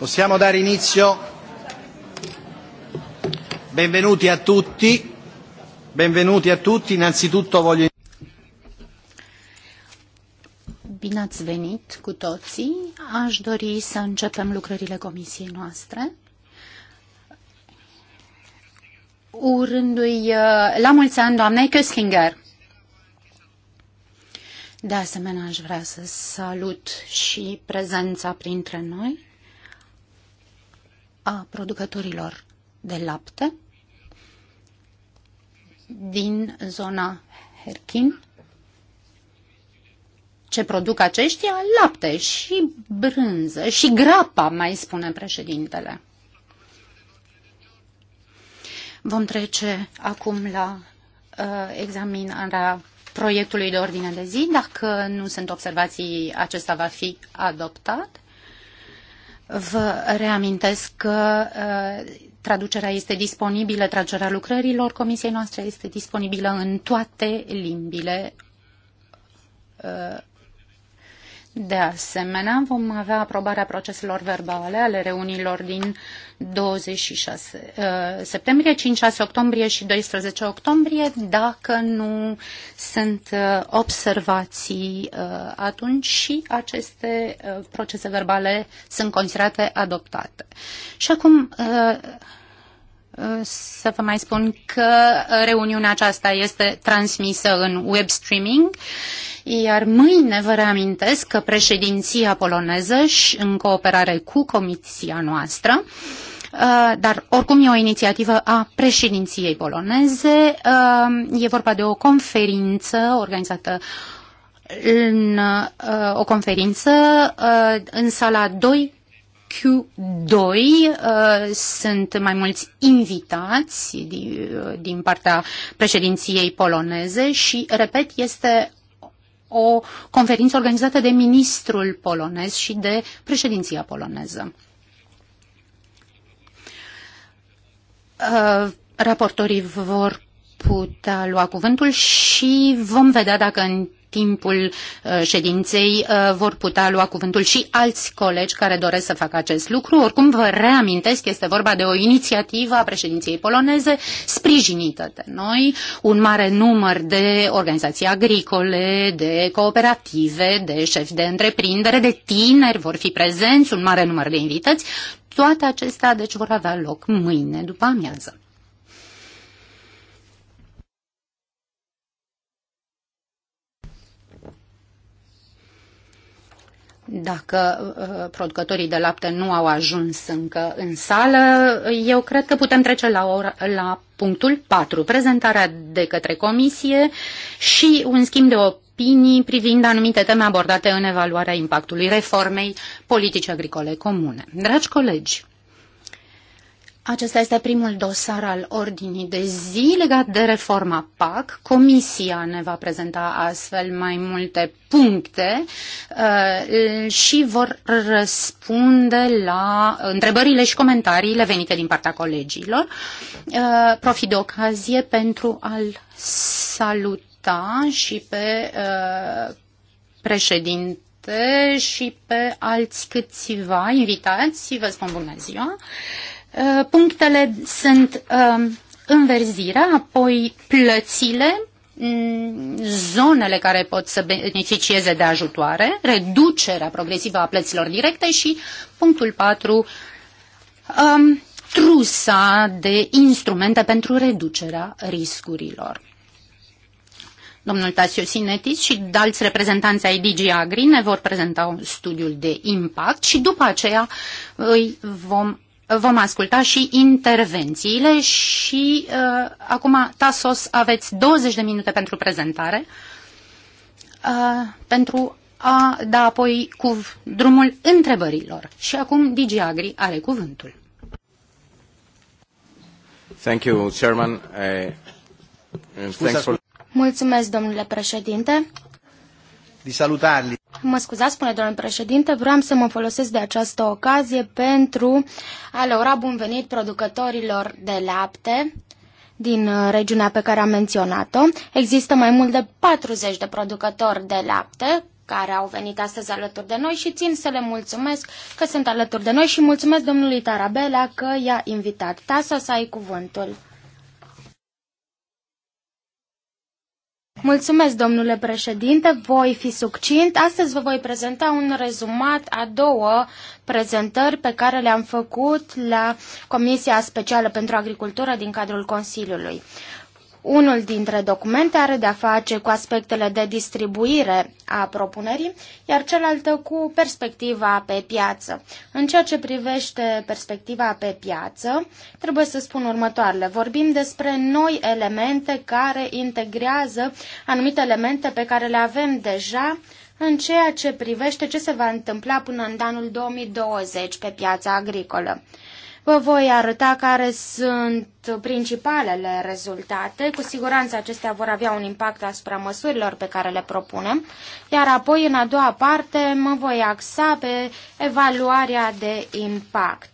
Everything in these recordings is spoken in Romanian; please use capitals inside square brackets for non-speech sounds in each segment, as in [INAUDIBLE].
Possiamo dare inizio? Benvenuti a tutti. Benvenuti a tutti. Innanzitutto voglio Bine ați venit cu toții. Aș dori să începem lucrările comisiei noastre. Urându-i uh, la mulți ani doamnei Köstinger. De asemenea, aș vrea să salut și prezența printre noi a producătorilor de lapte din zona Herkin, ce produc aceștia? Lapte și brânză și grapa, mai spune președintele. Vom trece acum la uh, examinarea proiectului de ordine de zi. Dacă nu sunt observații, acesta va fi adoptat. Vă reamintesc că uh, traducerea este disponibilă, traducerea lucrărilor comisiei noastre este disponibilă în toate limbile uh, de asemenea, vom avea aprobarea proceselor verbale ale reuniilor din 26 uh, septembrie, 5-6 octombrie și 12 octombrie. Dacă nu sunt uh, observații uh, atunci și aceste uh, procese verbale sunt considerate adoptate. Și acum uh, să vă mai spun că reuniunea aceasta este transmisă în web streaming, iar mâine vă reamintesc că președinția poloneză și în cooperare cu comisia noastră uh, dar oricum e o inițiativă a președinției poloneze. Uh, e vorba de o conferință organizată în uh, o conferință în sala 2 Q2 uh, sunt mai mulți invitați din, uh, din partea președinției poloneze și, repet, este o conferință organizată de ministrul polonez și de președinția poloneză. Uh, raportorii vor putea lua cuvântul și vom vedea dacă în timpul uh, ședinței uh, vor putea lua cuvântul și alți colegi care doresc să facă acest lucru. Oricum vă reamintesc, este vorba de o inițiativă a președinției poloneze sprijinită de noi, un mare număr de organizații agricole, de cooperative, de șefi de întreprindere, de tineri vor fi prezenți, un mare număr de invitați. Toate acestea, deci, vor avea loc mâine după amiază. Dacă uh, producătorii de lapte nu au ajuns încă în sală, eu cred că putem trece la, ora, la punctul 4, prezentarea de către comisie și un schimb de opinii privind anumite teme abordate în evaluarea impactului reformei politice agricole comune. Dragi colegi, acesta este primul dosar al ordinii de zi legat de reforma PAC. Comisia ne va prezenta astfel mai multe puncte uh, și vor răspunde la întrebările și comentariile venite din partea colegilor. Uh, profit de ocazie pentru a-l saluta și pe uh, președinte și pe alți câțiva invitați. Vă spun bună ziua! Uh, Uh, punctele sunt um, înverzirea, apoi plățile, mm, zonele care pot să beneficieze de ajutoare, reducerea progresivă a plăților directe și punctul 4, um, trusa de instrumente pentru reducerea riscurilor. Domnul Tasio Sinetis și alți reprezentanți ai DG Agri ne vor prezenta un studiul de impact și după aceea îi vom vom asculta și intervențiile și uh, acum, Tasos, aveți 20 de minute pentru prezentare, uh, pentru a da apoi cu drumul întrebărilor. Și acum Digi Agri are cuvântul. Thank you, Chairman. Uh, thanks for... Mulțumesc, domnule președinte di salutarli. Mă scuzați, spune domnul președinte, vreau să mă folosesc de această ocazie pentru a le ura bun venit producătorilor de lapte din uh, regiunea pe care am menționat-o. Există mai mult de 40 de producători de lapte care au venit astăzi alături de noi și țin să le mulțumesc că sunt alături de noi și mulțumesc domnului Tarabela că i-a invitat. Tasa să ai cuvântul. Mulțumesc, domnule președinte, voi fi succint. Astăzi vă voi prezenta un rezumat a două prezentări pe care le-am făcut la Comisia Specială pentru Agricultură din cadrul Consiliului. Unul dintre documente are de-a face cu aspectele de distribuire a propunerii, iar celălalt cu perspectiva pe piață. În ceea ce privește perspectiva pe piață, trebuie să spun următoarele. Vorbim despre noi elemente care integrează anumite elemente pe care le avem deja în ceea ce privește ce se va întâmpla până în anul 2020 pe piața agricolă. Vă voi arăta care sunt principalele rezultate. Cu siguranță acestea vor avea un impact asupra măsurilor pe care le propunem. Iar apoi, în a doua parte, mă voi axa pe evaluarea de impact.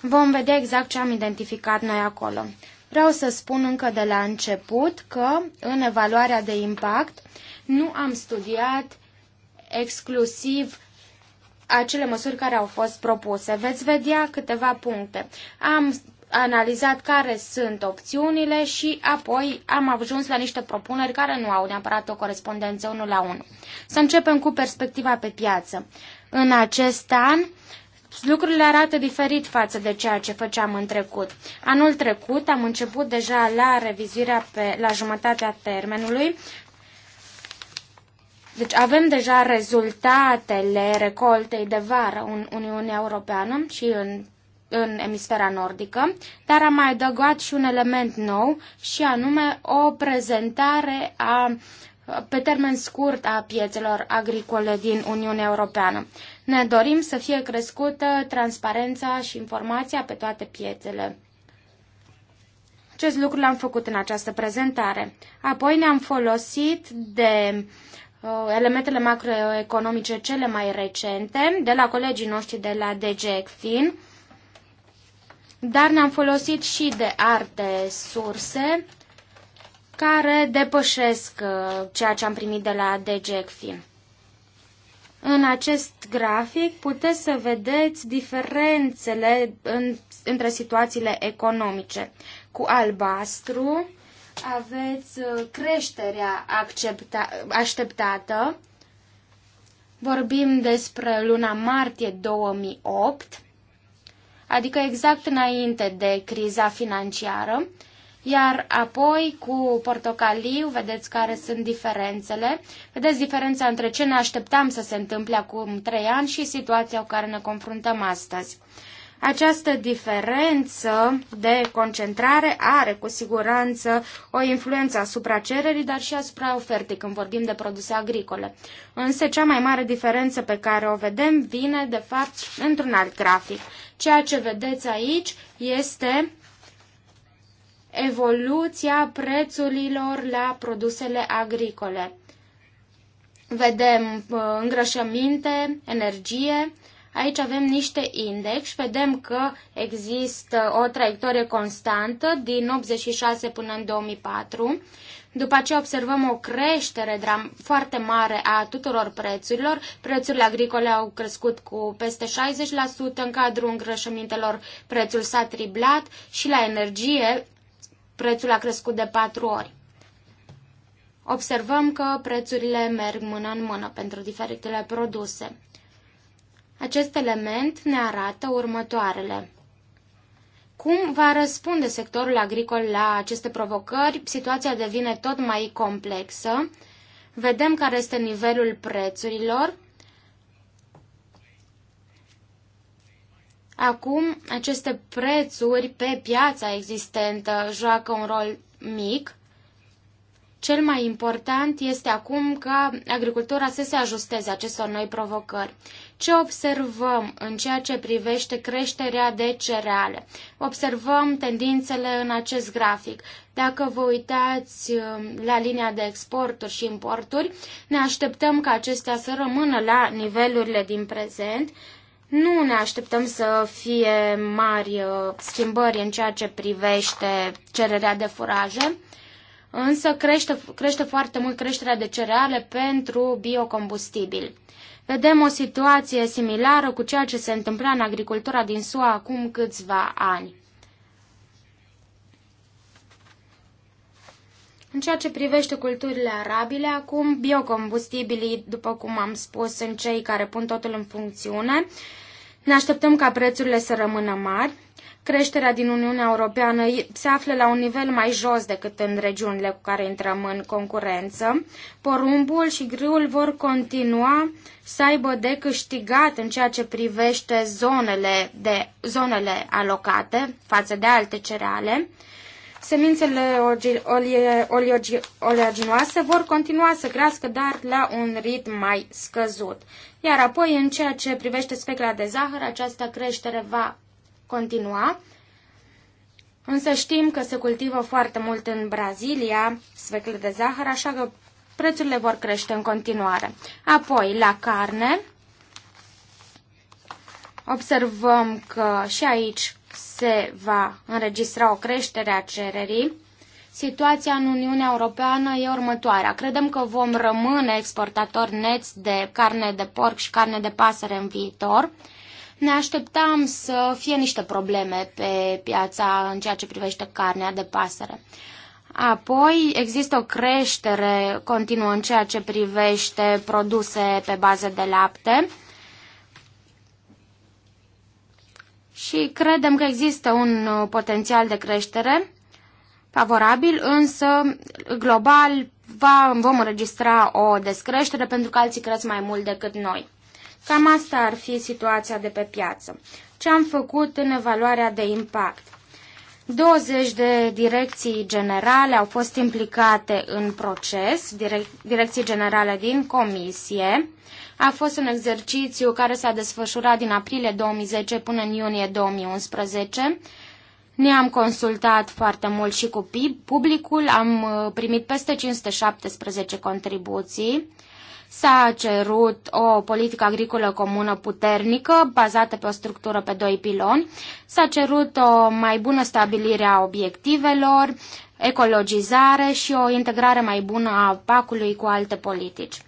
Vom vedea exact ce am identificat noi acolo. Vreau să spun încă de la început că, în evaluarea de impact, nu am studiat exclusiv acele măsuri care au fost propuse. Veți vedea câteva puncte. Am analizat care sunt opțiunile și apoi am ajuns la niște propuneri care nu au neapărat o corespondență unul la unul. Să începem cu perspectiva pe piață. În acest an, lucrurile arată diferit față de ceea ce făceam în trecut. Anul trecut am început deja la revizuirea pe, la jumătatea termenului, deci avem deja rezultatele recoltei de vară în Uniunea Europeană și în, în emisfera nordică, dar am mai adăugat și un element nou și anume o prezentare a, pe termen scurt a piețelor agricole din Uniunea Europeană. Ne dorim să fie crescută transparența și informația pe toate piețele. Acest lucru l-am făcut în această prezentare. Apoi ne-am folosit de uh, Uh, elementele macroeconomice cele mai recente de la colegii noștri de la DG dar ne-am folosit și de alte surse care depășesc uh, ceea ce am primit de la DG În acest grafic puteți să vedeți diferențele în, între situațiile economice. Cu albastru aveți uh, creșterea accepta, așteptată. Vorbim despre luna martie 2008, adică exact înainte de criza financiară, iar apoi cu portocaliu vedeți care sunt diferențele. Vedeți diferența între ce ne așteptam să se întâmple acum 3 ani și situația cu care ne confruntăm astăzi. Această diferență de concentrare are cu siguranță o influență asupra cererii, dar și asupra ofertei când vorbim de produse agricole. Însă cea mai mare diferență pe care o vedem vine de fapt într-un alt grafic. Ceea ce vedeți aici este evoluția prețurilor la produsele agricole. Vedem uh, îngrășăminte, energie, Aici avem niște index, vedem că există o traiectorie constantă din 86 până în 2004. După aceea observăm o creștere foarte mare a tuturor prețurilor. Prețurile agricole au crescut cu peste 60%, în cadrul îngrășămintelor prețul s-a triplat și la energie prețul a crescut de 4 ori. Observăm că prețurile merg mână în mână pentru diferitele produse. Acest element ne arată următoarele. Cum va răspunde sectorul agricol la aceste provocări? Situația devine tot mai complexă. Vedem care este nivelul prețurilor. Acum, aceste prețuri pe piața existentă joacă un rol mic. Cel mai important este acum ca agricultura să se ajusteze acestor noi provocări. Ce observăm în ceea ce privește creșterea de cereale? Observăm tendințele în acest grafic. Dacă vă uitați um, la linia de exporturi și importuri, ne așteptăm ca acestea să rămână la nivelurile din prezent. Nu ne așteptăm să fie mari uh, schimbări în ceea ce privește cererea de furaje însă crește, crește foarte mult creșterea de cereale pentru biocombustibil. Vedem o situație similară cu ceea ce se întâmpla în agricultura din SUA acum câțiva ani. În ceea ce privește culturile arabile, acum biocombustibilii, după cum am spus, sunt cei care pun totul în funcțiune. Ne așteptăm ca prețurile să rămână mari creșterea din Uniunea Europeană se află la un nivel mai jos decât în regiunile cu care intrăm în concurență. Porumbul și grâul vor continua să aibă de câștigat în ceea ce privește zonele, de, zonele alocate față de alte cereale. Semințele oleaginoase vor continua să crească, dar la un ritm mai scăzut. Iar apoi, în ceea ce privește specla de zahăr, această creștere va continua, însă știm că se cultivă foarte mult în Brazilia sfeclă de zahăr, așa că prețurile vor crește în continuare. Apoi, la carne, observăm că și aici se va înregistra o creștere a cererii. Situația în Uniunea Europeană e următoarea. Credem că vom rămâne exportatori neți de carne de porc și carne de pasăre în viitor. Ne așteptam să fie niște probleme pe piața în ceea ce privește carnea de pasăre. Apoi există o creștere continuă în ceea ce privește produse pe bază de lapte. Și credem că există un uh, potențial de creștere favorabil, însă global va, vom înregistra o descreștere pentru că alții cresc mai mult decât noi. Cam asta ar fi situația de pe piață. Ce am făcut în evaluarea de impact? 20 de direcții generale au fost implicate în proces, direc direcții generale din comisie. A fost un exercițiu care s-a desfășurat din aprilie 2010 până în iunie 2011. Ne-am consultat foarte mult și cu publicul, am uh, primit peste 517 contribuții. S-a cerut o politică agricolă comună puternică, bazată pe o structură pe doi piloni. S-a cerut o mai bună stabilire a obiectivelor, ecologizare și o integrare mai bună a pacului cu alte politici.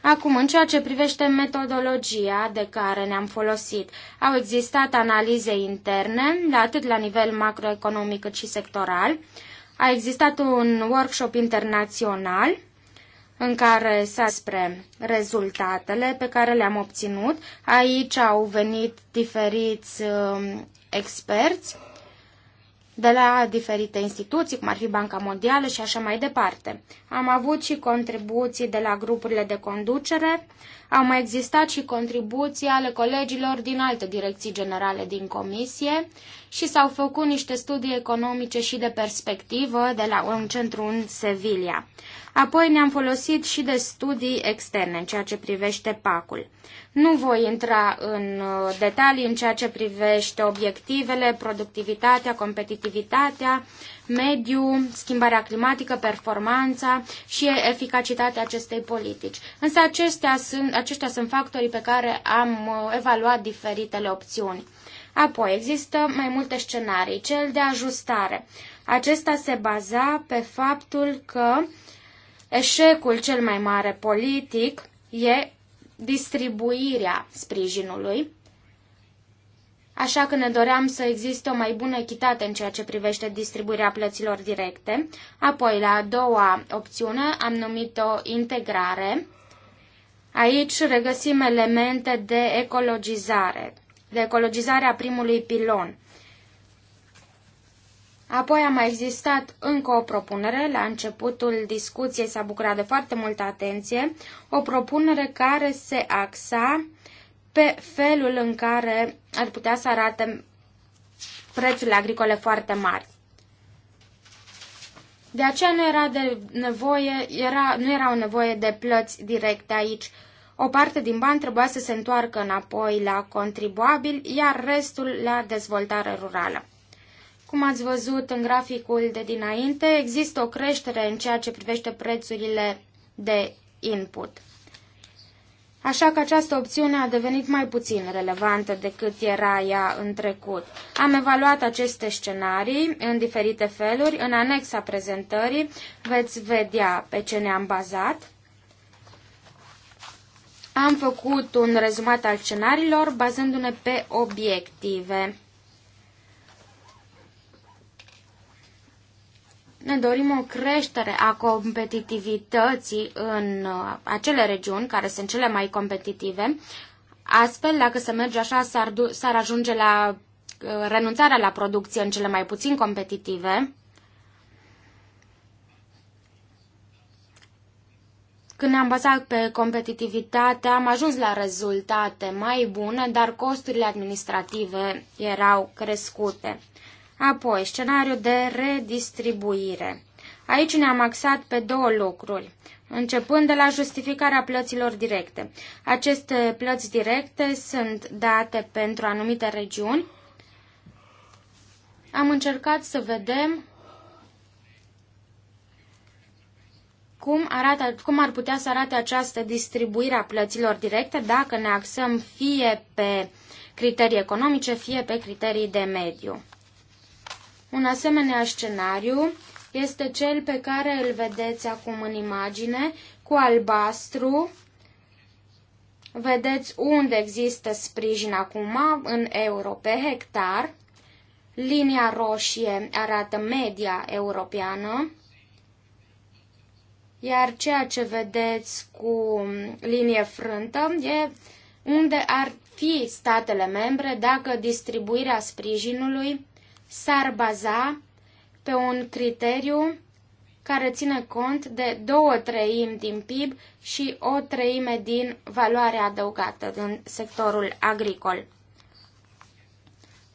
Acum, în ceea ce privește metodologia de care ne-am folosit, au existat analize interne, atât la nivel macroeconomic cât și sectoral. A existat un workshop internațional în care s-a spre rezultatele pe care le-am obținut. Aici au venit diferiți um, experți de la diferite instituții, cum ar fi Banca Mondială și așa mai departe. Am avut și contribuții de la grupurile de conducere, au mai existat și contribuții ale colegilor din alte direcții generale din comisie și s-au făcut niște studii economice și de perspectivă de la un centru în Sevilla. Apoi ne-am folosit și de studii externe în ceea ce privește pacul. Nu voi intra în uh, detalii în ceea ce privește obiectivele, productivitatea, competitivitatea, mediu, schimbarea climatică, performanța și eficacitatea acestei politici. Însă acestea sunt, aceștia sunt factorii pe care am uh, evaluat diferitele opțiuni. Apoi există mai multe scenarii. Cel de ajustare. Acesta se baza pe faptul că uh, Eșecul cel mai mare politic e distribuirea sprijinului, așa că ne doream să existe o mai bună echitate în ceea ce privește distribuirea plăților directe. Apoi, la a doua opțiune, am numit-o integrare. Aici regăsim elemente de ecologizare, de ecologizare a primului pilon. Apoi a mai existat încă o propunere, la începutul discuției s-a bucurat de foarte multă atenție, o propunere care se axa pe felul în care ar putea să arate prețurile agricole foarte mari. De aceea nu era, de nevoie, era, nu era o nevoie de plăți directe aici. O parte din bani trebuia să se întoarcă înapoi la contribuabil, iar restul la dezvoltare rurală. Cum ați văzut în graficul de dinainte, există o creștere în ceea ce privește prețurile de input. Așa că această opțiune a devenit mai puțin relevantă decât era ea în trecut. Am evaluat aceste scenarii în diferite feluri. În anexa prezentării veți vedea pe ce ne-am bazat. Am făcut un rezumat al scenariilor bazându-ne pe obiective. Ne dorim o creștere a competitivității în uh, acele regiuni care sunt cele mai competitive. Astfel, dacă se merge așa, s-ar, ajunge la uh, renunțarea la producție în cele mai puțin competitive. Când ne-am bazat pe competitivitate, am ajuns la rezultate mai bune, dar costurile administrative erau crescute. Apoi, scenariu de redistribuire. Aici ne-am axat pe două lucruri, începând de la justificarea plăților directe. Aceste plăți directe sunt date pentru anumite regiuni. Am încercat să vedem cum, arată, cum ar putea să arate această distribuire a plăților directe dacă ne axăm fie pe criterii economice, fie pe criterii de mediu. Un asemenea scenariu este cel pe care îl vedeți acum în imagine, cu albastru. Vedeți unde există sprijin acum, în euro pe hectar. Linia roșie arată media europeană, iar ceea ce vedeți cu linie frântă e unde ar fi statele membre dacă distribuirea sprijinului s-ar baza pe un criteriu care ține cont de două treimi din PIB și o treime din valoarea adăugată în sectorul agricol.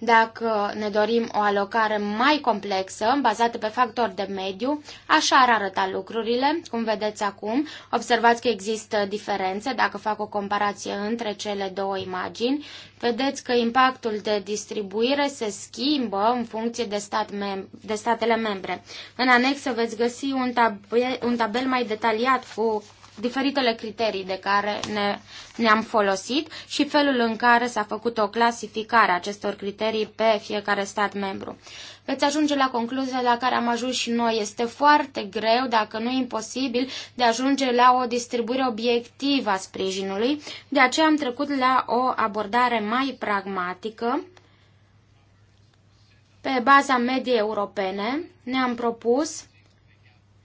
Dacă ne dorim o alocare mai complexă, bazată pe factori de mediu, așa ar arăta lucrurile, cum vedeți acum. Observați că există diferențe dacă fac o comparație între cele două imagini. Vedeți că impactul de distribuire se schimbă în funcție de, stat mem- de statele membre. În anexă veți găsi un tab un tabel mai detaliat cu diferitele criterii de care ne, ne-am folosit și felul în care s-a făcut o clasificare a acestor criterii pe fiecare stat membru. Veți ajunge la concluzia la care am ajuns și noi. Este foarte greu, dacă nu imposibil, de a ajunge la o distribuire obiectivă a sprijinului. De aceea am trecut la o abordare mai pragmatică. Pe baza mediei europene ne-am propus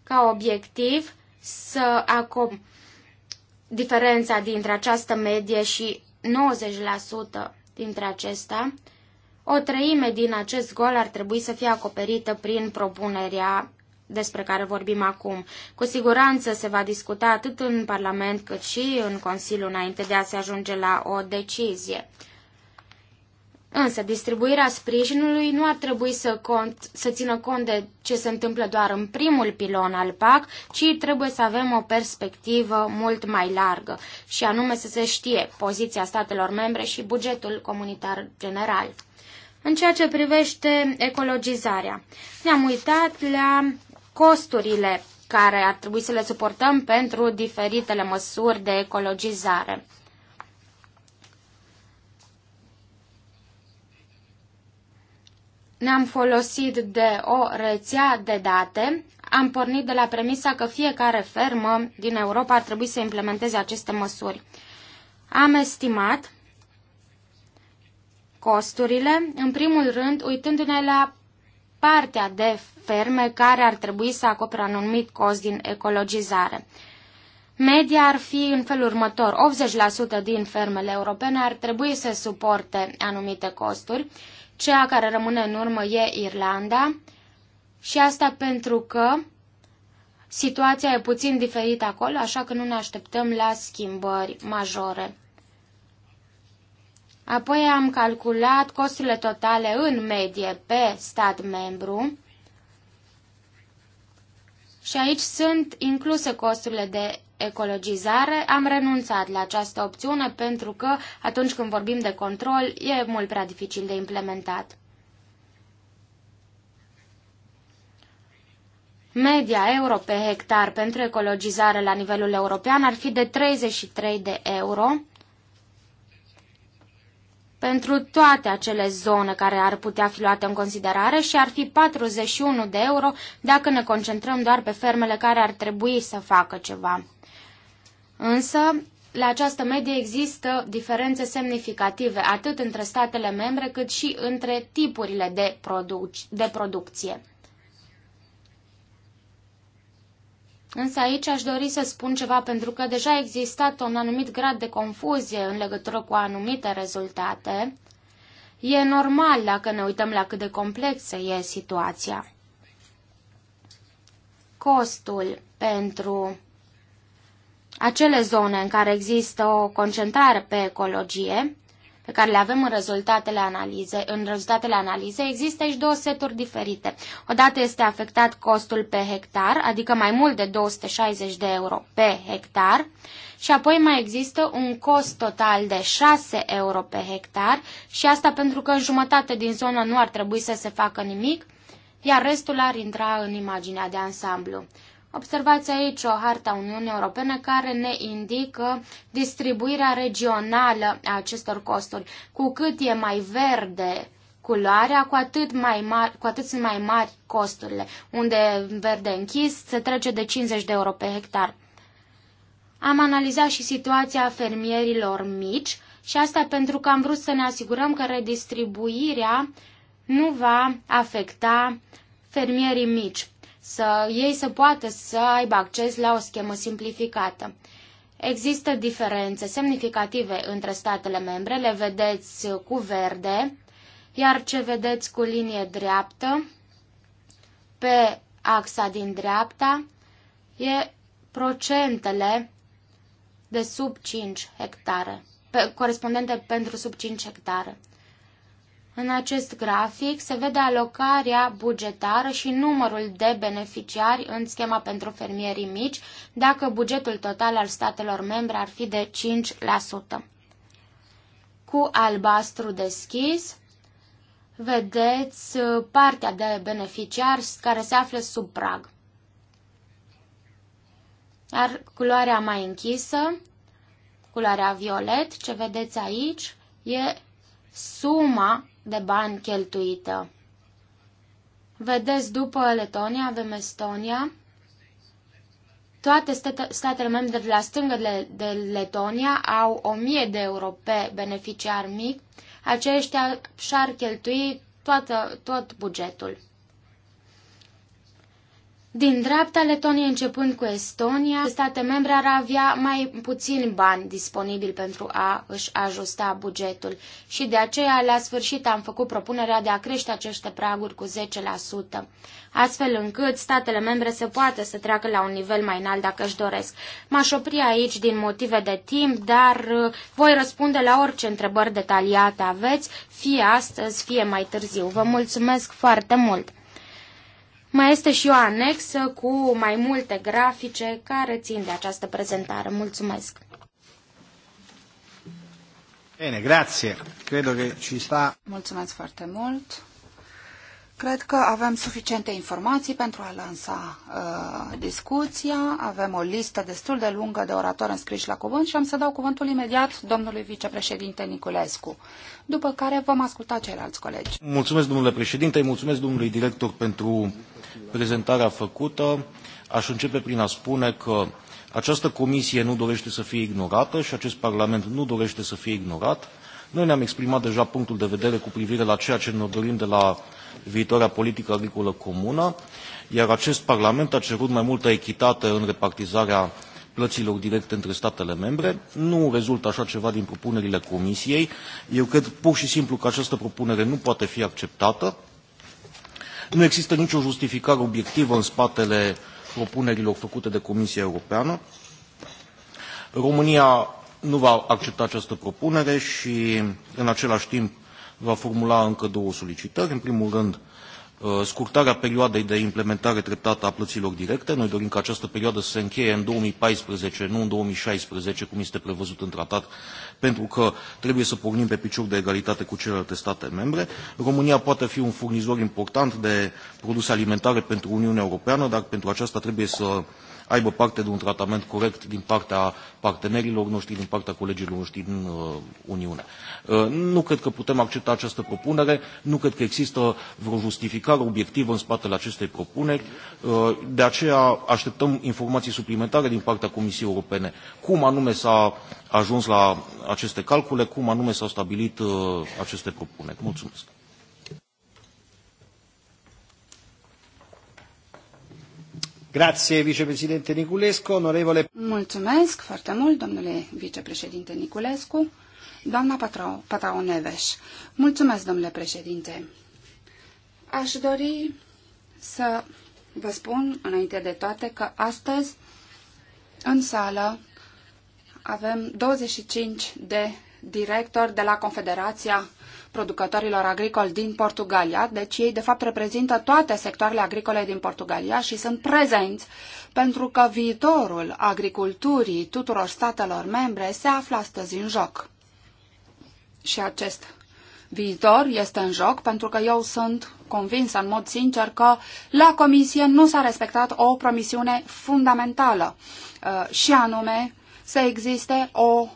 ca obiectiv să acum diferența dintre această medie și 90% dintre acesta, o treime din acest gol ar trebui să fie acoperită prin propunerea despre care vorbim acum. Cu siguranță se va discuta atât în Parlament cât și în Consiliu înainte de a se ajunge la o decizie. Însă, distribuirea sprijinului nu ar trebui să, cont, să țină cont de ce se întâmplă doar în primul pilon al PAC, ci trebuie să avem o perspectivă mult mai largă, și anume să se știe poziția statelor membre și bugetul comunitar general. În ceea ce privește ecologizarea, ne-am uitat la costurile care ar trebui să le suportăm pentru diferitele măsuri de ecologizare. ne-am folosit de o rețea de date, am pornit de la premisa că fiecare fermă din Europa ar trebui să implementeze aceste măsuri. Am estimat costurile, în primul rând uitându-ne la partea de ferme care ar trebui să acopere anumit cost din ecologizare. Media ar fi în felul următor, 80% din fermele europene ar trebui să suporte anumite costuri, cea care rămâne în urmă e Irlanda și asta pentru că situația e puțin diferită acolo, așa că nu ne așteptăm la schimbări majore. Apoi am calculat costurile totale în medie pe stat membru și aici sunt incluse costurile de ecologizare, am renunțat la această opțiune pentru că atunci când vorbim de control e mult prea dificil de implementat. Media euro pe hectar pentru ecologizare la nivelul european ar fi de 33 de euro pentru toate acele zone care ar putea fi luate în considerare și ar fi 41 de euro dacă ne concentrăm doar pe fermele care ar trebui să facă ceva. Însă, la această medie există diferențe semnificative atât între statele membre cât și între tipurile de, produc de producție. Însă aici aș dori să spun ceva pentru că deja a existat un anumit grad de confuzie în legătură cu anumite rezultate. E normal dacă ne uităm la cât de complexă e situația. Costul pentru acele zone în care există o concentrare pe ecologie, pe care le avem în rezultatele, analize, în rezultatele analizei, există aici două seturi diferite. Odată este afectat costul pe hectar, adică mai mult de 260 de euro pe hectar, și apoi mai există un cost total de 6 euro pe hectar și asta pentru că în jumătate din zonă nu ar trebui să se facă nimic, iar restul ar intra în imaginea de ansamblu. Observați aici o harta Uniunii Europene care ne indică distribuirea regională a acestor costuri. Cu cât e mai verde culoarea, cu atât, mai mari, cu atât sunt mai mari costurile. Unde verde închis se trece de 50 de euro pe hectar. Am analizat și situația fermierilor mici și asta pentru că am vrut să ne asigurăm că redistribuirea nu va afecta fermierii mici să ei să poată să aibă acces la o schemă simplificată. Există diferențe semnificative între statele membre, le vedeți cu verde, iar ce vedeți cu linie dreaptă, pe axa din dreapta, e procentele de sub 5 hectare, pe, corespondente pentru sub 5 hectare. În acest grafic se vede alocarea bugetară și numărul de beneficiari în schema pentru fermierii mici, dacă bugetul total al statelor membre ar fi de 5%. Cu albastru deschis vedeți uh, partea de beneficiari care se află sub prag. Iar culoarea mai închisă, culoarea violet, ce vedeți aici, e suma de bani cheltuită. Vedeți, după Letonia avem Estonia. Toate statele membre de la stângă de Letonia au 1000 de euro pe beneficiar mic. Aceștia și-ar cheltui toată, tot bugetul. Din dreapta, Letonia începând cu Estonia, state membre ar avea mai puțin bani disponibili pentru a își ajusta bugetul și de aceea la sfârșit am făcut propunerea de a crește aceste praguri cu 10%, astfel încât statele membre se poată să treacă la un nivel mai înalt dacă își doresc. M-aș opri aici din motive de timp, dar uh, voi răspunde la orice întrebări detaliate aveți, fie astăzi, fie mai târziu. Vă mulțumesc foarte mult! Mai este și o anexă cu mai multe grafice care țin de această prezentare. Mulțumesc! Bine, grație. Credo că ci sta... Mulțumesc foarte mult. Cred că avem suficiente informații pentru a lansa uh, discuția. Avem o listă destul de lungă de oratori înscriși la cuvânt și am să dau cuvântul imediat domnului vicepreședinte Niculescu, după care vom asculta ceilalți colegi. Mulțumesc, domnule președinte, mulțumesc domnului director pentru prezentarea făcută. Aș începe prin a spune că această comisie nu dorește să fie ignorată și acest Parlament nu dorește să fie ignorat. Noi ne-am exprimat deja punctul de vedere cu privire la ceea ce ne dorim de la viitoarea politică agricolă comună, iar acest Parlament a cerut mai multă echitate în repartizarea plăților directe între statele membre. Nu rezultă așa ceva din propunerile Comisiei. Eu cred pur și simplu că această propunere nu poate fi acceptată. Nu există nicio justificare obiectivă în spatele propunerilor făcute de Comisia Europeană. România nu va accepta această propunere și în același timp va formula încă două solicitări. În primul rând, uh, scurtarea perioadei de implementare treptată a plăților directe. Noi dorim ca această perioadă să se încheie în 2014, nu în 2016, cum este prevăzut în tratat, pentru că trebuie să pornim pe picior de egalitate cu celelalte state membre. România poate fi un furnizor important de produse alimentare pentru Uniunea Europeană, dar pentru aceasta trebuie să aibă parte de un tratament corect din partea partenerilor noștri, din partea colegilor noștri din uh, Uniune. Uh, nu cred că putem accepta această propunere, nu cred că există vreo justificare obiectivă în spatele acestei propuneri, uh, de aceea așteptăm informații suplimentare din partea Comisiei Europene, cum anume s-a ajuns la aceste calcule, cum anume s-au stabilit aceste propuneri. Mulțumesc! Grazie, Niculescu, onorevole... Mulțumesc foarte mult, domnule vicepreședinte Niculescu. Doamna Patrao, Patrao Neveș. Mulțumesc, domnule președinte. Aș dori să vă spun, înainte de toate, că astăzi, în sală, avem 25 de directori de la Confederația producătorilor agricoli din Portugalia, deci ei de fapt reprezintă toate sectoarele agricole din Portugalia și sunt prezenți pentru că viitorul agriculturii tuturor statelor membre se află astăzi în joc. Și acest viitor este în joc pentru că eu sunt convinsă în mod sincer că la comisie nu s-a respectat o promisiune fundamentală uh, și anume să existe o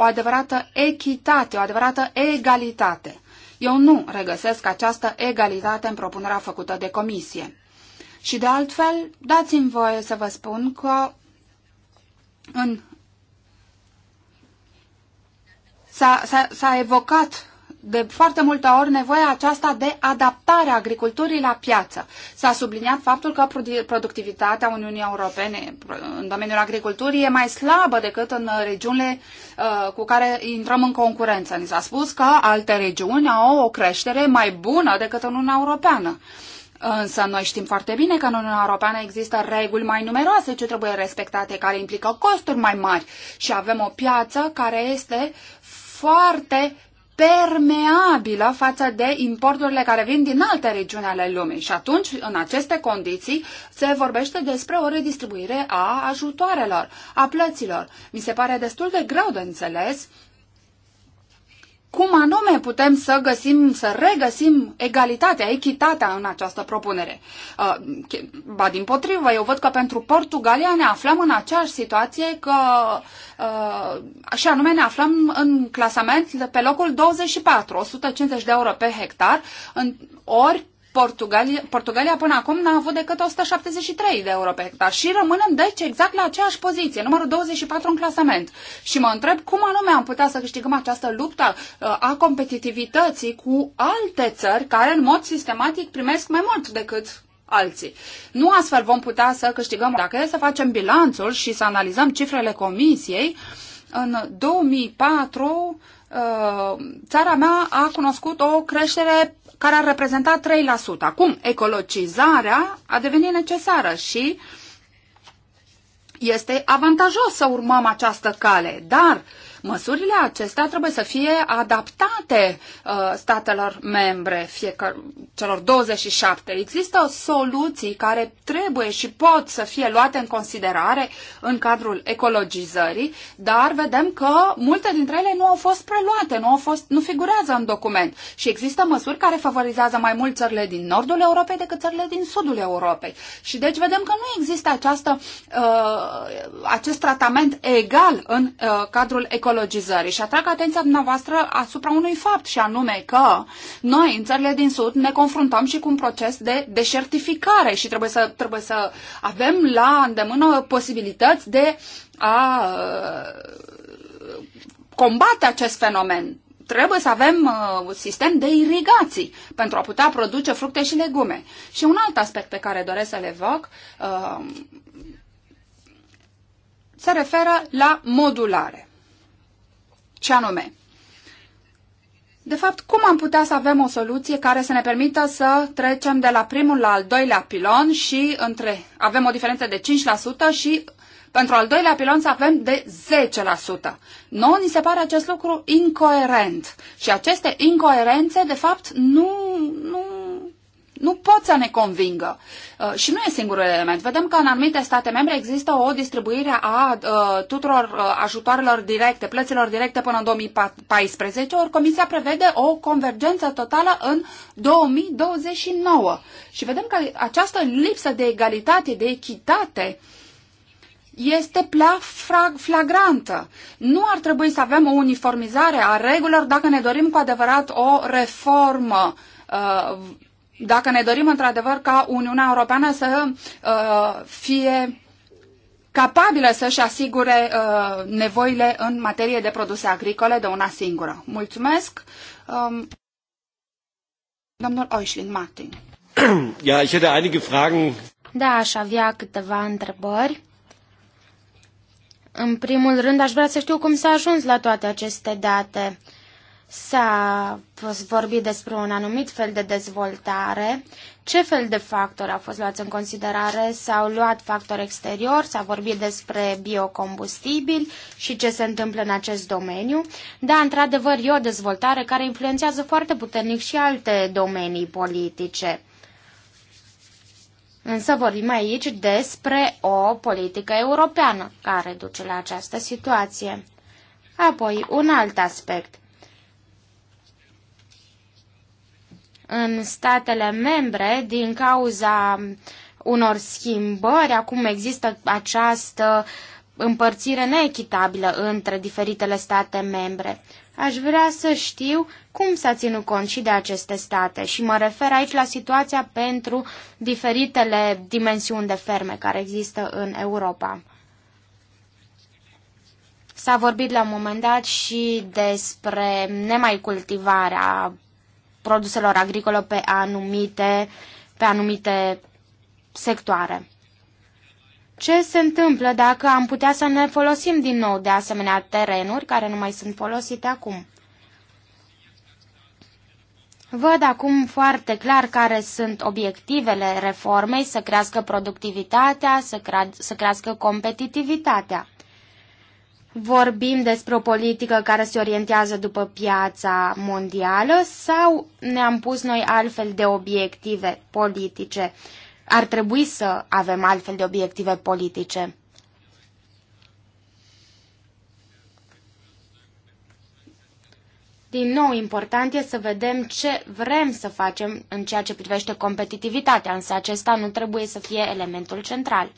o adevărată echitate, o adevărată egalitate. Eu nu regăsesc această egalitate în propunerea făcută de comisie. Și de altfel, dați-mi voie să vă spun că în S-a, evocat de foarte multe ori nevoia aceasta de adaptare a agriculturii la piață. S-a subliniat faptul că productivitatea Uniunii Europene în domeniul agriculturii e mai slabă decât în regiunile uh, cu care intrăm în concurență. Ni s-a spus că alte regiuni au o creștere mai bună decât în Uniunea Europeană. Însă noi știm foarte bine că în Uniunea Europeană există reguli mai numeroase ce trebuie respectate, care implică costuri mai mari și avem o piață care este foarte permeabilă față de importurile care vin din alte regiuni ale lumii. Și atunci, în aceste condiții, se vorbește despre o redistribuire a ajutoarelor, a plăților. Mi se pare destul de greu de înțeles cum anume putem să găsim, să regăsim egalitatea, echitatea în această propunere. Uh, ba din potrivă, eu văd că pentru Portugalia ne aflăm în aceeași situație că, uh, și anume ne aflăm în clasament pe locul 24, 150 de euro pe hectar, în ori Portugalia, Portugalia până acum n-a avut decât 173 de euro pe hectare și rămânem deci exact la aceeași poziție, numărul 24 în clasament. Și mă întreb cum anume am putea să câștigăm această luptă uh, a competitivității cu alte țări care în mod sistematic primesc mai mult decât alții. Nu astfel vom putea să câștigăm. Dacă e să facem bilanțul și să analizăm cifrele comisiei, în 2004 Uh, țara mea a cunoscut o creștere care a reprezentat 3%. Acum, ecologizarea a devenit necesară și este avantajos să urmăm această cale, dar uh, Măsurile acestea trebuie să fie adaptate uh, statelor membre, fiecare, celor 27. Există soluții care trebuie și pot să fie luate în considerare în cadrul ecologizării, dar vedem că multe dintre ele nu au fost preluate, nu, au fost, nu figurează în document și există măsuri care favorizează mai mult țările din nordul Europei decât țările din sudul Europei. Și deci vedem că nu există această, uh, acest tratament egal în uh, cadrul ecologizării ecologizării și atrag atenția dumneavoastră asupra unui fapt și anume că noi în țările din Sud ne confruntăm și cu un proces de deșertificare și trebuie să, trebuie să avem la îndemână posibilități de a uh, combate acest fenomen trebuie să avem uh, un sistem de irigații pentru a putea produce fructe și legume. Și un alt aspect pe care doresc să-l evoc uh, se referă la modulare. Ce anume? De fapt, cum am putea să avem o soluție care să ne permită să trecem de la primul la al doilea pilon și între, avem o diferență de 5% și pentru al doilea pilon să avem de 10%. nu ni se pare acest lucru incoerent și aceste incoerențe, de fapt, nu, nu nu pot să ne convingă. Uh, și nu e singurul element. Vedem că în anumite state membre există o distribuire a uh, tuturor uh, ajutoarelor directe, plăților directe până în 2014, ori Comisia prevede o convergență totală în 2029. Și vedem că această lipsă de egalitate, de echitate, este prea flagrantă. Nu ar trebui să avem o uniformizare a regulilor dacă ne dorim cu adevărat o reformă uh, dacă ne dorim într-adevăr ca Uniunea Europeană să uh, fie capabilă să-și asigure uh, nevoile în materie de produse agricole de una singură. Mulțumesc. Um, domnul Oișlin Martin. [CLEARS THROAT] Ja, ich hätte einige Fragen. Da, aș avea câteva întrebări. În primul rând, aș vrea să știu cum s-a ajuns la toate aceste date. Uh, S-a vorbit despre un anumit fel de dezvoltare. Ce fel de factori au fost luați în considerare? S-au luat factori exterior, s-a vorbit despre biocombustibili și ce se întâmplă în acest domeniu. Da, într-adevăr, e o dezvoltare care influențează foarte puternic și alte domenii politice. Însă vorbim aici despre o politică europeană care duce la această situație. Apoi, un alt aspect. în statele membre din cauza unor schimbări. Acum există această împărțire neechitabilă între diferitele state membre. Aș vrea să știu cum s-a ținut cont și de aceste state și mă refer aici la situația pentru diferitele dimensiuni de ferme care există în Europa. S-a vorbit la un moment dat și despre nemai cultivarea produselor agricole pe anumite, pe anumite sectoare. Ce se întâmplă dacă am putea să ne folosim din nou de asemenea terenuri care nu mai sunt folosite acum? Văd acum foarte clar care sunt obiectivele reformei, să crească productivitatea, să, să crească competitivitatea vorbim despre o politică care se orientează după piața mondială sau ne-am pus noi altfel de obiective politice? Ar trebui să avem altfel de obiective politice. Din nou, important e să vedem ce vrem să facem în ceea ce privește competitivitatea, însă acesta nu trebuie să fie elementul central.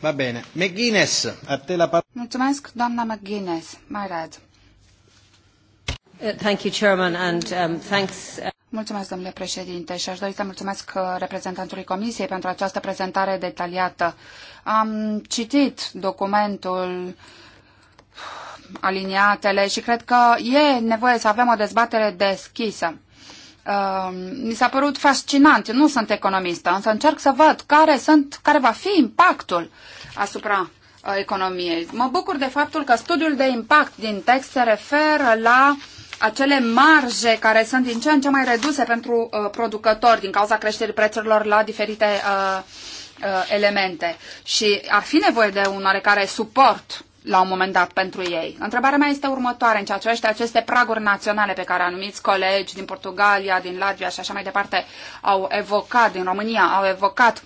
Va bene. McGuinness, a te la parola. Mulțumesc, doamna McGuinness. Mai rad. Uh, thank you, Chairman, and um, thanks. Uh- mulțumesc, domnule președinte, și aș dori să mulțumesc uh, reprezentantului Comisiei pentru această prezentare detaliată. Am citit documentul aliniatele și cred că e nevoie să avem o dezbatere deschisă. Um, mi s-a părut fascinant. Eu nu sunt economistă, însă încerc să văd care, sunt, care va fi impactul asupra uh, economiei. Mă bucur de faptul că studiul de impact din text se referă la acele marje care sunt din ce în ce mai reduse pentru uh, producători din cauza creșterii prețurilor la diferite uh, uh, elemente. Și ar fi nevoie de un oarecare suport la un moment dat pentru ei. Întrebarea mea este următoare în ceea ce privește aceste praguri naționale pe care anumiți colegi din Portugalia, din Latvia și așa mai departe au evocat, din România au evocat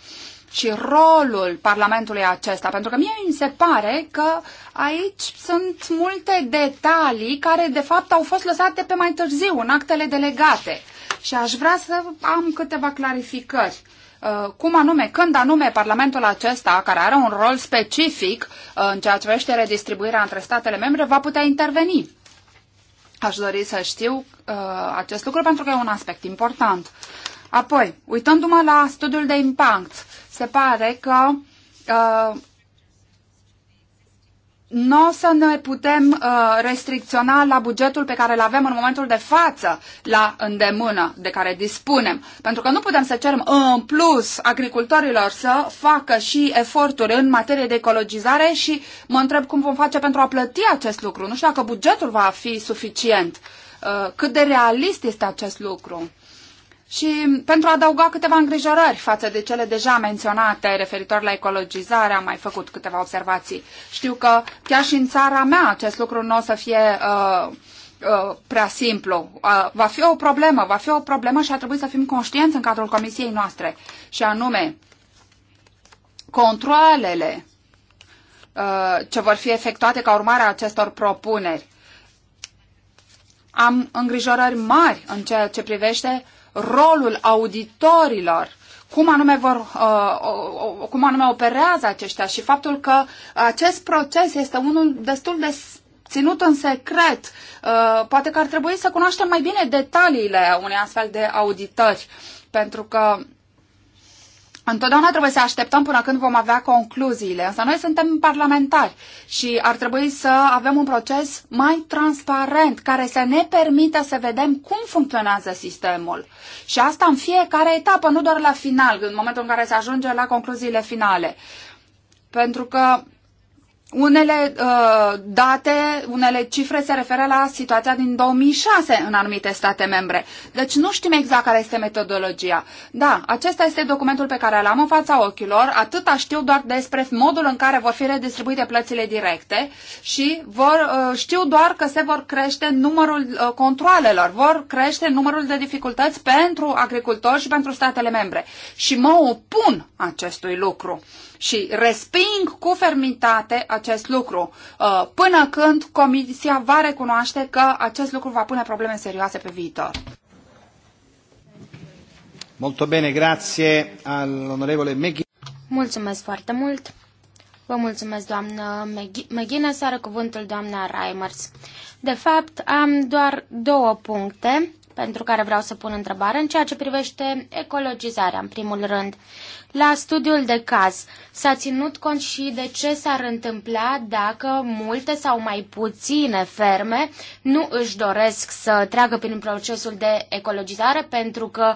și rolul Parlamentului acesta, pentru că mie mi se pare că aici sunt multe detalii care de fapt au fost lăsate pe mai târziu în actele delegate și aș vrea să am câteva clarificări Uh, cum anume, când anume Parlamentul acesta, care are un rol specific uh, în ceea ce vește redistribuirea între statele membre, va putea interveni. Aș dori să știu uh, acest lucru pentru că e un aspect important. Apoi, uitându-mă la studiul de impact, se pare că nu o să ne putem uh, restricționa la bugetul pe care îl avem în momentul de față la îndemână de care dispunem. Pentru că nu putem să cerem în plus agricultorilor să facă și eforturi în materie de ecologizare și mă întreb cum vom face pentru a plăti acest lucru. Nu știu dacă bugetul va fi suficient. Uh, cât de realist este acest lucru? și pentru a adăuga câteva îngrijorări față de cele deja menționate referitor la ecologizare, am mai făcut câteva observații. Știu că chiar și în țara mea acest lucru nu o să fie uh, uh, prea simplu. Uh, va fi o problemă, va fi o problemă și a trebuit să fim conștienți în cadrul comisiei noastre. Și anume, controlele uh, ce vor fi efectuate ca urmare a acestor propuneri. Am îngrijorări mari în ceea ce privește rolul auditorilor, cum anume, vor, uh, cum anume operează aceștia și faptul că acest proces este unul destul de ținut în secret. Uh, poate că ar trebui să cunoaștem mai bine detaliile unei astfel de auditări, pentru că Întotdeauna trebuie să așteptăm până când vom avea concluziile, însă noi suntem parlamentari și ar trebui să avem un proces mai transparent care să ne permită să vedem cum funcționează sistemul. Și asta în fiecare etapă, nu doar la final, în momentul în care se ajunge la concluziile finale. Pentru că unele uh, date, unele cifre se referă la situația din 2006 în anumite state membre. Deci nu știm exact care este metodologia. Da, acesta este documentul pe care l-am în fața ochilor. Atâta știu doar despre modul în care vor fi redistribuite plățile directe și vor, uh, știu doar că se vor crește numărul uh, controalelor, vor crește numărul de dificultăți pentru agricultori și pentru statele membre. Și mă opun acestui lucru și resping cu fermitate acest lucru uh, până când Comisia va recunoaște că acest lucru va pune probleme serioase pe viitor. Molto bene, grazie all'onorevole Mulțumesc foarte mult. Vă mulțumesc, doamnă Meghine, Are cuvântul doamna Reimers. De fapt, am doar două puncte pentru care vreau să pun întrebare în ceea ce privește ecologizarea, în primul rând. La studiul de caz s-a ținut cont și de ce s-ar întâmpla dacă multe sau mai puține ferme nu își doresc să treacă prin procesul de ecologizare pentru că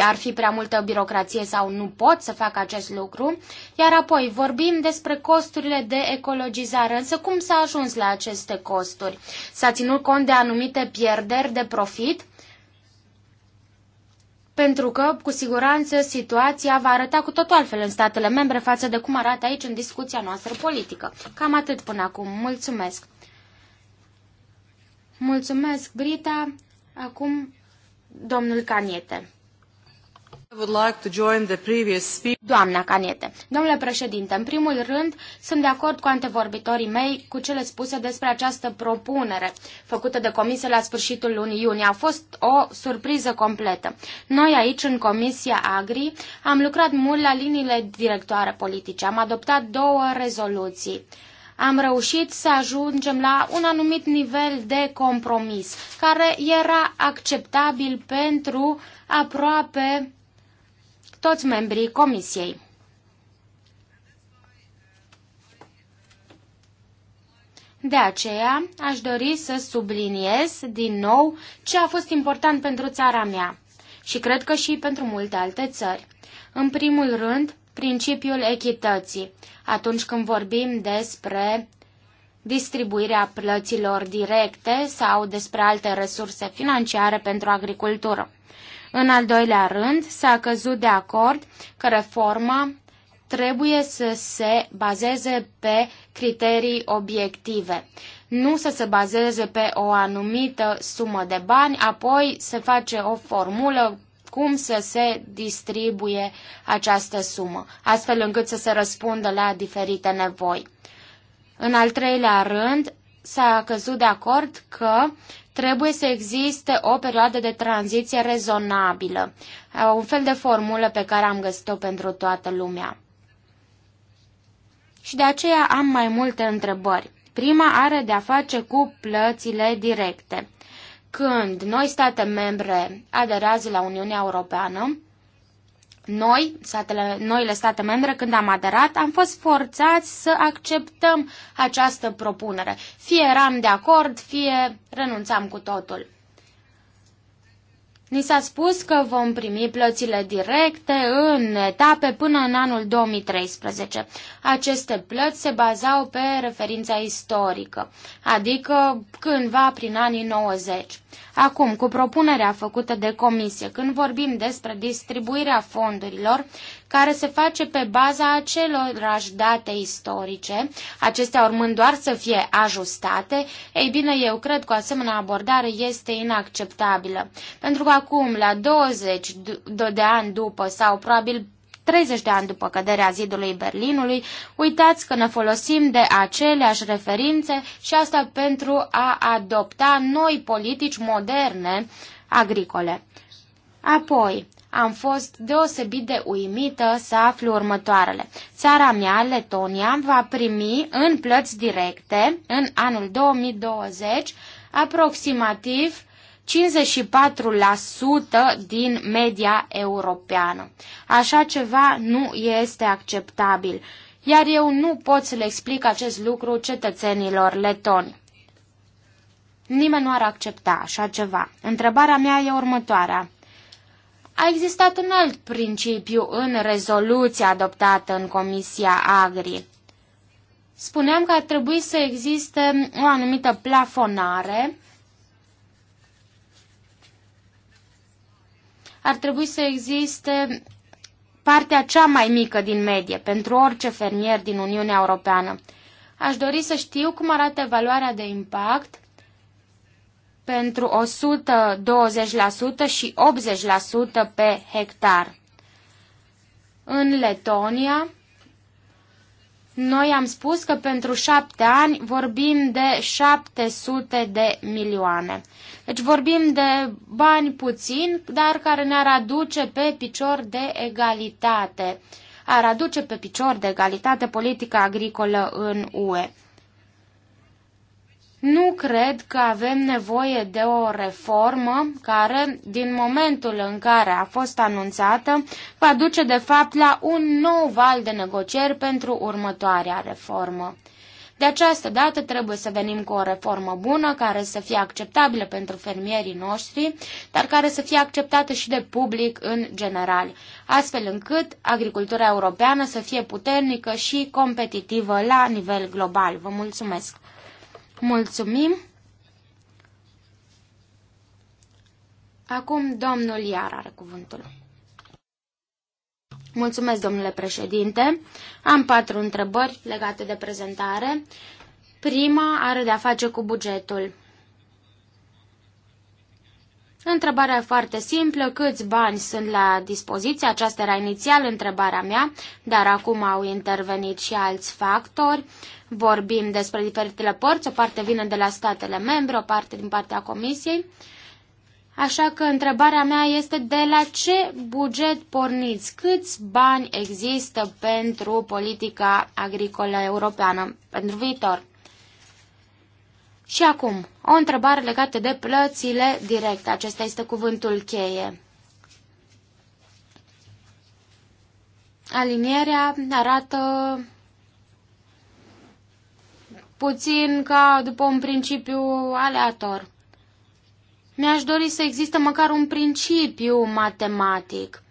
ar fi prea multă birocrație sau nu pot să facă acest lucru. Iar apoi vorbim despre costurile de ecologizare, însă cum s-a ajuns la aceste costuri? S-a ținut cont de anumite pierderi de profit? pentru că, cu siguranță, situația va arăta cu totul altfel în statele membre față de cum arată aici în discuția noastră politică. Cam atât până acum. Mulțumesc! Mulțumesc, Brita! Acum, domnul Caniete. Doamna Caniete, domnule președinte, în primul rând sunt de acord cu antevorbitorii mei cu cele spuse despre această propunere făcută de comisie la sfârșitul lunii iunie. A fost o surpriză completă. Noi aici, în Comisia Agri, am lucrat mult la liniile directoare politice. Am adoptat două rezoluții am reușit să ajungem la un anumit nivel de compromis, care era acceptabil pentru aproape toți membrii comisiei. De aceea, aș dori să subliniez din nou ce a fost important pentru țara mea și cred că și pentru multe alte țări. În primul rând, principiul echității, atunci când vorbim despre distribuirea plăților directe sau despre alte resurse financiare pentru agricultură. În al doilea rând, s-a căzut de acord că reforma trebuie să se bazeze pe criterii obiective. Nu să se bazeze pe o anumită sumă de bani, apoi se face o formulă cum să se distribuie această sumă, astfel încât să se răspundă la diferite nevoi. În al treilea rând, s-a căzut de acord că trebuie să existe o perioadă de tranziție rezonabilă, un fel de formulă pe care am găsit-o pentru toată lumea. Și de aceea am mai multe întrebări. Prima are de a face cu plățile directe. Când noi state membre aderează la Uniunea Europeană, noi, statele, noile state membre, când am aderat, am fost forțați să acceptăm această propunere. Fie eram de acord, fie renunțam cu totul. Ni s-a spus că vom primi plățile directe în etape până în anul 2013. Aceste plăți se bazau pe referința istorică, adică cândva prin anii 90. Acum, cu propunerea făcută de comisie, când vorbim despre distribuirea fondurilor, care se face pe baza acelorași date istorice, acestea urmând doar să fie ajustate, ei bine, eu cred că o asemenea abordare este inacceptabilă. Pentru că acum, la 20 de ani după sau probabil 30 de ani după căderea zidului Berlinului, uitați că ne folosim de aceleași referințe și asta pentru a adopta noi politici moderne agricole. Apoi, am fost deosebit de uimită să aflu următoarele. Țara mea, Letonia, va primi în plăți directe în anul 2020 aproximativ 54% din media europeană. Așa ceva nu este acceptabil, iar eu nu pot să le explic acest lucru cetățenilor letoni. Nimeni nu ar accepta așa ceva. Întrebarea mea e următoarea. A existat un alt principiu în rezoluția adoptată în Comisia Agri. Spuneam că ar trebui să existe o anumită plafonare ar trebui să existe partea cea mai mică din medie pentru orice fermier din Uniunea Europeană. Aș dori să știu cum arată valoarea de impact pentru 120% și 80% pe hectar. În Letonia, noi am spus că pentru șapte ani vorbim de 700 de milioane. Deci vorbim de bani puțini, dar care ne-ar aduce pe picior de egalitate. Ar aduce pe picior de egalitate politica agricolă în UE. Nu cred că avem nevoie de o reformă care, din momentul în care a fost anunțată, va duce de fapt la un nou val de negocieri pentru următoarea reformă. De această dată trebuie să venim cu o reformă bună care să fie acceptabilă pentru fermierii noștri, dar care să fie acceptată și de public în general, astfel încât agricultura europeană să fie puternică și competitivă la nivel global. Vă mulțumesc! Mulțumim! Acum domnul Iar are cuvântul. Mulțumesc, domnule președinte. Am patru întrebări legate de prezentare. Prima are de-a face cu bugetul. Întrebarea foarte simplă, câți bani sunt la dispoziție? Aceasta era inițial întrebarea mea, dar acum au intervenit și alți factori. Vorbim despre diferitele părți, o parte vine de la statele membre, o parte din partea Comisiei. Așa că întrebarea mea este de la ce buget porniți? Câți bani există pentru politica agricolă europeană pentru viitor? Și acum, o întrebare legată de plățile directe. Acesta este cuvântul cheie. Alinierea arată puțin ca după un principiu aleator. Mi-aș dori să existe măcar un principiu matematic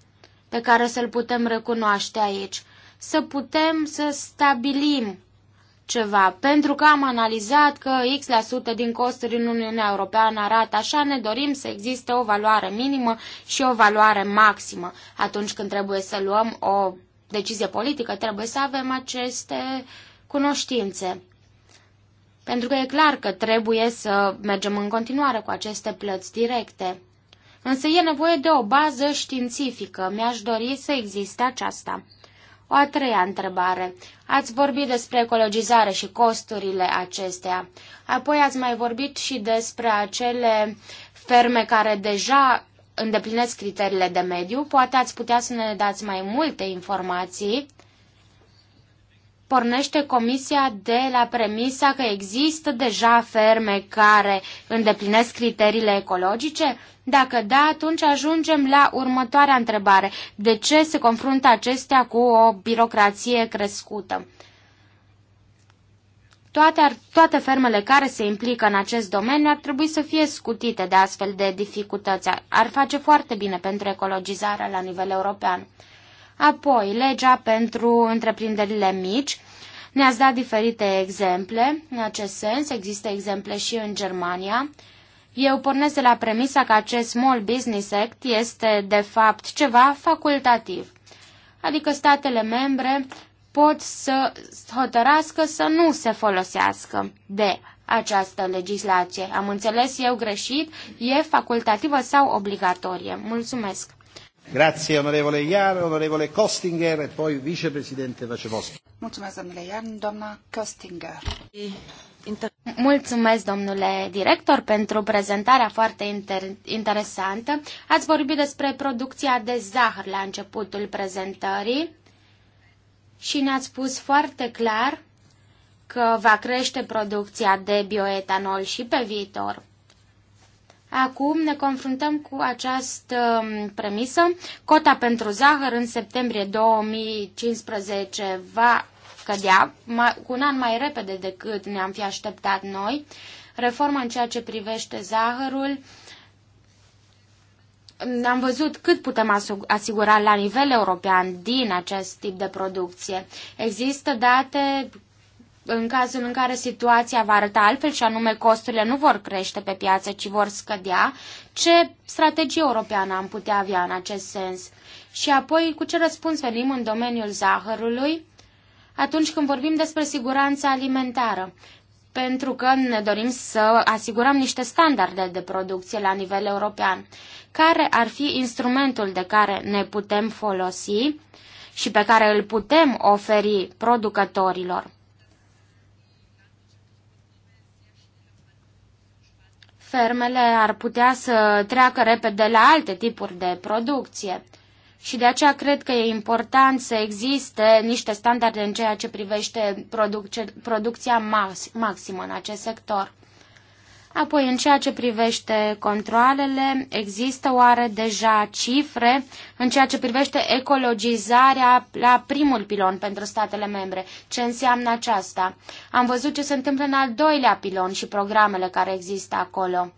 pe care să-l putem recunoaște aici, să putem să stabilim ceva. Pentru că am analizat că X% din costuri în Uniunea Europeană arată așa, ne dorim să existe o valoare minimă și o valoare maximă. Atunci când trebuie să luăm o decizie politică, trebuie să avem aceste cunoștințe. Pentru că e clar că trebuie să mergem în continuare cu aceste plăți directe. Însă e nevoie de o bază științifică. Mi-aș dori să existe aceasta. O a treia întrebare. Ați vorbit despre ecologizare și costurile acestea. Apoi ați mai vorbit și despre acele ferme care deja îndeplinesc criteriile de mediu. Poate ați putea să ne dați mai multe informații pornește Comisia de la premisa că există deja ferme care îndeplinesc criteriile ecologice? Dacă da, atunci ajungem la următoarea întrebare. De ce se confruntă acestea cu o birocrație crescută? Toate, toate fermele care se implică în acest domeniu ar trebui să fie scutite de astfel de dificultăți. Ar face foarte bine pentru ecologizarea la nivel european. Apoi, legea pentru întreprinderile mici. Ne-ați dat diferite exemple în acest sens. Există exemple și în Germania. Eu pornesc de la premisa că acest Small Business Act este, de fapt, ceva facultativ. Adică statele membre pot să hotărască să nu se folosească de această legislație. Am înțeles eu greșit? E facultativă sau obligatorie? Mulțumesc! Grazie onorevole Iar, onorevole e poi vicepresidente Mulțumesc domnule Iar, doamna Costinger. Mulțumesc, domnule director, pentru prezentarea foarte inter- interesantă. Ați vorbit despre producția de zahăr la începutul prezentării și ne-ați spus foarte clar că va crește producția de bioetanol și pe viitor. Acum ne confruntăm cu această um, premisă. Cota pentru zahăr în septembrie 2015 va cădea cu un an mai repede decât ne-am fi așteptat noi. Reforma în ceea ce privește zahărul am văzut cât putem asigura la nivel european din acest tip de producție. Există date în cazul în care situația va arăta altfel și anume costurile nu vor crește pe piață, ci vor scădea, ce strategie europeană am putea avea în acest sens? Și apoi, cu ce răspuns venim în domeniul zahărului atunci când vorbim despre siguranța alimentară? Pentru că ne dorim să asigurăm niște standarde de producție la nivel european. Care ar fi instrumentul de care ne putem folosi și pe care îl putem oferi producătorilor? fermele ar putea să treacă repede la alte tipuri de producție. Și de aceea cred că e important să existe niște standarde în ceea ce privește produc producția maximă în acest sector. Apoi, în ceea ce privește controlele, există oare deja cifre în ceea ce privește ecologizarea la primul pilon pentru statele membre? Ce înseamnă aceasta? Am văzut ce se întâmplă în al doilea pilon și programele care există acolo.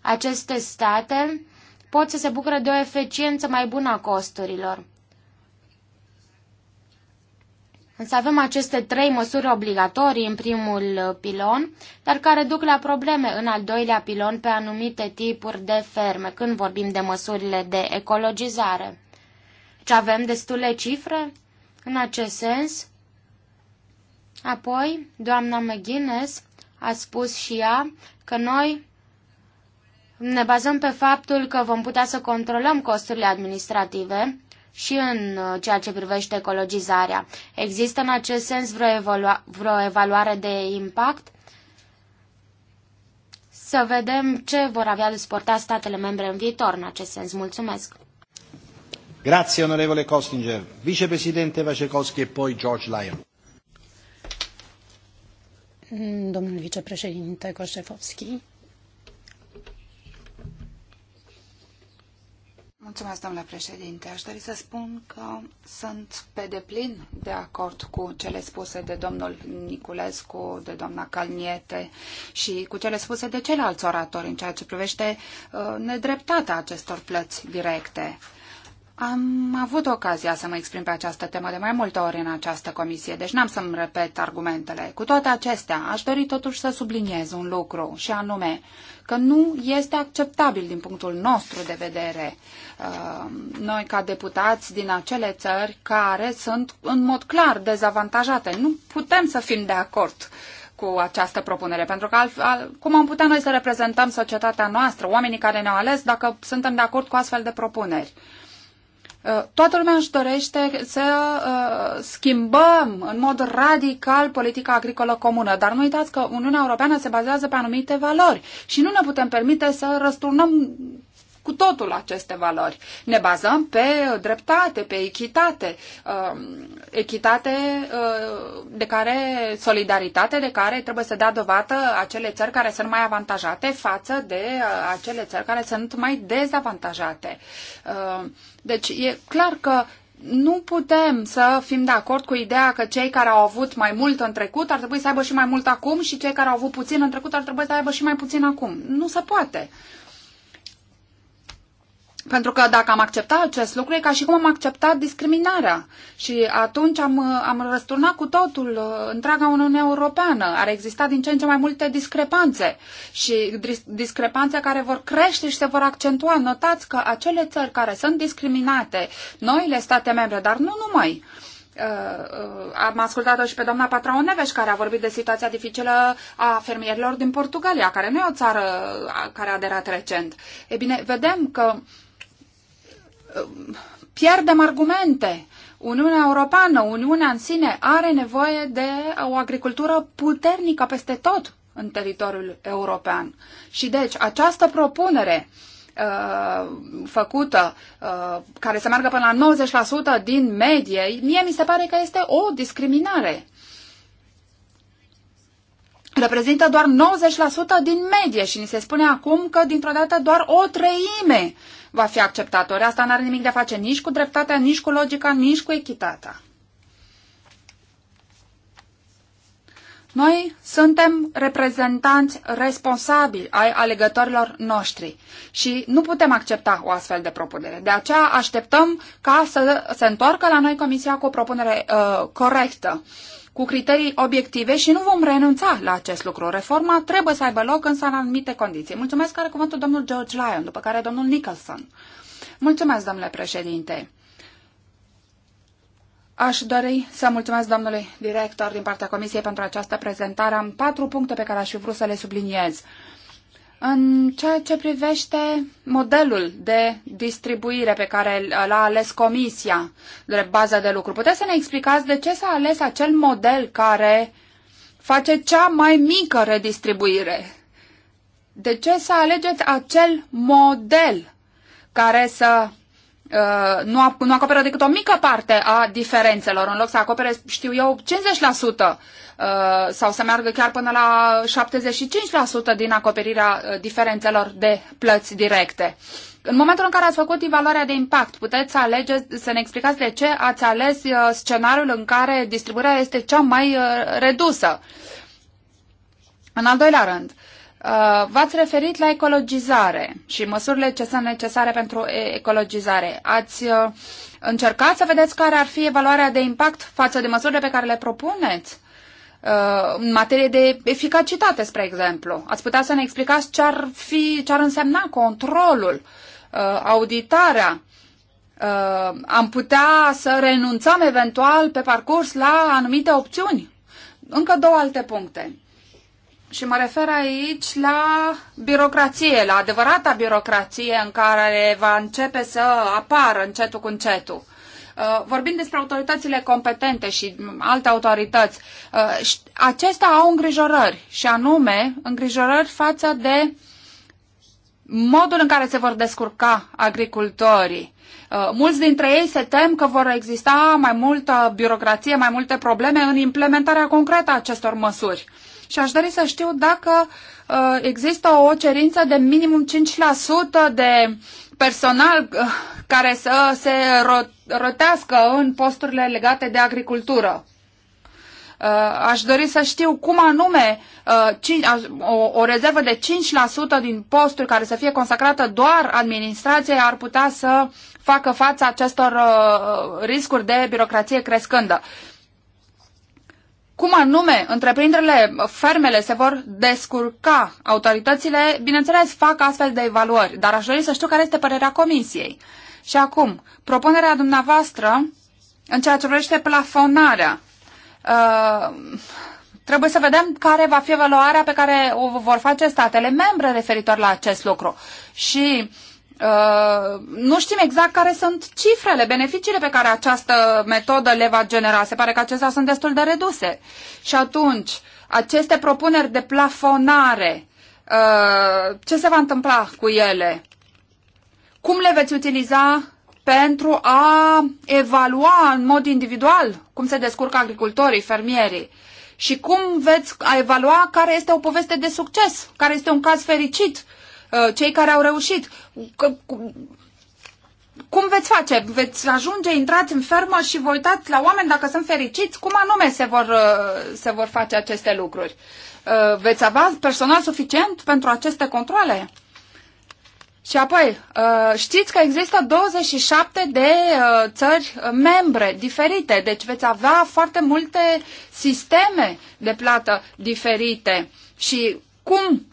Aceste state pot să se bucure de o eficiență mai bună a costurilor. Însă avem aceste trei măsuri obligatorii în primul pilon, dar care duc la probleme în al doilea pilon pe anumite tipuri de ferme, când vorbim de măsurile de ecologizare. Ce deci avem destule cifre în acest sens? Apoi, doamna McGuinness a spus și ea că noi ne bazăm pe faptul că vom putea să controlăm costurile administrative și în uh, ceea ce privește ecologizarea. Există în acest sens vreo, evalua- vreo evaluare de impact? Să vedem ce vor avea de suportat statele membre în viitor în acest sens. Mulțumesc! Grazie, onorevole Costinger. Vicepreședinte Vacekovski e poi George Lyon. Mm, domnul vicepreședinte Koșefovski. Mulțumesc, domnule președinte. Aș dori să spun că sunt pe deplin de acord cu cele spuse de domnul Niculescu, de doamna Calniete și cu cele spuse de ceilalți oratori în ceea ce privește uh, nedreptatea acestor plăți directe. Uh, am avut ocazia să mă exprim pe această temă de mai multe ori în această comisie, deci n-am să-mi repet argumentele. Cu toate acestea, aș dori totuși să subliniez un lucru, și anume că nu este acceptabil din punctul nostru de vedere uh, noi ca deputați din acele țări care sunt în mod clar dezavantajate. Nu putem să fim de acord cu această propunere, pentru că cum am putea noi să reprezentăm societatea noastră, oamenii care ne-au ales, dacă suntem de acord cu astfel de propuneri? Uh, toată lumea își dorește să uh, schimbăm în mod radical politica agricolă comună, dar nu uitați că Uniunea Europeană se bazează pe anumite valori și nu ne putem permite să răsturnăm cu totul aceste valori. Ne bazăm pe dreptate, pe echitate, um, echitate uh, de care, solidaritate de care trebuie să dea dovadă acele țări care sunt mai avantajate față de uh, acele țări care sunt mai dezavantajate. Uh, deci e clar că nu putem să fim de acord cu ideea că cei care au avut mai mult în trecut ar trebui să aibă și mai mult acum și cei care au avut puțin în trecut ar trebui să aibă și mai puțin acum. Nu se poate. Uh, pentru că dacă am acceptat acest lucru, e ca și cum am acceptat discriminarea. Și atunci am, am răsturnat cu totul uh, întreaga Uniune Europeană. Ar exista din ce în ce mai multe discrepanțe și discrepanțe care vor crește și se vor accentua. Notați că acele țări care sunt discriminate, noile state membre, dar nu numai, uh, uh, am ascultat-o și pe doamna Patrao Neveș, care a vorbit de situația dificilă a fermierilor din Portugalia, care nu e o țară care a aderat recent. E bine, vedem că uh, pierdem argumente. Uniunea Europeană, Uniunea în sine, are nevoie de o agricultură puternică peste tot în teritoriul european. Și deci această propunere uh, făcută, uh, care se meargă până la 90% din medie, mie mi se pare că este o discriminare reprezintă doar 90% din medie și ni se spune acum că dintr-o dată doar o treime va fi acceptată. Ori asta nu are nimic de a face nici cu dreptatea, nici cu logica, nici cu echitatea. Noi suntem reprezentanți responsabili ai alegătorilor noștri și nu putem accepta o astfel de propunere. De aceea așteptăm ca să se întoarcă la noi Comisia cu o propunere uh, corectă. Uh, cu criterii obiective și nu vom renunța la acest lucru. Reforma trebuie să aibă loc însă în anumite condiții. Mulțumesc care cuvântul domnul George Lyon, după care domnul Nicholson. Mulțumesc, domnule președinte. Aș dori să mulțumesc domnului director din partea Comisiei pentru această prezentare. Am patru puncte pe care aș fi vrut să le subliniez. În ceea ce privește modelul de distribuire pe care l-a ales Comisia de bază de lucru, puteți să ne explicați de ce s-a ales acel model care face cea mai mică redistribuire? De ce să alegeți acel model care să Uh, nu, nu acoperă decât o mică parte a diferențelor, în loc să acopere, știu eu, 50% uh, sau să meargă chiar până la 75% din acoperirea uh, diferențelor de plăți directe. În momentul în care ați făcut evaluarea de impact, puteți să alegeți, să ne explicați de ce ați ales scenariul în care distribuirea este cea mai redusă. În al doilea rând, Uh, v-ați referit la ecologizare și măsurile ce sunt necesare pentru ecologizare. Ați uh, încercat să vedeți care ar fi evaluarea de impact față de măsurile pe care le propuneți? Uh, în materie de eficacitate, spre exemplu. Ați putea să ne explicați ce ar, fi, ce ar însemna controlul, auditarea. Am putea să renunțăm eventual pe parcurs la anumite opțiuni. Încă două alte puncte. Și mă refer aici la birocrație, la adevărata birocrație în care va începe să apară încetul cu încetul. Uh, vorbind despre autoritățile competente și alte autorități. Uh, acestea au îngrijorări și anume îngrijorări față de modul în care se vor descurca agricultorii. Uh, mulți dintre ei se tem că vor exista mai multă birocrație, mai multe probleme în implementarea concretă a acestor măsuri și aș dori să știu dacă uh, există o cerință de minimum 5% de personal uh, care să se rotească în posturile legate de agricultură. Uh, aș dori să știu cum anume uh, cin, o, o rezervă de 5% din posturi care să fie consacrată doar administrației ar putea să facă față acestor uh, riscuri de birocrație crescândă. Cum anume, întreprinderile, fermele se vor descurca? Autoritățile, bineînțeles, fac astfel de evaluări, dar aș dori să știu care este părerea comisiei. Și acum, propunerea dumneavoastră în ceea ce privește plafonarea. Uh, trebuie să vedem care va fi evaluarea pe care o vor face statele membre referitor la acest lucru. Și uh, Uh, nu știm exact care sunt cifrele, beneficiile pe care această metodă le va genera. Se pare că acestea sunt destul de reduse. Și atunci, aceste propuneri de plafonare, uh, ce se va întâmpla cu ele? Cum le veți utiliza pentru a evalua în mod individual cum se descurcă agricultorii, fermierii? Și cum veți evalua care este o poveste de succes, care este un caz fericit? Uh, Uh, cei care au reușit. Că, cum veți face? Veți ajunge, intrați în fermă și vă uitați la oameni dacă sunt fericiți? Cum anume se vor, uh, se vor face aceste lucruri? Uh, veți avea personal suficient pentru aceste controle? Și apoi, știți că există 27 de țări membre diferite, deci veți avea foarte multe sisteme de plată diferite. Și cum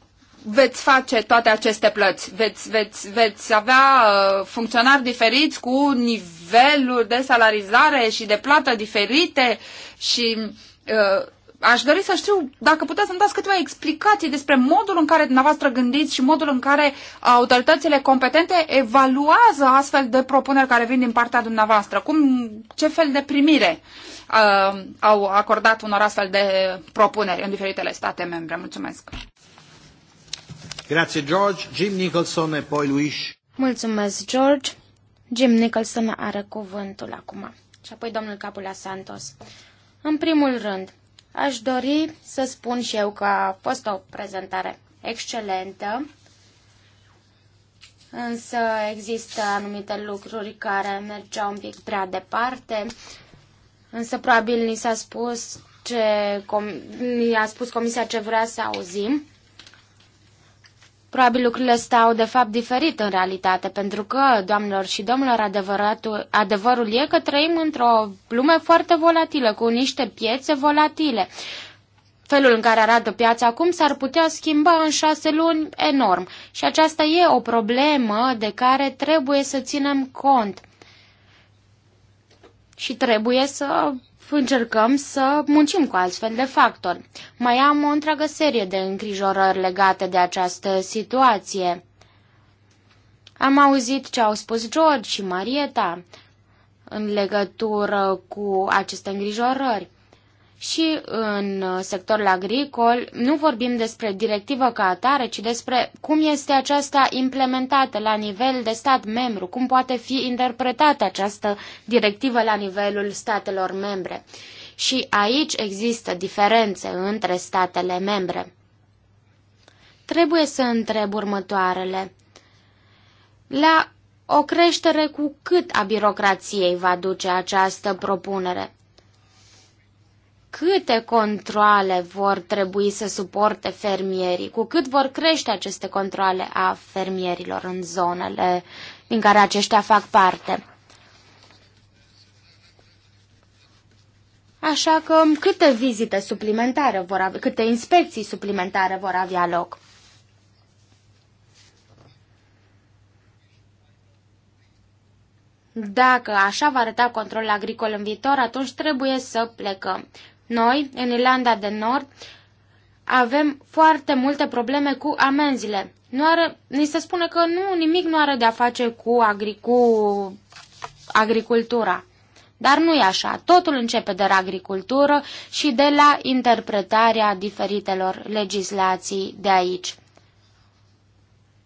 veți face toate aceste plăți? Veți, veți, veți avea uh, funcționari diferiți cu niveluri de salarizare și de plată diferite și uh, aș dori să știu dacă puteți să-mi dați câteva explicații despre modul în care dumneavoastră gândiți și modul în care autoritățile competente evaluează astfel de propuneri care vin din partea dumneavoastră. Cum, ce fel de primire uh, au acordat unor astfel de propuneri în diferitele state membre? Mulțumesc! Grazie George, Jim Nicholson e poi Luis. Mulțumesc George. Jim Nicholson are cuvântul acum. Și apoi domnul Capula Santos. În primul rând, aș dori să spun și eu că a fost o prezentare excelentă, însă există anumite lucruri care mergeau un pic prea departe, însă probabil ni s-a spus ce com- a spus comisia ce vrea să auzim. Probabil lucrurile stau de fapt diferit în realitate, pentru că, doamnelor și domnilor, adevărul e că trăim într-o lume foarte volatilă, cu niște piețe volatile. Felul în care arată piața acum s-ar putea schimba în șase luni enorm și aceasta e o problemă de care trebuie să ținem cont și trebuie să încercăm să muncim cu astfel de factori. Mai am o întreagă serie de îngrijorări legate de această situație. Am auzit ce au spus George și Marieta în legătură cu aceste îngrijorări și în uh, sectorul agricol nu vorbim despre directivă ca atare, ci despre cum este aceasta implementată la nivel de stat membru, cum poate fi interpretată această directivă la nivelul statelor membre. Și aici există diferențe între statele membre. Trebuie să întreb următoarele. La o creștere cu cât a birocrației va duce această propunere? câte controle vor trebui să suporte fermierii, cu cât vor crește aceste controle a fermierilor în zonele din care aceștia fac parte. Așa că câte vizite suplimentare vor avea, câte inspecții suplimentare vor avea loc? Dacă așa va arăta controlul agricol în viitor, atunci trebuie să plecăm. Noi, în Irlanda de Nord, avem foarte multe probleme cu amenzile. Nu are, ni se spune că nu, nimic nu are de-a face cu, agri, cu agricultura. Dar nu e așa. Totul începe de la agricultură și de la interpretarea diferitelor legislații de aici.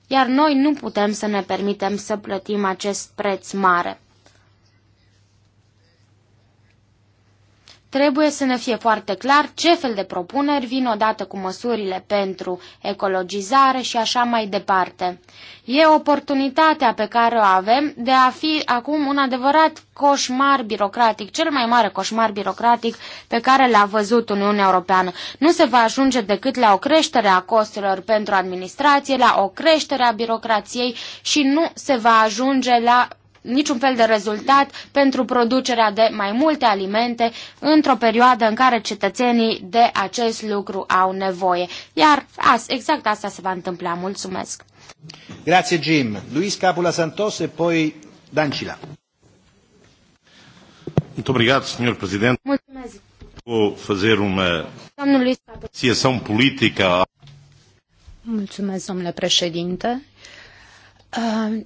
Iar noi nu putem să ne permitem să plătim acest preț mare. Trebuie să ne fie foarte clar ce fel de propuneri vin odată cu măsurile pentru ecologizare și așa mai departe. E oportunitatea pe care o avem de a fi acum un adevărat coșmar birocratic, cel mai mare coșmar birocratic pe care l-a văzut Uniunea Europeană. Nu se va ajunge decât la o creștere a costurilor pentru administrație, la o creștere a birocrației și nu se va ajunge la niciun fel de rezultat pentru producerea de mai multe alimente într-o perioadă în care cetățenii de acest lucru au nevoie. Iar azi, exact asta se va întâmpla. Mulțumesc! Grazie Jim. Luis Capula Santos e poi Dancila. Muito obrigado, Sr. Presidente. Mulțumesc. Vou fazer uma apreciação política. Muito Mulțumesc, domnule președinte. Uh,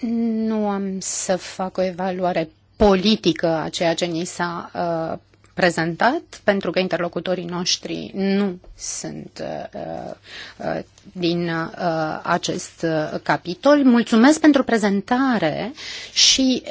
nu am să fac o evaluare politică a ceea ce ni s-a uh, prezentat, pentru că interlocutorii noștri nu sunt uh, uh, din uh, acest uh, capitol. Mulțumesc pentru prezentare și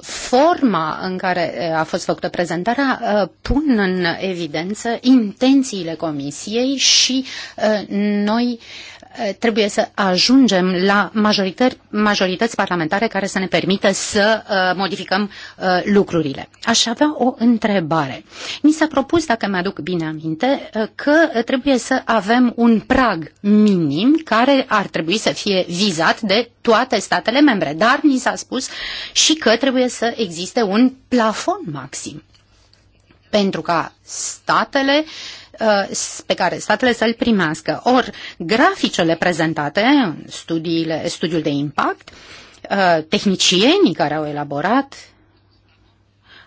forma în care uh, a fost făcută prezentarea uh, pun în evidență intențiile comisiei și uh, noi uh, Eh, trebuie să ajungem la majorități, majorități parlamentare care să ne permită să uh, modificăm uh, lucrurile. Aș avea o întrebare. Mi s-a propus, dacă mi-aduc bine aminte, uh, că trebuie să avem un prag minim care ar trebui să fie vizat de toate statele membre, dar mi s-a spus și că trebuie să existe un plafon maxim pentru ca statele uh, Uh, pe care statele să-l primească. Or, graficele prezentate în studiile, studiul de impact, uh, tehnicienii care au elaborat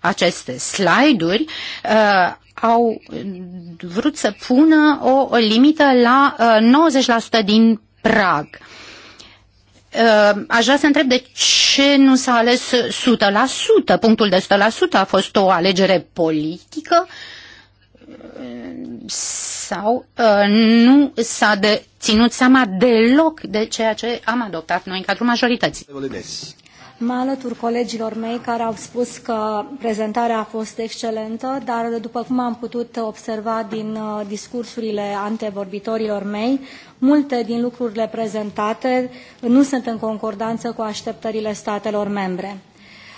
aceste slide-uri uh, au vrut să pună o, o limită la 90% din prag. Aș vrea să întreb de ce nu s-a ales 100%. Punctul de 100% a fost o alegere politică uh, sau uh, nu s-a de, ținut seama deloc de ceea ce am adoptat noi în cadrul majorității. Mă alătur colegilor mei care au spus că prezentarea a fost excelentă, dar după cum am putut observa din uh, discursurile antevorbitorilor mei, multe din lucrurile prezentate nu sunt în concordanță cu așteptările statelor membre.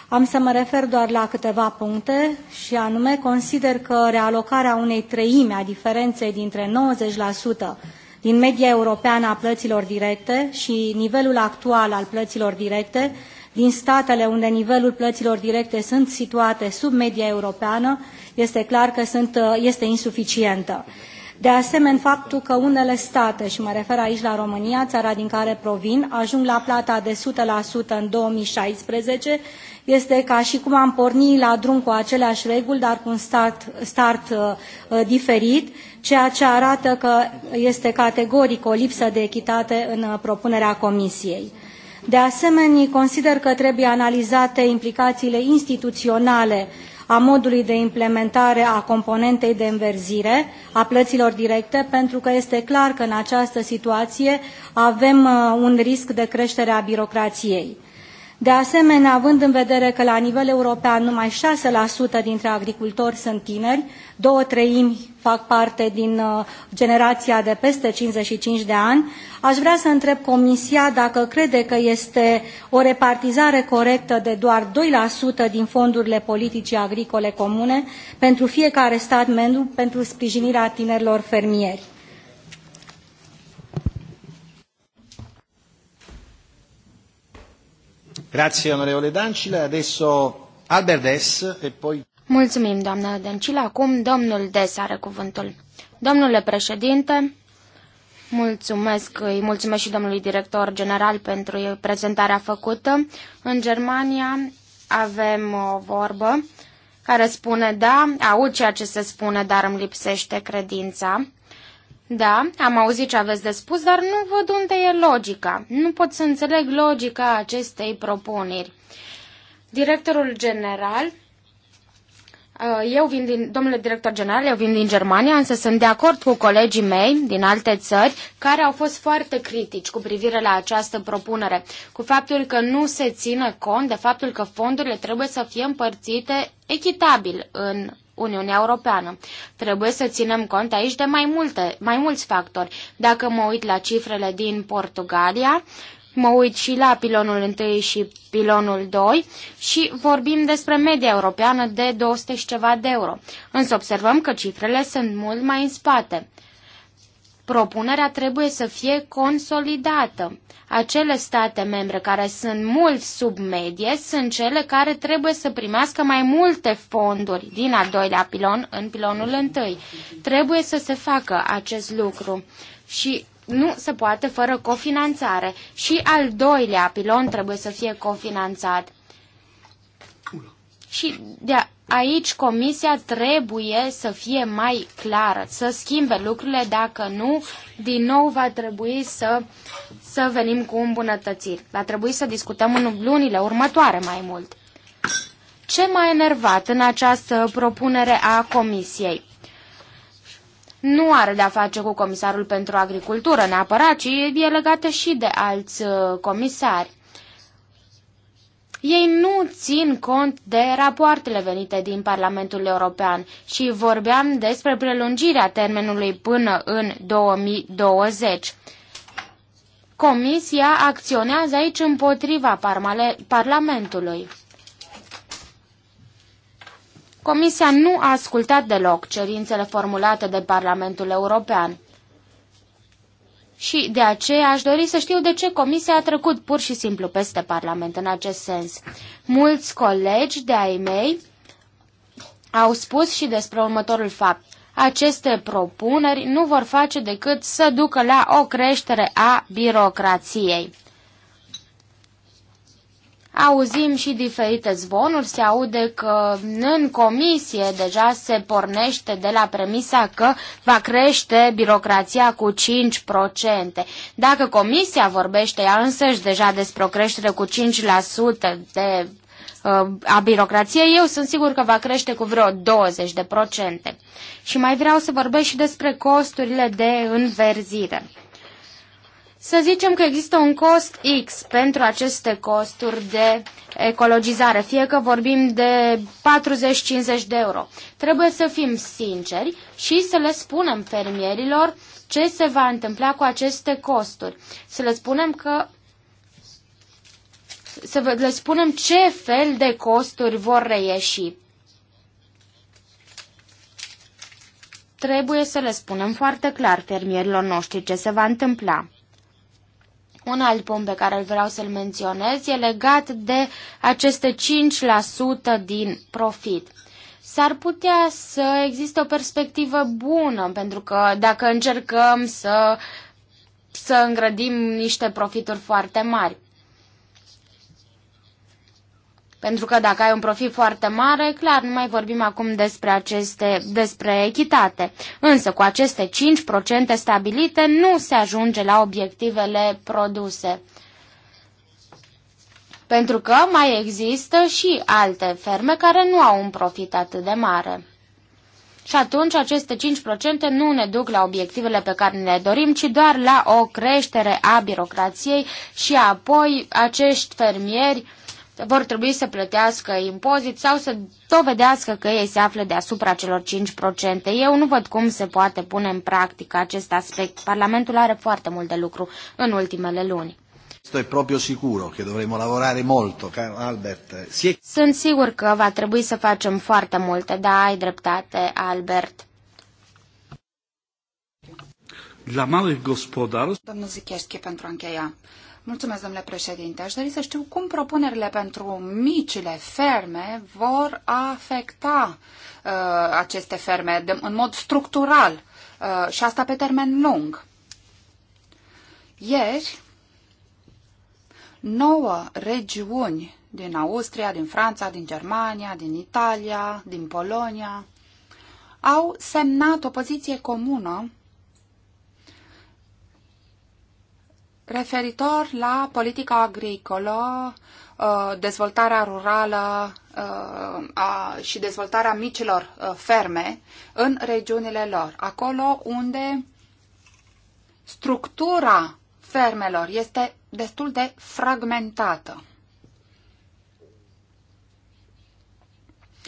Am să mă refer doar la câteva puncte și anume consider că realocarea unei treimi a diferenței dintre 90% din media europeană a plăților directe și nivelul actual al plăților directe din statele unde nivelul plăților directe sunt situate sub media europeană, este clar că sunt, este insuficientă. De asemenea, faptul că unele state, și mă refer aici la România, țara din care provin, ajung la plata de 100% în 2016, este ca și cum am porni la drum cu aceleași reguli, dar cu un start, start uh, uh diferit, ceea ce arată că este categoric o lipsă de echitate în uh, propunerea Comisiei. De asemenea, consider că trebuie analizate implicațiile instituționale a modului de implementare a componentei de înverzire a plăților directe, pentru că este clar că în această situație avem uh, un risc de creștere a birocrației. De asemenea, având în vedere că la nivel european numai 6% dintre agricultori sunt tineri, două treimi fac parte din uh, generația de peste 55 de ani, aș vrea să întreb Comisia dacă crede că este o repartizare corectă de doar 2% din fondurile politicii agricole comune pentru fiecare stat membru pentru sprijinirea tinerilor fermieri. Grazie, onorevole Dancila. Adesso Albert Des e poi... Mulțumim, doamna Dăncilă. Acum domnul Des are cuvântul. Domnule președinte, mulțumesc, îi mulțumesc și domnului director general pentru prezentarea făcută. În Germania avem o vorbă care spune, da, aud ceea ce se spune, dar îmi lipsește credința. Da, am auzit ce aveți de spus, dar nu văd unde e logica. Nu pot să înțeleg logica acestei propuneri. Directorul general uh, eu vin din, domnule director general, eu vin din Germania, însă sunt de acord cu colegii mei din alte țări care au fost foarte critici cu privire la această propunere, cu faptul că nu se țină cont de faptul că fondurile trebuie să fie împărțite echitabil în Uniunea Europeană. Trebuie să ținem cont aici de mai, multe, mai mulți factori. Dacă mă uit la cifrele din Portugalia, mă uit și la pilonul 1 și pilonul 2 și vorbim despre media europeană de 200 și ceva de euro. Însă observăm că cifrele sunt mult mai în spate. Propunerea trebuie să fie consolidată. Acele state membre care sunt mult sub medie sunt cele care trebuie să primească mai multe fonduri din al doilea pilon în pilonul întâi. Trebuie să se facă acest lucru. Și nu se poate fără cofinanțare. Și al doilea pilon trebuie să fie cofinanțat. Și de, a, Aici comisia trebuie să fie mai clară, să schimbe lucrurile, dacă nu, din nou va trebui să, să venim cu îmbunătățiri. Va trebui să discutăm în lunile următoare mai mult. Ce m-a enervat în această propunere a comisiei? Nu are de-a face cu comisarul pentru agricultură neapărat, ci e legată și de alți uh, comisari. Ei nu țin cont de rapoartele venite din Parlamentul European și vorbeam despre prelungirea termenului până în 2020. Comisia acționează aici împotriva Parlamentului. Comisia nu a ascultat deloc cerințele formulate de Parlamentul European. Și de aceea aș dori să știu de ce Comisia a trecut pur și simplu peste Parlament în acest sens. Mulți colegi de ai mei au spus și despre următorul fapt. Aceste propuneri nu vor face decât să ducă la o creștere a birocrației. Auzim și diferite zvonuri, se aude că în comisie deja se pornește de la premisa că va crește birocrația cu 5%. Dacă comisia vorbește ea însăși deja despre o creștere cu 5% de uh, a birocrației, eu sunt sigur că va crește cu vreo 20%. Și mai vreau să vorbesc și despre costurile de înverzire. Să zicem că există un cost X pentru aceste costuri de ecologizare, fie că vorbim de 40-50 de euro. Trebuie să fim sinceri și să le spunem fermierilor ce se va întâmpla cu aceste costuri. Să le spunem că să le spunem ce fel de costuri vor reieși. Trebuie să le spunem foarte clar fermierilor noștri ce se va întâmpla. Un alt punct pe care îl vreau să-l menționez e legat de aceste 5% din profit s-ar putea să existe o perspectivă bună, pentru că dacă încercăm să, să îngrădim niște profituri foarte mari. Pentru că dacă ai un profit foarte mare, clar, nu mai vorbim acum despre, aceste, despre echitate. Însă cu aceste 5% stabilite nu se ajunge la obiectivele produse. Pentru că mai există și alte ferme care nu au un profit atât de mare. Și atunci aceste 5% nu ne duc la obiectivele pe care ne dorim, ci doar la o creștere a birocrației și apoi acești fermieri uh, vor trebui să plătească impozit sau să dovedească că ei se află deasupra celor 5%. Eu nu văd cum se poate pune în practică acest aspect. Parlamentul are foarte mult de lucru în ultimele luni. Questo è proprio sicuro che dovremo lavorare molto, caro Albert. Si... Sunt sigur că va trebui să facem foarte multe, da, ai dreptate, Albert. Dla małych gospodarstw... Domnul Zichescu, pentru a încheia. Mulțumesc, domnule președinte. Aș dori să știu cum propunerile pentru micile ferme vor afecta uh, aceste ferme de, în mod structural uh, și asta pe termen lung. Ieri, nouă regiuni din Austria, din Franța, din Germania, din Italia, din Polonia, au semnat o poziție comună Referitor la politica agricolă, uh, dezvoltarea rurală uh, și dezvoltarea micilor uh, ferme în regiunile lor, acolo unde structura fermelor este destul de fragmentată.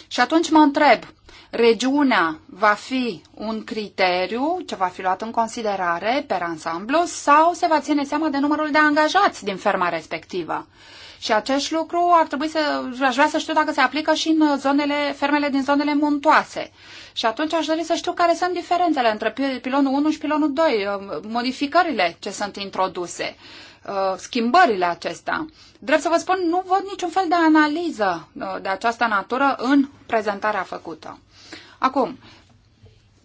Și atunci mă întreb, regiunea va fi un criteriu ce va fi luat în considerare per ansamblu sau se va ține seama de numărul de angajați din ferma respectivă. Și acest lucru ar trebui să, aș vrea să știu dacă se aplică și în zonele, fermele din zonele muntoase. Și atunci aș dori să știu care sunt diferențele între pilonul 1 și pilonul 2, modificările ce sunt introduse uh, schimbările acestea. Drept să vă spun, nu văd niciun fel de analiză uh, de această natură în prezentarea făcută. Acum,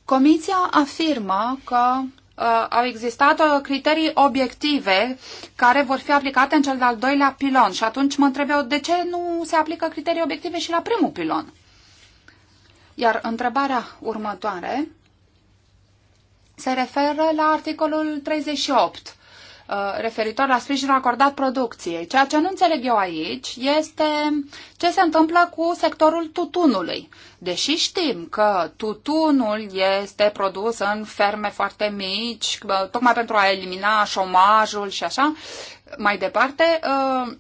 Comisia afirmă că uh, au existat uh, criterii obiective care vor fi aplicate în cel de-al doilea pilon și atunci mă întreb eu de ce nu se aplică criterii obiective și la primul pilon. Iar întrebarea următoare se referă la articolul 38 Uh, referitor la sprijinul acordat producției. Ceea ce nu înțeleg eu aici este ce se întâmplă cu sectorul tutunului. Deși știm că tutunul este produs în ferme foarte mici, uh, tocmai pentru a elimina șomajul și așa, mai departe, uh,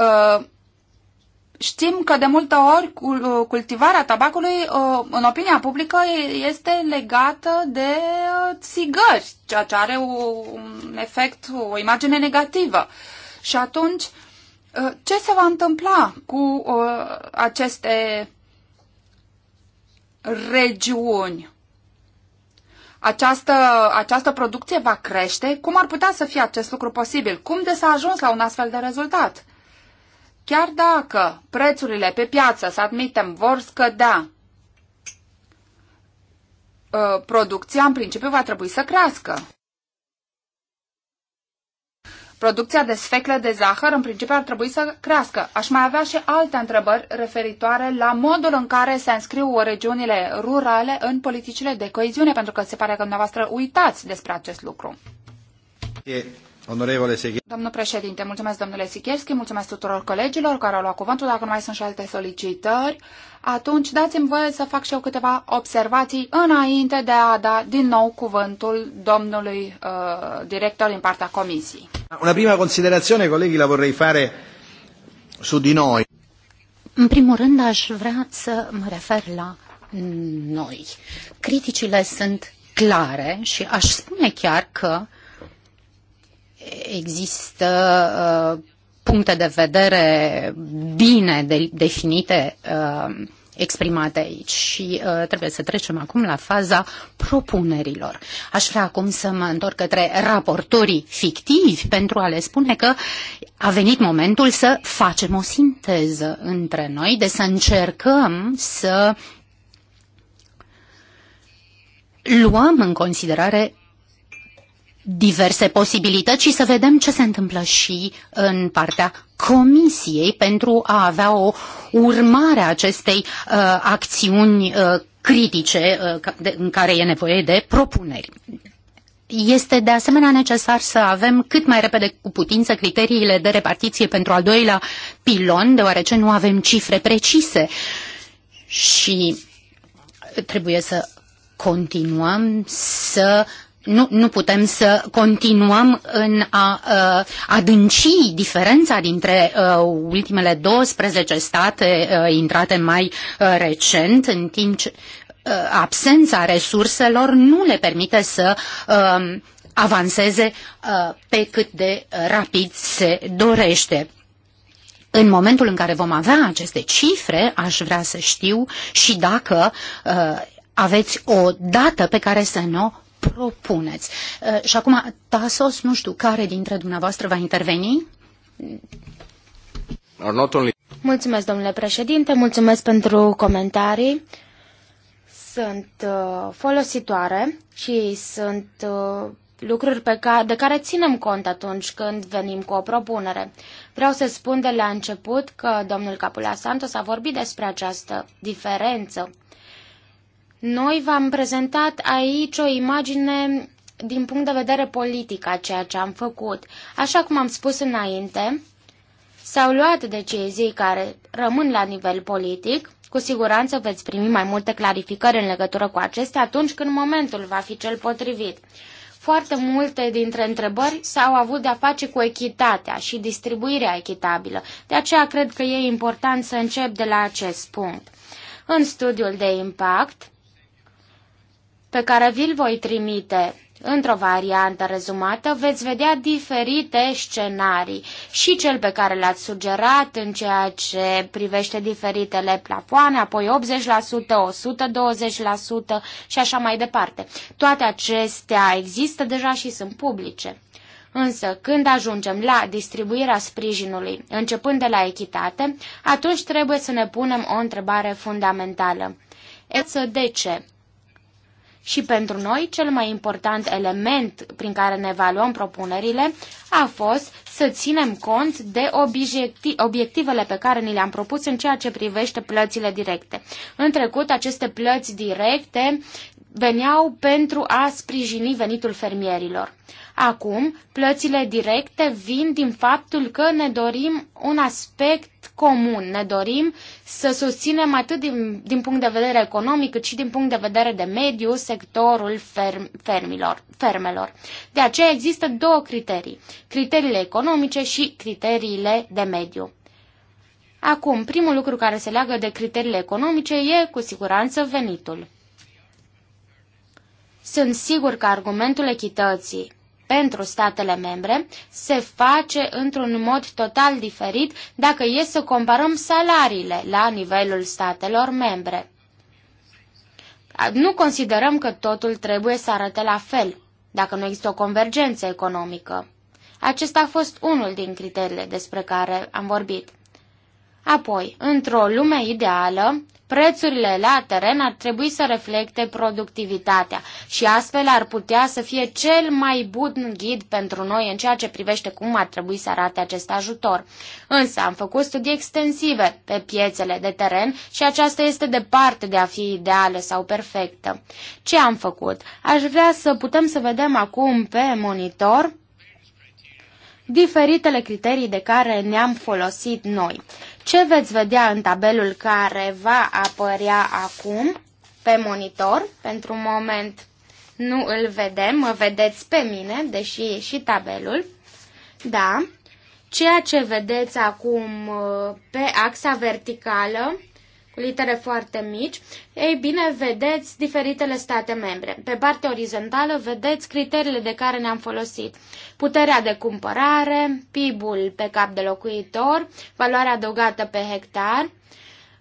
uh, Știm că de multe ori uh, cultivarea tabacului uh, în opinia publică este legată de uh, țigări, ceea ce are un efect, o imagine negativă. Și atunci, ce se va întâmpla cu aceste regiuni? Această, această producție va crește? Cum ar putea să fie acest lucru posibil? Cum de s-a ajuns la un astfel de rezultat? Chiar dacă prețurile pe piață, să admitem, vor scădea, ă, producția în principiu va trebui să crească. Producția de sfecle de zahăr în principiu ar trebui să crească. Aș mai avea și alte întrebări referitoare la modul în care se înscriu regiunile rurale în politicile de coeziune, pentru că se pare că dumneavoastră uitați despre acest lucru. Onorevole Domnul președinte, mulțumesc domnule Sikierski, mulțumesc tuturor colegilor care au luat cuvântul. Dacă nu mai sunt și alte solicitări, atunci dați-mi voie să fac și eu câteva observații înainte de a da din nou cuvântul domnului uh, director din partea comisiei. Una prima considerație, colegi, la vorrei fare su di noi. În primul rând aș vrea să mă refer la noi. Criticile sunt clare și aș spune chiar că uh, există uh, puncte de vedere bine de, definite uh, exprimate aici și uh, trebuie să trecem acum la faza propunerilor. Aș vrea acum să mă întorc către raportorii fictivi pentru a le spune că a venit momentul să facem o sinteză între noi, de să încercăm să luăm în considerare diverse posibilități și să vedem ce se întâmplă și în partea Comisiei pentru a avea o urmare a acestei uh, acțiuni uh, critice uh, de, în care e nevoie de propuneri. Este de asemenea necesar să avem cât mai repede cu putință criteriile de repartiție pentru al doilea pilon, deoarece nu avem cifre precise și trebuie să continuăm să uh, nu, nu putem să continuăm în a uh, adânci diferența dintre uh, ultimele 12 state uh, intrate mai uh, recent, în timp ce uh, absența resurselor nu le permite să uh, avanseze uh, pe cât de rapid se dorește. În momentul în care vom avea aceste cifre, aș vrea să știu și dacă uh, aveți o dată pe care să nu o propuneți. Uh, și acum, Tasos, nu știu care dintre dumneavoastră va interveni. Mulțumesc, domnule președinte, mulțumesc pentru comentarii. Sunt uh, folositoare și sunt uh, lucruri pe care, de care ținem cont atunci când venim cu o propunere. Vreau să spun de la început că domnul Capula Santos a vorbit despre această diferență noi v-am prezentat aici o imagine din punct de vedere politic a ceea ce am făcut. Așa cum am spus înainte, s-au luat decizii care rămân la nivel politic. Cu siguranță veți primi mai multe clarificări în legătură cu acestea atunci când momentul va fi cel potrivit. Foarte multe dintre întrebări s-au avut de-a face cu echitatea și distribuirea echitabilă. De aceea cred că e important să încep de la acest punct. În studiul de impact, pe care vi-l voi trimite într-o variantă rezumată, veți vedea diferite scenarii și cel pe care l-ați sugerat în ceea ce privește diferitele plafoane, apoi 80%, 120% și așa mai departe. Toate acestea există deja și sunt publice. Însă, când ajungem la distribuirea sprijinului, începând de la echitate, atunci trebuie să ne punem o întrebare fundamentală. Eță de ce? Și pentru noi, cel mai important element prin care ne evaluăm propunerile a fost să ținem cont de obiectivele pe care ni le-am propus în ceea ce privește plățile directe. În trecut, aceste plăți directe veneau pentru a sprijini venitul fermierilor. Acum, plățile directe vin din faptul că ne dorim un aspect comun. Ne dorim să susținem atât din, din punct de vedere economic, cât și din punct de vedere de mediu sectorul ferm, fermilor, fermelor. De aceea există două criterii, criteriile economice și criteriile de mediu. Acum, primul lucru care se leagă de criteriile economice e, cu siguranță, venitul. Sunt sigur că argumentul echității pentru statele membre se face într-un mod total diferit dacă e să comparăm salariile la nivelul statelor membre. Nu considerăm că totul trebuie să arate la fel, dacă nu există o convergență economică. Acesta a fost unul din criteriile despre care am vorbit. Apoi, într-o lume ideală, Prețurile la teren ar trebui să reflecte productivitatea și astfel ar putea să fie cel mai bun ghid pentru noi în ceea ce privește cum ar trebui să arate acest ajutor. Însă am făcut studii extensive pe piețele de teren și aceasta este departe de a fi ideală sau perfectă. Ce am făcut? Aș vrea să putem să vedem acum pe monitor diferitele criterii de care ne-am folosit noi. Ce veți vedea în tabelul care va apărea acum pe monitor, pentru un moment nu îl vedem, mă vedeți pe mine, deși e și tabelul, da, ceea ce vedeți acum uh, pe axa verticală, cu litere foarte mici, ei bine, vedeți diferitele state membre. Pe partea orizontală vedeți criteriile de care ne-am folosit puterea de cumpărare, PIB-ul pe cap de locuitor, valoarea adăugată pe hectar,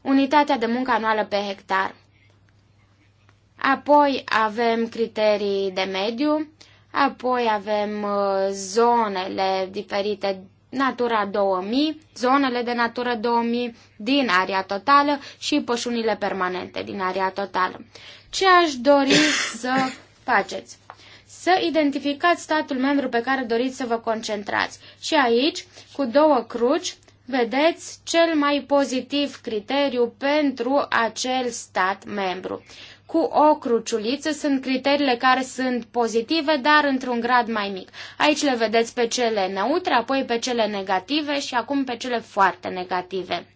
unitatea de muncă anuală pe hectar. Apoi avem criterii de mediu, apoi avem uh, zonele diferite Natura 2000, zonele de Natura 2000 din area totală și pășunile permanente din area totală. Ce aș dori să faceți? să identificați statul membru pe care doriți să vă concentrați. Și aici, cu două cruci, vedeți cel mai pozitiv criteriu pentru acel stat membru. Cu o cruciuliță sunt criteriile care sunt pozitive, dar într-un grad mai mic. Aici le vedeți pe cele neutre, apoi pe cele negative și acum pe cele foarte negative.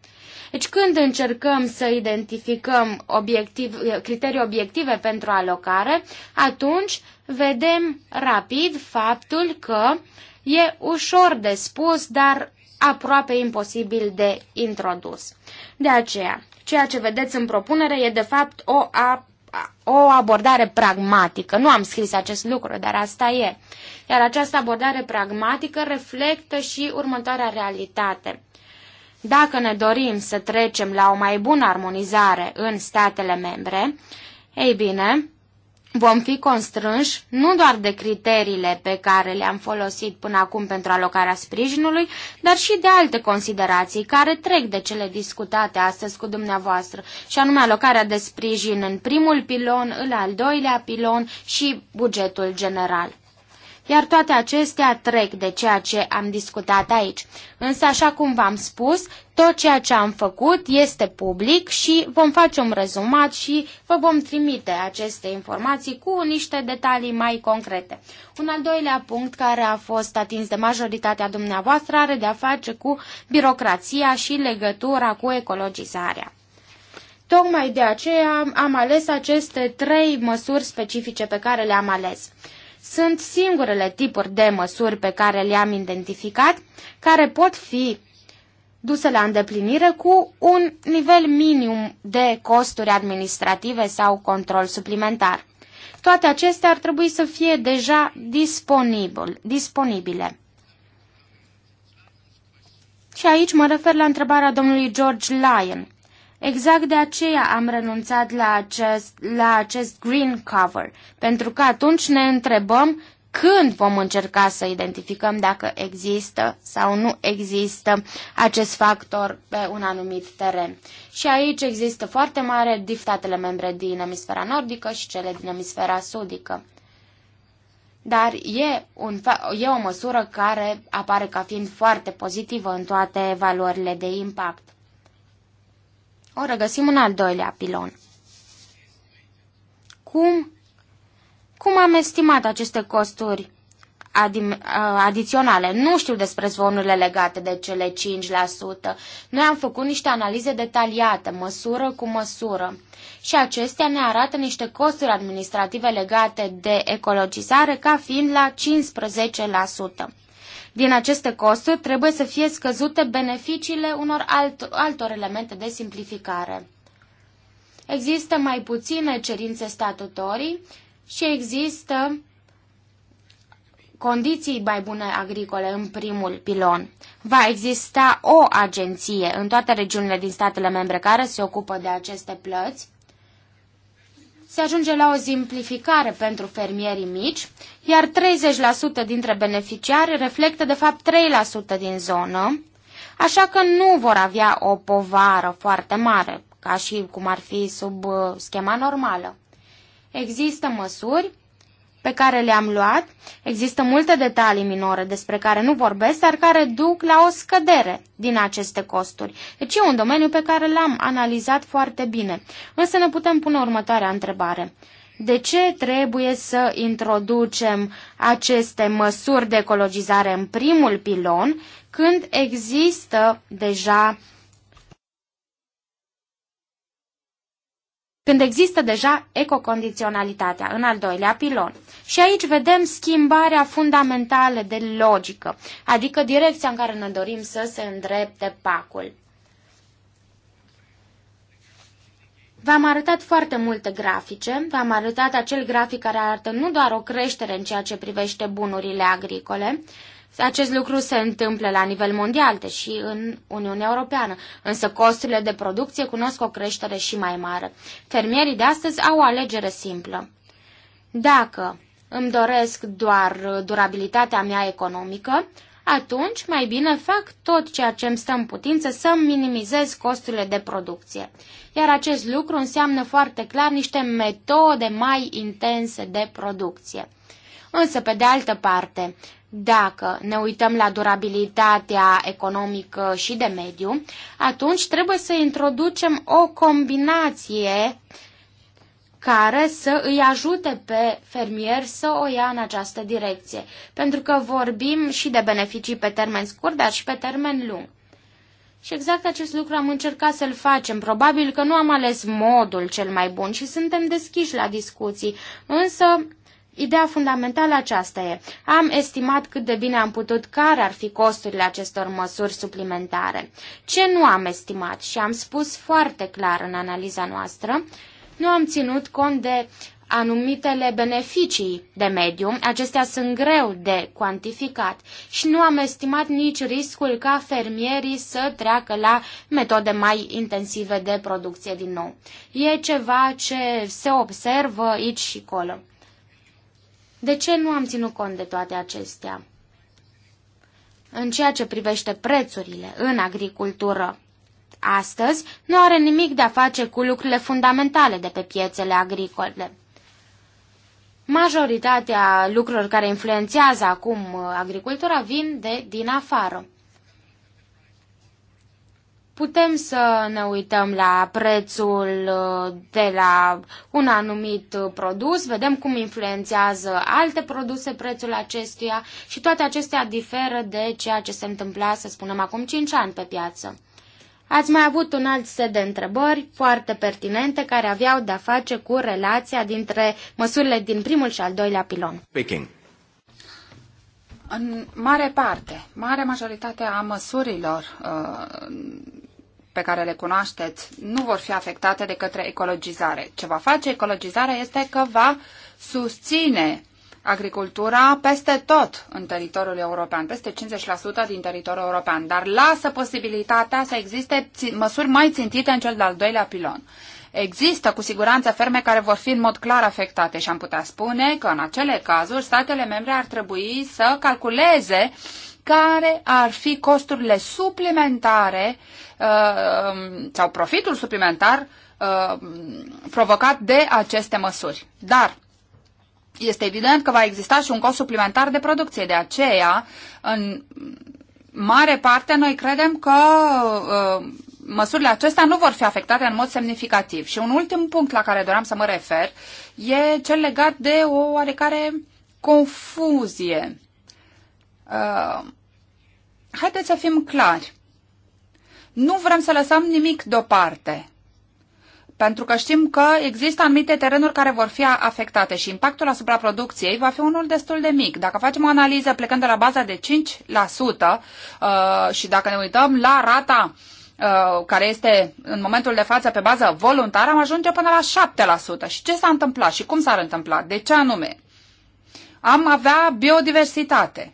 Deci când încercăm să identificăm obiectiv, criterii obiective pentru alocare, atunci vedem rapid faptul că e ușor de spus, dar aproape imposibil de introdus. De aceea, ceea ce vedeți în propunere e de fapt o, a, o abordare pragmatică. Nu am scris acest lucru, dar asta e. Iar această abordare pragmatică reflectă și următoarea realitate. Dacă ne dorim să trecem la o mai bună armonizare în statele membre, ei bine, vom fi constrânși nu doar de criteriile pe care le-am folosit până acum pentru alocarea sprijinului, dar și de alte considerații care trec de cele discutate astăzi cu dumneavoastră, și anume alocarea de sprijin în primul pilon, în al doilea pilon și bugetul general iar toate acestea trec de ceea ce am discutat aici. Însă, așa cum v-am spus, tot ceea ce am făcut este public și vom face un rezumat și vă vom trimite aceste informații cu niște detalii mai concrete. Un al doilea punct care a fost atins de majoritatea dumneavoastră are de a face cu birocrația și legătura cu ecologizarea. Tocmai de aceea am ales aceste trei măsuri specifice pe care le-am ales. Sunt singurele tipuri de măsuri pe care le-am identificat care pot fi duse la îndeplinire cu un nivel minim de costuri administrative sau control suplimentar. Toate acestea ar trebui să fie deja disponibil, disponibile. Și aici mă refer la întrebarea domnului George Lyon, Exact de aceea am renunțat la acest, la acest green cover, pentru că atunci ne întrebăm când vom încerca să identificăm dacă există sau nu există acest factor pe un anumit teren. Și aici există foarte mare diftatele membre din emisfera nordică și cele din emisfera sudică. Dar e, un, e o măsură care apare ca fiind foarte pozitivă în toate valorile de impact o regăsim în al doilea pilon. Cum, cum am estimat aceste costuri uh, adiționale? Nu știu despre zvonurile legate de cele 5%. Noi am făcut niște analize detaliate, măsură cu măsură. Și acestea ne arată niște costuri administrative legate de ecologizare ca fiind la 15%. Din aceste costuri trebuie să fie scăzute beneficiile unor alt, altor elemente de simplificare. Există mai puține cerințe statutorii și există condiții mai bune agricole în primul pilon. Va exista o agenție în toate regiunile din statele membre care se ocupă de aceste plăți se ajunge la o simplificare pentru fermierii mici, iar 30% dintre beneficiari reflectă de fapt 3% din zonă, așa că nu vor avea o povară foarte mare, ca și cum ar fi sub uh, schema normală. Există măsuri pe care le-am luat. Există multe detalii minore despre care nu vorbesc, dar care duc la o scădere din aceste costuri. Deci e un domeniu pe care l-am analizat foarte bine. Însă ne putem pune următoarea întrebare. De ce trebuie să introducem aceste măsuri de ecologizare în primul pilon când există deja când există deja ecocondiționalitatea, în al doilea pilon. Și aici vedem schimbarea fundamentală de logică, adică direcția în care ne dorim să se îndrepte pacul. V-am arătat foarte multe grafice, v-am arătat acel grafic care arată nu doar o creștere în ceea ce privește bunurile agricole, acest lucru se întâmplă la nivel mondial, deși în Uniunea Europeană, însă costurile de producție cunosc o creștere și mai mare. Fermierii de astăzi au o alegere simplă. Dacă îmi doresc doar durabilitatea mea economică, atunci mai bine fac tot ceea ce îmi stă în putință să minimizez costurile de producție. Iar acest lucru înseamnă foarte clar niște metode mai intense de producție. Însă, pe de altă parte, dacă ne uităm la durabilitatea economică și de mediu, atunci trebuie să introducem o combinație care să îi ajute pe fermier să o ia în această direcție, pentru că vorbim și de beneficii pe termen scurt, dar și pe termen lung. Și exact acest lucru am încercat să-l facem. Probabil că nu am ales modul cel mai bun și suntem deschiși la discuții, însă Ideea fundamentală aceasta e. Am estimat cât de bine am putut care ar fi costurile acestor măsuri suplimentare. Ce nu am estimat și am spus foarte clar în analiza noastră, nu am ținut cont de anumitele beneficii de mediu, acestea sunt greu de cuantificat și nu am estimat nici riscul ca fermierii să treacă la metode mai intensive de producție din nou. E ceva ce se observă aici și acolo. De ce nu am ținut cont de toate acestea? În ceea ce privește prețurile în agricultură, astăzi nu are nimic de a face cu lucrurile fundamentale de pe piețele agricole. Majoritatea lucrurilor care influențează acum uh, agricultura vin de din afară. Putem să ne uităm la prețul uh, de la un anumit uh, produs, vedem cum influențează alte produse prețul acestuia și toate acestea diferă de ceea ce se întâmpla, să spunem, acum 5 ani pe piață. Ați mai avut un alt set de întrebări foarte pertinente care aveau de-a face cu relația dintre măsurile din primul și al doilea pilon. Peking. În mare parte, mare majoritate a măsurilor uh, pe care le cunoașteți nu vor fi afectate de către ecologizare. Ce va face ecologizarea este că va susține agricultura peste tot în teritoriul european, peste 50% din teritoriul european, dar lasă posibilitatea să existe măsuri mai țintite în cel de-al doilea pilon. Există cu siguranță ferme care vor fi în mod clar afectate și am putea spune că în acele cazuri statele membre ar trebui să calculeze uh, care ar fi costurile suplimentare uh, um, sau profitul suplimentar uh, provocat de aceste măsuri. Dar este evident că va exista și un cost suplimentar de producție. De aceea, în mare parte, noi credem că uh, măsurile acestea nu vor fi afectate în mod semnificativ. Și un ultim punct la care doream să mă refer e cel legat de o oarecare confuzie Uh, haideți să fim clari. Nu vrem să lăsăm nimic deoparte. Pentru că știm că există anumite terenuri care vor fi afectate și impactul asupra producției va fi unul destul de mic. Dacă facem o analiză plecând de la baza de 5% uh, și dacă ne uităm la rata uh, care este în momentul de față pe bază voluntară, am ajunge până la 7%. Și ce s-a întâmplat și cum s-ar întâmpla? De ce anume? Am avea biodiversitate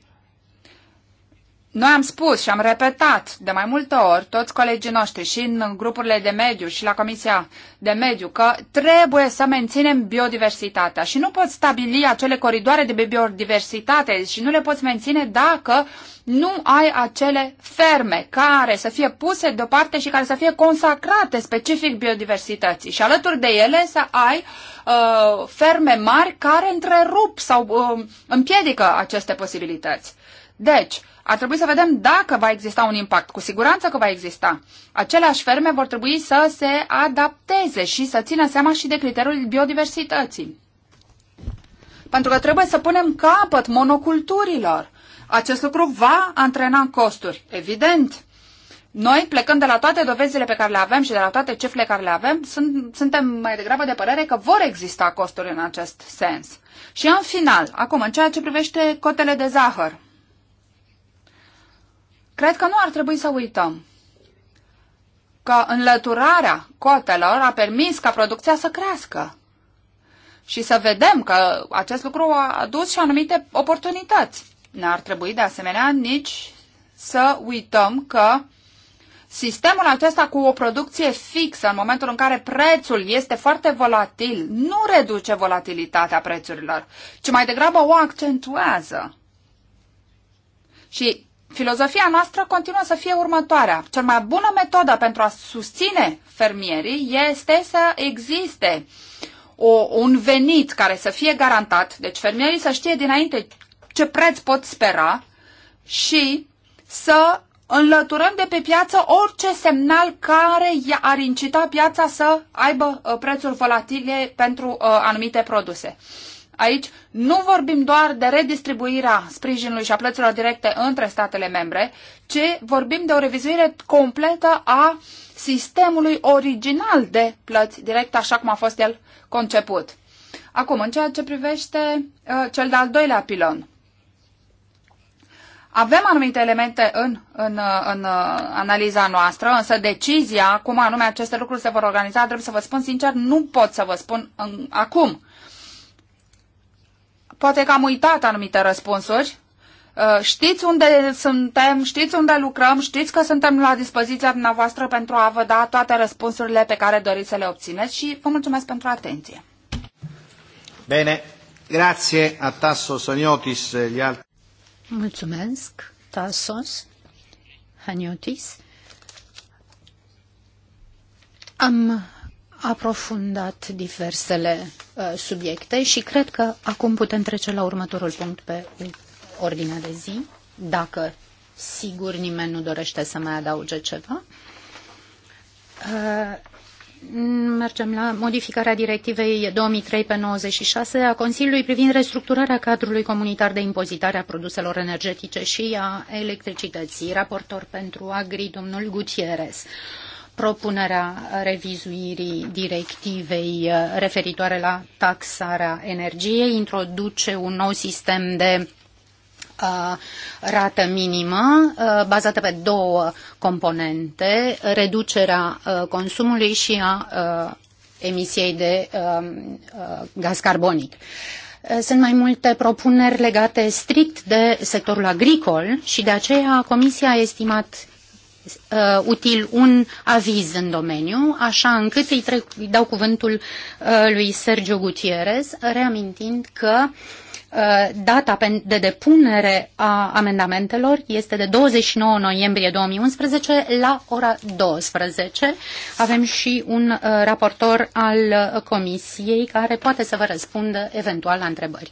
noi am spus și am repetat de mai multe ori, toți colegii noștri și în grupurile de mediu și la Comisia de Mediu, că trebuie să menținem biodiversitatea și nu poți stabili acele coridoare de biodiversitate și nu le poți menține dacă nu ai acele ferme care să fie puse deoparte și care să fie consacrate specific biodiversității și alături de ele să ai uh, ferme mari care întrerup sau uh, împiedică aceste posibilități. Deci, ar trebui să vedem dacă va exista un impact. Cu siguranță că va exista. Aceleași ferme vor trebui să se adapteze și să țină seama și de criteriul biodiversității. Pentru că trebuie să punem capăt monoculturilor. Acest lucru va antrena costuri, evident. Noi, plecând de la toate dovezile pe care le avem și de la toate cifrele care le avem, sunt, suntem mai degrabă de părere că vor exista costuri în acest sens. Și în final, acum, în ceea ce privește cotele de zahăr, Cred că nu ar trebui să uităm că înlăturarea cotelor a permis ca producția să crească. Și să vedem că acest lucru a adus și anumite oportunități. N-ar trebui de asemenea nici să uităm că Sistemul acesta cu o producție fixă în momentul în care prețul este foarte volatil nu reduce volatilitatea prețurilor, ci mai degrabă o accentuează. Și Filozofia noastră continuă să fie următoarea. Cea mai bună metodă pentru a susține fermierii este să existe o, un venit care să fie garantat, deci fermierii să știe dinainte ce preț pot spera și să înlăturăm de pe piață orice semnal care ar incita piața să aibă uh, prețuri volatile pentru uh, anumite produse. Aici nu vorbim doar de redistribuirea sprijinului și a plăților directe între statele membre, ci vorbim de o revizuire completă a sistemului original de plăți directe, așa cum a fost el conceput. Acum, în ceea ce privește uh, cel de-al doilea pilon, avem anumite elemente în, în, ă, în ă, analiza noastră, însă decizia cum anume aceste lucruri se vor organiza, trebuie să vă spun sincer, nu pot să vă spun în, acum. Poate că am uitat anumite răspunsuri. Uh, știți unde suntem, știți unde lucrăm, știți că suntem la dispoziția dumneavoastră pentru a vă da toate răspunsurile pe care doriți să le obțineți și vă mulțumesc pentru atenție. Bine, grație a Tasso Soniotis. Mulțumesc, Tassos Haniotis. Am aprofundat diversele uh, subiecte și cred că acum putem trece la următorul punct pe ordinea de zi, dacă sigur nimeni nu dorește să mai adauge ceva. Uh, Mergem la modificarea directivei 2003 pe 96 a Consiliului privind restructurarea cadrului comunitar de impozitare a produselor energetice și a electricității. Raportor pentru Agri, domnul Gutierrez. Uh, propunerea revizuirii directivei uh, referitoare la taxarea energiei, introduce un nou sistem de uh, rată minimă uh, bazată pe două componente, reducerea consumului și a emisiei de gaz carbonic. Sunt mai multe propuneri legate strict de sectorul agricol și de aceea Comisia a estimat uh, util un aviz în domeniu, așa încât îi, trec, îi dau cuvântul uh, lui Sergio Gutierrez, reamintind că uh, data de depunere a amendamentelor este de 29 noiembrie 2011 la ora 12. Avem și un uh, raportor al uh, comisiei care poate să vă răspundă eventual la întrebări.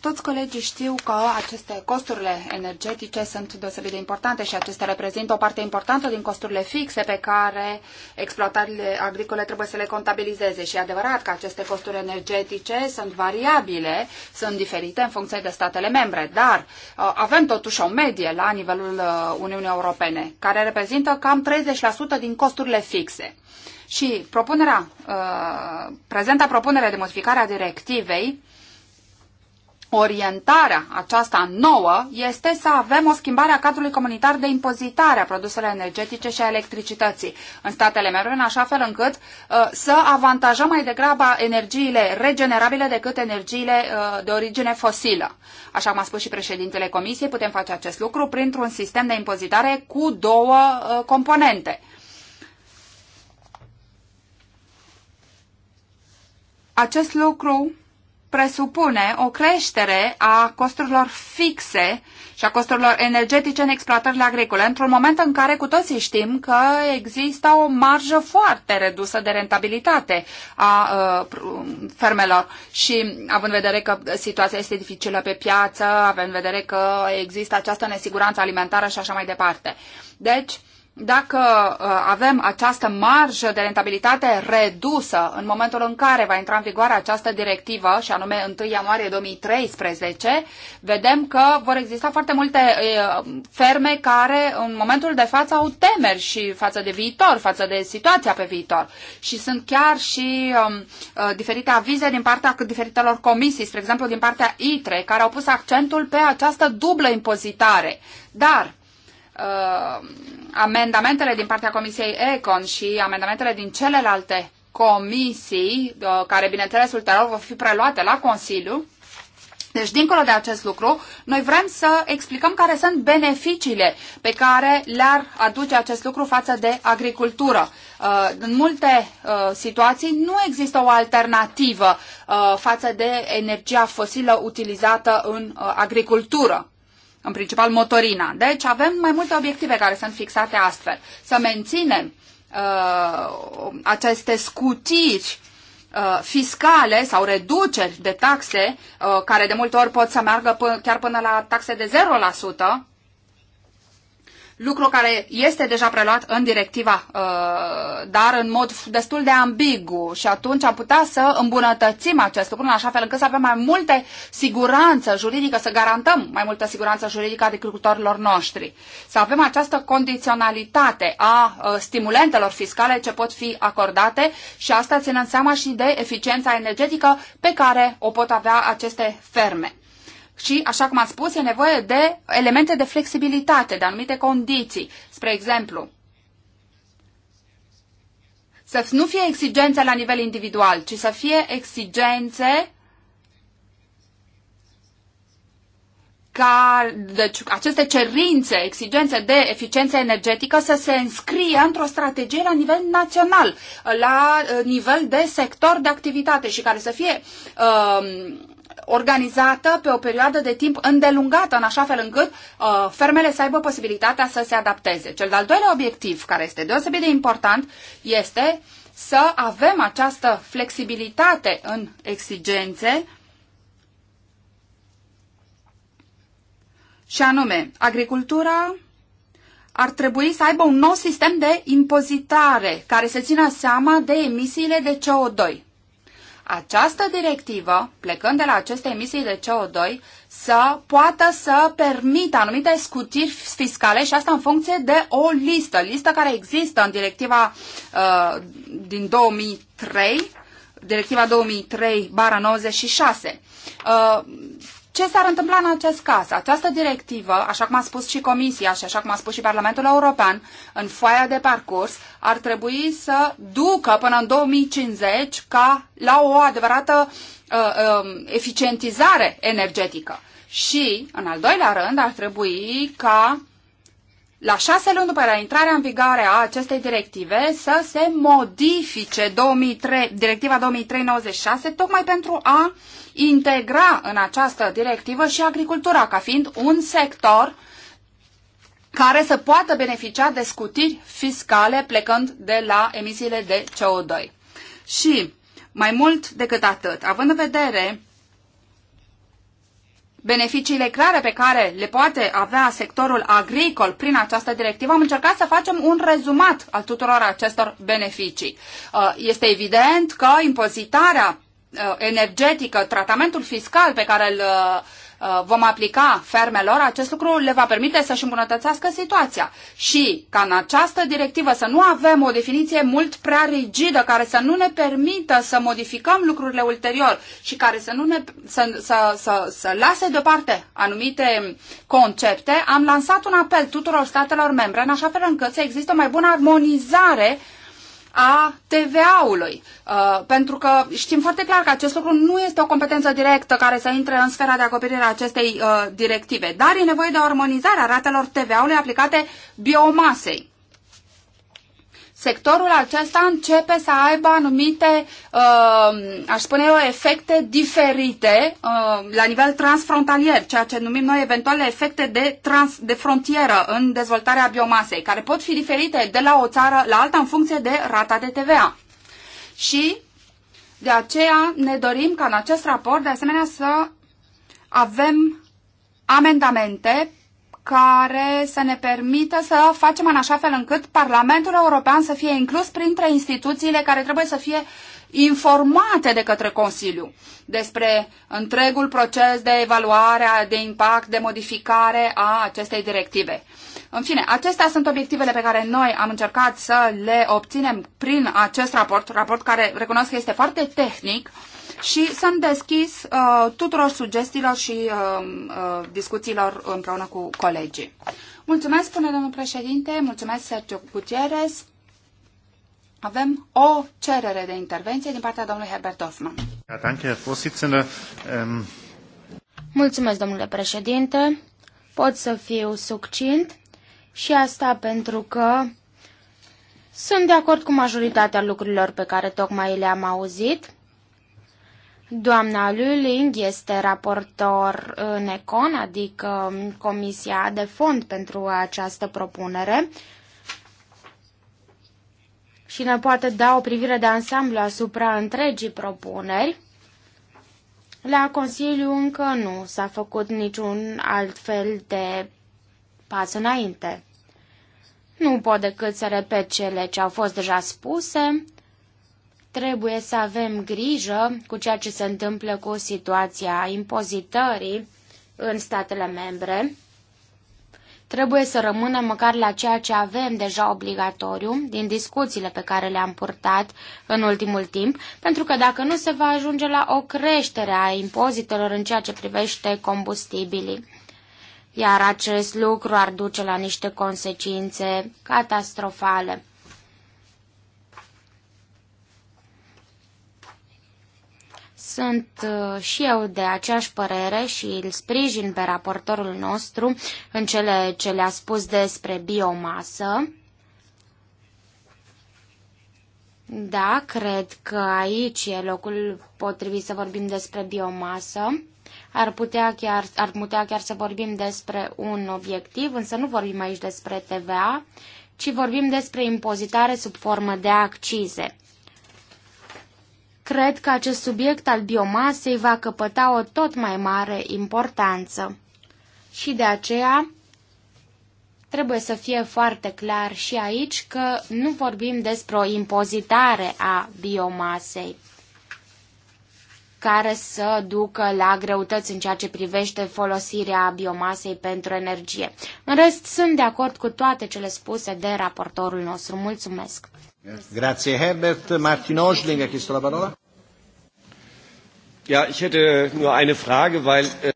Toți colegii știu că aceste costurile energetice sunt deosebit de importante și acestea reprezintă o parte importantă din costurile fixe pe care exploatările agricole trebuie să le contabilizeze. Și e adevărat că aceste costuri energetice sunt variabile, sunt diferite în funcție de statele membre, dar avem totuși o medie la nivelul Uniunii Europene, care reprezintă cam 30% din costurile fixe. Și propunerea, prezenta propunere de modificare a directivei orientarea aceasta nouă este să avem o schimbare a cadrului comunitar de impozitare a produselor energetice și a electricității în statele membre, în așa fel încât uh, să avantajăm mai degrabă energiile regenerabile decât energiile uh, de origine fosilă. Așa cum a spus și președintele Comisiei, putem face acest lucru printr-un sistem de impozitare cu două uh, componente. Acest lucru presupune o creștere a costurilor fixe și a costurilor energetice în exploatările agricole, într-un moment în care cu toții știm că există o marjă foarte redusă de rentabilitate a uh, fermelor și având în vedere că situația este dificilă pe piață, având în vedere că există această nesiguranță alimentară și așa mai departe. Deci, uh, dacă uh, avem această marjă de rentabilitate redusă în momentul în care va intra în vigoare această directivă, și anume 1 ianuarie 2013, vedem că vor exista foarte multe uh, ferme care în momentul de față au temeri și față de viitor, față de situația pe viitor. Și sunt chiar și um, uh, diferite avize din partea diferitelor comisii, spre exemplu din partea ITRE, care au pus accentul pe această dublă impozitare. Dar uh, amendamentele din partea Comisiei Econ și amendamentele din celelalte comisii, uh, care bineînțeles ulterior vor fi preluate la Consiliu, deci, dincolo de acest lucru, noi vrem să explicăm care sunt beneficiile pe care le-ar aduce acest lucru față de agricultură. Uh, în multe uh, situații nu există o alternativă uh, față de energia fosilă utilizată în agricultură în principal motorina. Deci avem mai multe obiective care sunt fixate astfel. Să menținem uh, aceste scutiri uh, fiscale sau reduceri de taxe, uh, care de multe ori pot să meargă până, chiar până la taxe de 0%, lucru care este deja preluat în directiva, uh, dar în mod destul de ambigu și atunci am putea să îmbunătățim acest lucru în așa fel încât să avem mai multe siguranță juridică, să garantăm mai multă siguranță juridică agricultorilor noștri, să avem această condiționalitate a uh, stimulentelor fiscale ce pot fi acordate și asta ținând seama și de eficiența energetică pe care o pot avea aceste ferme și, așa cum am spus, e nevoie de elemente de flexibilitate, de anumite condiții. Spre exemplu, să nu fie exigențe la nivel individual, ci să fie exigențe ca deci, aceste cerințe, exigențe de eficiență energetică să se înscrie într-o strategie la nivel național, la uh, nivel de sector de activitate și care să fie uh, organizată pe o perioadă de timp îndelungată, în așa fel încât uh, fermele să aibă posibilitatea să se adapteze. Cel de-al doilea obiectiv, care este deosebit de important, este să avem această flexibilitate în exigențe și anume, agricultura ar trebui să aibă un nou sistem de impozitare care să țină seama de emisiile de CO2 această directivă, plecând de la aceste emisii de CO2, să poată să permită anumite scutiri fiscale și asta în funcție de o listă, listă care există în directiva uh, din 2003, directiva 2003-96. Uh, ce s-ar întâmpla în acest caz? Această directivă, așa cum a spus și Comisia și așa cum a spus și Parlamentul European, în foaia de parcurs, ar trebui să ducă până în 2050 ca la o adevărată uh, uh, eficientizare energetică. Și, în al doilea rând, ar trebui ca la șase luni după intrarea în vigoare a acestei directive, să se modifice 2003, directiva 2396, tocmai pentru a integra în această directivă și agricultura, ca fiind un sector care să poată beneficia de scutiri fiscale plecând de la emisiile de CO2. Și mai mult decât atât, având în vedere beneficiile clare pe care le poate avea sectorul agricol prin această directivă, am încercat să facem un rezumat al tuturor acestor beneficii. Uh, este evident că impozitarea uh, energetică, tratamentul fiscal pe care îl uh, Uh, vom aplica fermelor, acest lucru le va permite să-și îmbunătățească situația. Și ca în această directivă să nu avem o definiție mult prea rigidă, care să nu ne permită să modificăm lucrurile ulterior și care să, nu ne, să, să, să, să lase deoparte anumite concepte, am lansat un apel tuturor statelor membre în așa fel încât să existe o mai bună armonizare a TVA-ului. Uh, pentru că știm foarte clar că acest lucru nu este o competență directă care să intre în sfera de acoperire a acestei uh, directive, dar e nevoie de o armonizare a ratelor TVA-ului aplicate biomasei sectorul acesta începe să aibă anumite, uh, aș spune eu, efecte diferite uh, la nivel transfrontalier, ceea ce numim noi eventuale efecte de, trans, de frontieră în dezvoltarea biomasei, care pot fi diferite de la o țară la alta în funcție de rata de TVA. Și de aceea ne dorim ca în acest raport, de asemenea, să avem amendamente care să ne permită să facem în așa fel încât Parlamentul European să fie inclus printre instituțiile care trebuie să fie informate de către Consiliu despre întregul proces de evaluare, de impact, de modificare a acestei directive. În fine, acestea sunt obiectivele pe care noi am încercat să le obținem prin acest raport, raport care recunosc că este foarte tehnic, și sunt deschis uh, tuturor sugestiilor și uh, uh, discuțiilor împreună cu colegii. Mulțumesc, spune domnul președinte, mulțumesc, Sergio Gutierrez. Avem o cerere de intervenție din partea domnului Herbert Hoffman. Ähm, mulțumesc, domnule președinte. Pot să fiu succint și asta pentru că sunt de acord cu majoritatea lucrurilor pe care tocmai le-am auzit. Doamna Luling este raportor în ECON, adică Comisia de Fond pentru această propunere și ne poate da o privire de ansamblu asupra întregii propuneri. La Consiliu încă nu s-a făcut niciun alt fel de pas înainte. Nu pot decât să repet cele ce au fost deja spuse Trebuie să avem grijă cu ceea ce se întâmplă cu situația impozitării în statele membre. Trebuie să rămânem măcar la ceea ce avem deja obligatoriu din discuțiile pe care le-am purtat în ultimul timp, pentru că dacă nu se va ajunge la o creștere a impozitelor în ceea ce privește combustibilii iar acest lucru ar duce la niște consecințe catastrofale. Sunt uh, și eu de aceeași părere și îl sprijin pe raportorul nostru în cele ce le-a spus despre biomasă. Da, cred că aici e locul potrivit să vorbim despre biomasă. Ar putea chiar, ar putea chiar să vorbim despre un obiectiv, însă nu vorbim aici despre TVA, ci vorbim despre impozitare sub formă de accize. Cred că acest subiect al biomasei va căpăta o tot mai mare importanță. Și de aceea trebuie să fie foarte clar și aici că nu vorbim despre o impozitare a biomasei care să ducă la greutăți în ceea ce privește folosirea biomasei pentru energie. În rest, sunt de acord cu toate cele spuse de raportorul nostru. Mulțumesc! Grazie Herbert. Martin Osling ha chiesto la parola. Ja, ich hätte nur eine Frage, weil... Äh,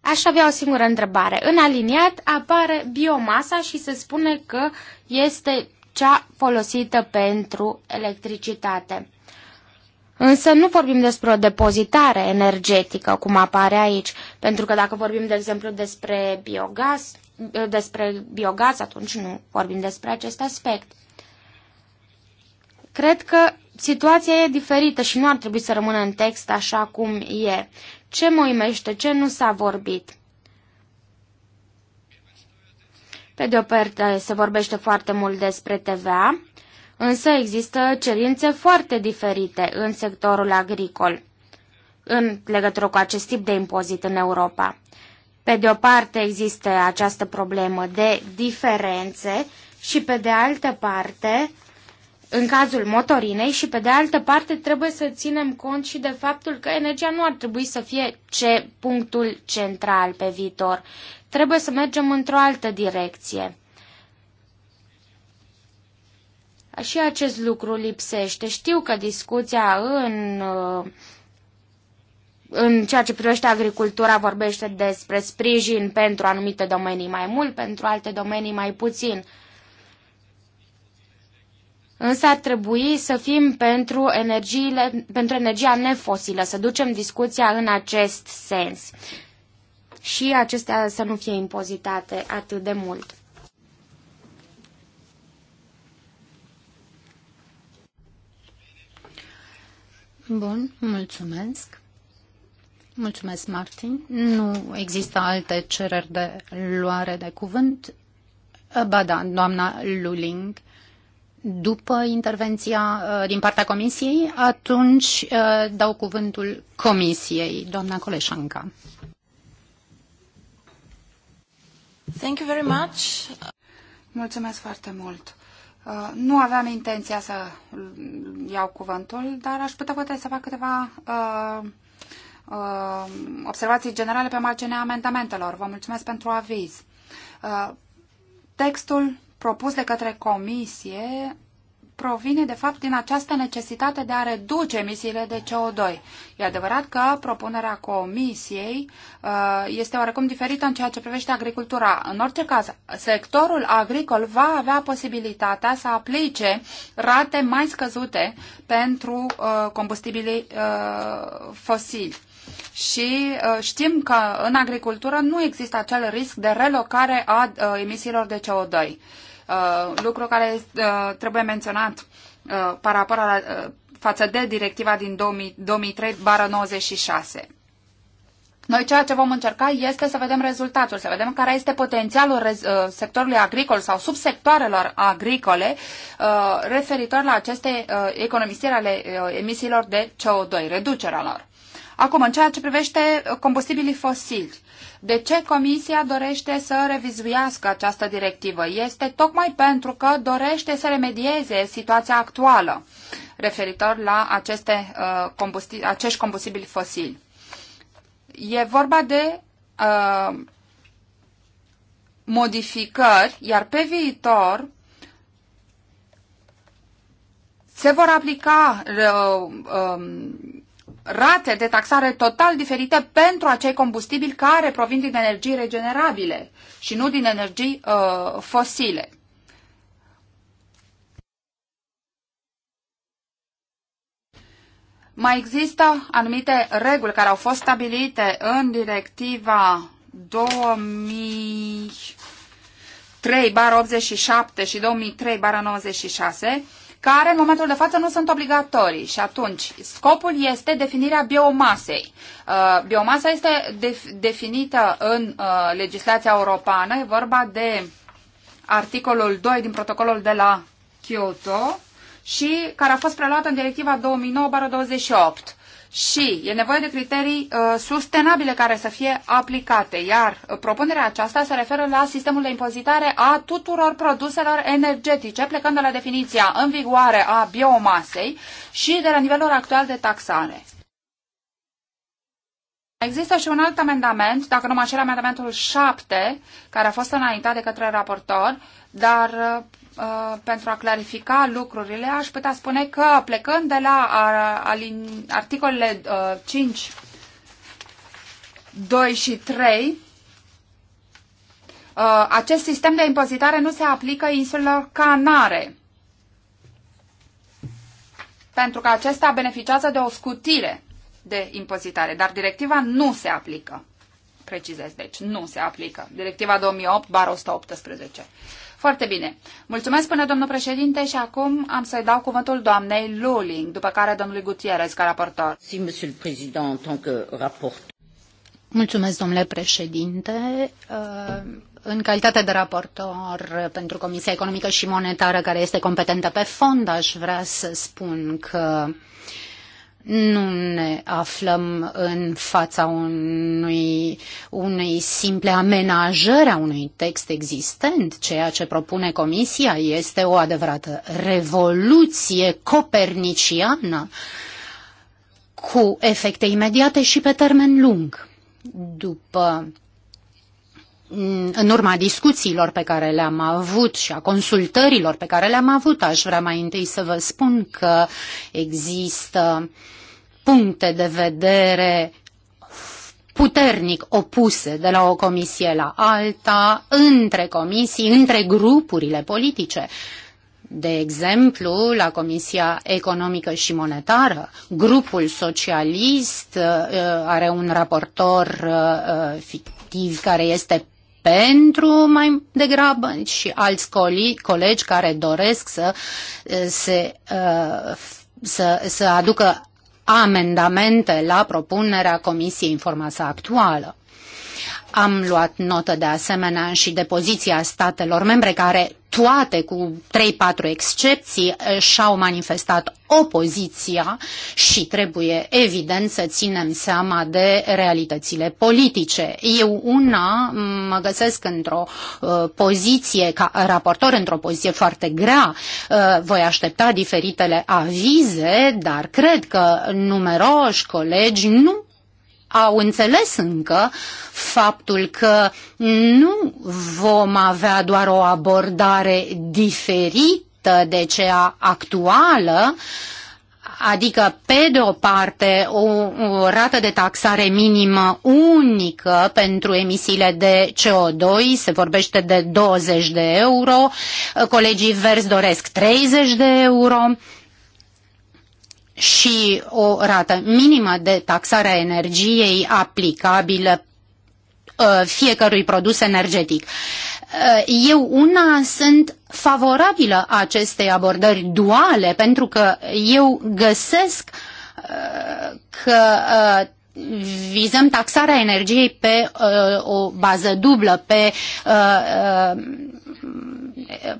Aș avea o singură întrebare. În aliniat apare biomasa și se spune că este cea folosită pentru electricitate. Însă nu vorbim despre o depozitare energetică, cum apare aici, pentru că dacă vorbim, de exemplu, despre biogaz, despre biogaz, atunci nu vorbim despre acest aspect. Cred că situația e diferită și nu ar trebui să rămână în text așa cum e. Ce mă uimește, ce nu s-a vorbit? Pe de o parte se vorbește foarte mult despre TVA, însă există cerințe foarte diferite în sectorul agricol în legătură cu acest tip de impozit în Europa. Pe de o parte există această problemă de diferențe și pe de altă parte, în cazul motorinei și pe de altă parte trebuie să ținem cont și de faptul că energia nu ar trebui să fie ce punctul central pe viitor. Trebuie să mergem într-o altă direcție. Și acest lucru lipsește. Știu că discuția în uh, în ceea ce privește agricultura vorbește despre sprijin pentru anumite domenii mai mult, pentru alte domenii mai puțin. Însă ar trebui să fim pentru, energiile, pentru energia nefosilă, să ducem discuția în acest sens și acestea să nu fie impozitate atât de mult. Bun, mulțumesc. Mulțumesc, Martin. Nu există alte cereri de luare de cuvânt. Eh, ba da, doamna Luling, după intervenția eh, din partea comisiei, atunci eh, dau cuvântul comisiei, doamna Coleșanca. Thank you very much. Mulțumesc foarte mult. Nu aveam intenția să iau cuvântul, dar aș putea poate să fac câteva uh, Uh, observații generale pe marginea amendamentelor. Vă mulțumesc pentru aviz. Uh, textul propus de către comisie provine de fapt din această necesitate de a reduce emisiile de CO2. E adevărat că propunerea comisiei uh, este oarecum diferită în ceea ce privește agricultura. În orice caz, sectorul agricol va avea posibilitatea să aplice rate mai scăzute pentru combustibilii fosili și uh, știm că în agricultură nu există acel risc de relocare a uh, emisiilor de CO2, uh, lucru care trebuie menționat parapara față de directiva din 2003-96. Noi ceea ce vom încerca este să vedem rezultatul, să vedem care este potențialul sectorului agricol sau subsectoarelor agricole referitor la aceste economisiri ale emisiilor de CO2, reducerea lor. Acum, în ceea ce privește combustibilii fosili, de ce Comisia dorește să revizuiască această directivă? Este tocmai pentru că dorește să remedieze situația actuală referitor la aceste, uh, combusti- acești combustibili fosili. E vorba de uh, modificări, iar pe viitor se vor aplica uh, uh, rate de taxare total diferite pentru acei combustibili care provin din energii regenerabile și nu din energii uh, fosile. Mai există anumite reguli care au fost stabilite în directiva 2003 87 și 2003 96 care în momentul de față nu sunt obligatorii și atunci scopul este definirea biomasei. Uh, biomasa este definită în uh, legislația europeană, e vorba de articolul 2 din protocolul de la Kyoto și care a fost preluată în directiva 2009-28 și e nevoie de criterii uh, sustenabile care să fie aplicate, iar uh, propunerea aceasta se referă la sistemul de impozitare a tuturor produselor energetice, plecând de la definiția în vigoare a biomasei și de la nivelul actual de taxare. Există și un alt amendament, dacă nu mă amendamentul 7, care a fost înaintat de către raportor, dar uh, Uh, pentru a clarifica lucrurile, aș putea spune că plecând de la articolele 5, uh, 2 și 3, uh, acest sistem de impozitare nu se aplică insulelor Canare, pentru că acesta beneficiază de o scutire de impozitare, dar directiva nu se aplică. Precizez, deci nu se aplică. Directiva 2008-118. Foarte bine. Mulțumesc până domnul președinte și acum am să-i dau cuvântul doamnei Luling, după care domnului Gutierrez ca raportor. Si, monsieur le président, en tant que rapporteur. Mulțumesc, domnule președinte. Uh, în calitate de raportor pentru Comisia Economică și Monetară, care este competentă pe fond, aș vrea să spun că uh, nu ne aflăm în fața unui, unei simple amenajări a unui text existent. Ceea ce propune Comisia este o adevărată revoluție coperniciană cu efecte imediate și pe termen lung. După Mm, în urma discuțiilor pe care le-am avut și a consultărilor pe care le-am avut, aș vrea mai întâi să vă spun că există puncte de vedere puternic opuse de la o comisie la alta, între comisii, între grupurile politice. De exemplu, la Comisia Economică și Monetară, grupul socialist uh, are un raportor uh, uh, fictiv care este pentru mai degrabă și alți colegi care doresc să uh, se uh, să, să aducă amendamente la propunerea Comisiei în forma sa actuală. Am luat notă de asemenea și de poziția statelor membre care toate cu 3-4 excepții și-au manifestat opoziția și trebuie evident să ținem seama de realitățile politice. Eu una mă găsesc într-o uh, poziție ca raportor într-o poziție foarte grea. Uh, voi aștepta diferitele avize, dar cred că numeroși colegi nu au înțeles încă faptul că nu vom avea doar o abordare diferită de cea actuală, adică pe de o parte o, o rată de taxare minimă unică pentru emisiile de CO2, se vorbește de 20 de euro, colegii verzi doresc 30 de euro, și o rată minimă de taxare a energiei aplicabilă uh, fiecărui produs energetic. Uh, eu una sunt favorabilă acestei abordări duale pentru că eu găsesc uh, că vizăm taxarea energiei pe o bază dublă, pe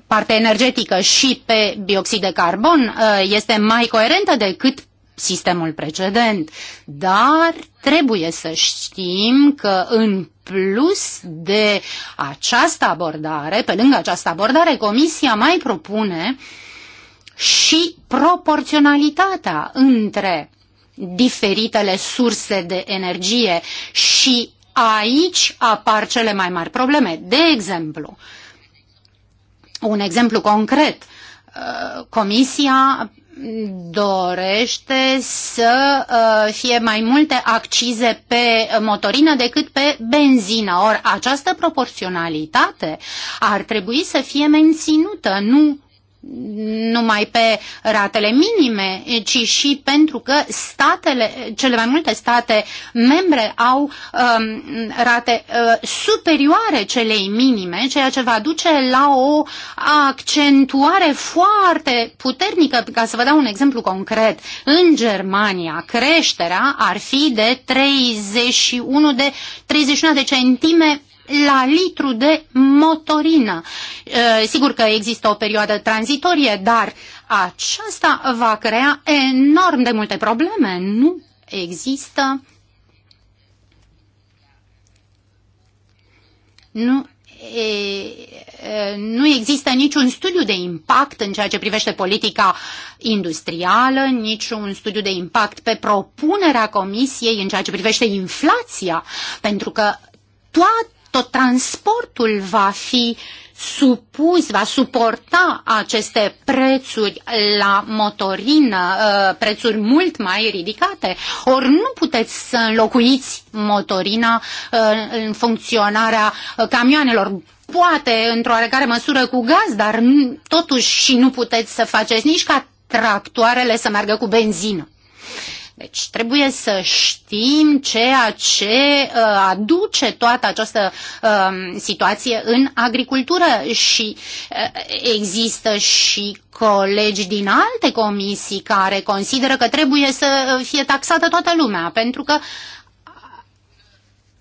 partea energetică și pe bioxid de carbon uh, este mai coerentă decât sistemul precedent, dar trebuie să știm că în plus de această abordare, pe lângă această abordare, Comisia mai propune și proporționalitatea între diferitele surse de energie și aici apar cele mai mari probleme. De exemplu, uh, un exemplu concret, uh, Comisia dorește să uh, fie mai multe accize pe motorină decât pe benzină. Or, această proporționalitate ar trebui să fie menținută, nu numai pe ratele minime, ci și pentru că statele, cele mai multe state membre au um, rate uh, superioare celei minime, ceea ce va duce la o accentuare foarte puternică. Ca să vă dau un exemplu concret, în Germania creșterea ar fi de 31 de, 31 de centime la litru de motorină. Sigur că există o perioadă tranzitorie, dar aceasta va crea enorm de multe probleme. Nu există. Nu E, nu există niciun studiu de impact în ceea ce privește politica industrială, niciun studiu de impact pe propunerea Comisiei în ceea ce privește inflația, pentru că toate tot transportul va fi supus, va suporta aceste prețuri la motorină, uh, prețuri mult mai ridicate. Ori nu puteți să înlocuiți motorina uh, în funcționarea uh, camioanelor poate într-o oarecare măsură cu gaz, dar totuși și nu puteți să faceți nici ca tractoarele să meargă cu benzină. Deci trebuie să știm ceea ce uh, aduce toată această um, situație în agricultură și uh, există și colegi din alte comisii care consideră că trebuie să fie taxată toată lumea, pentru că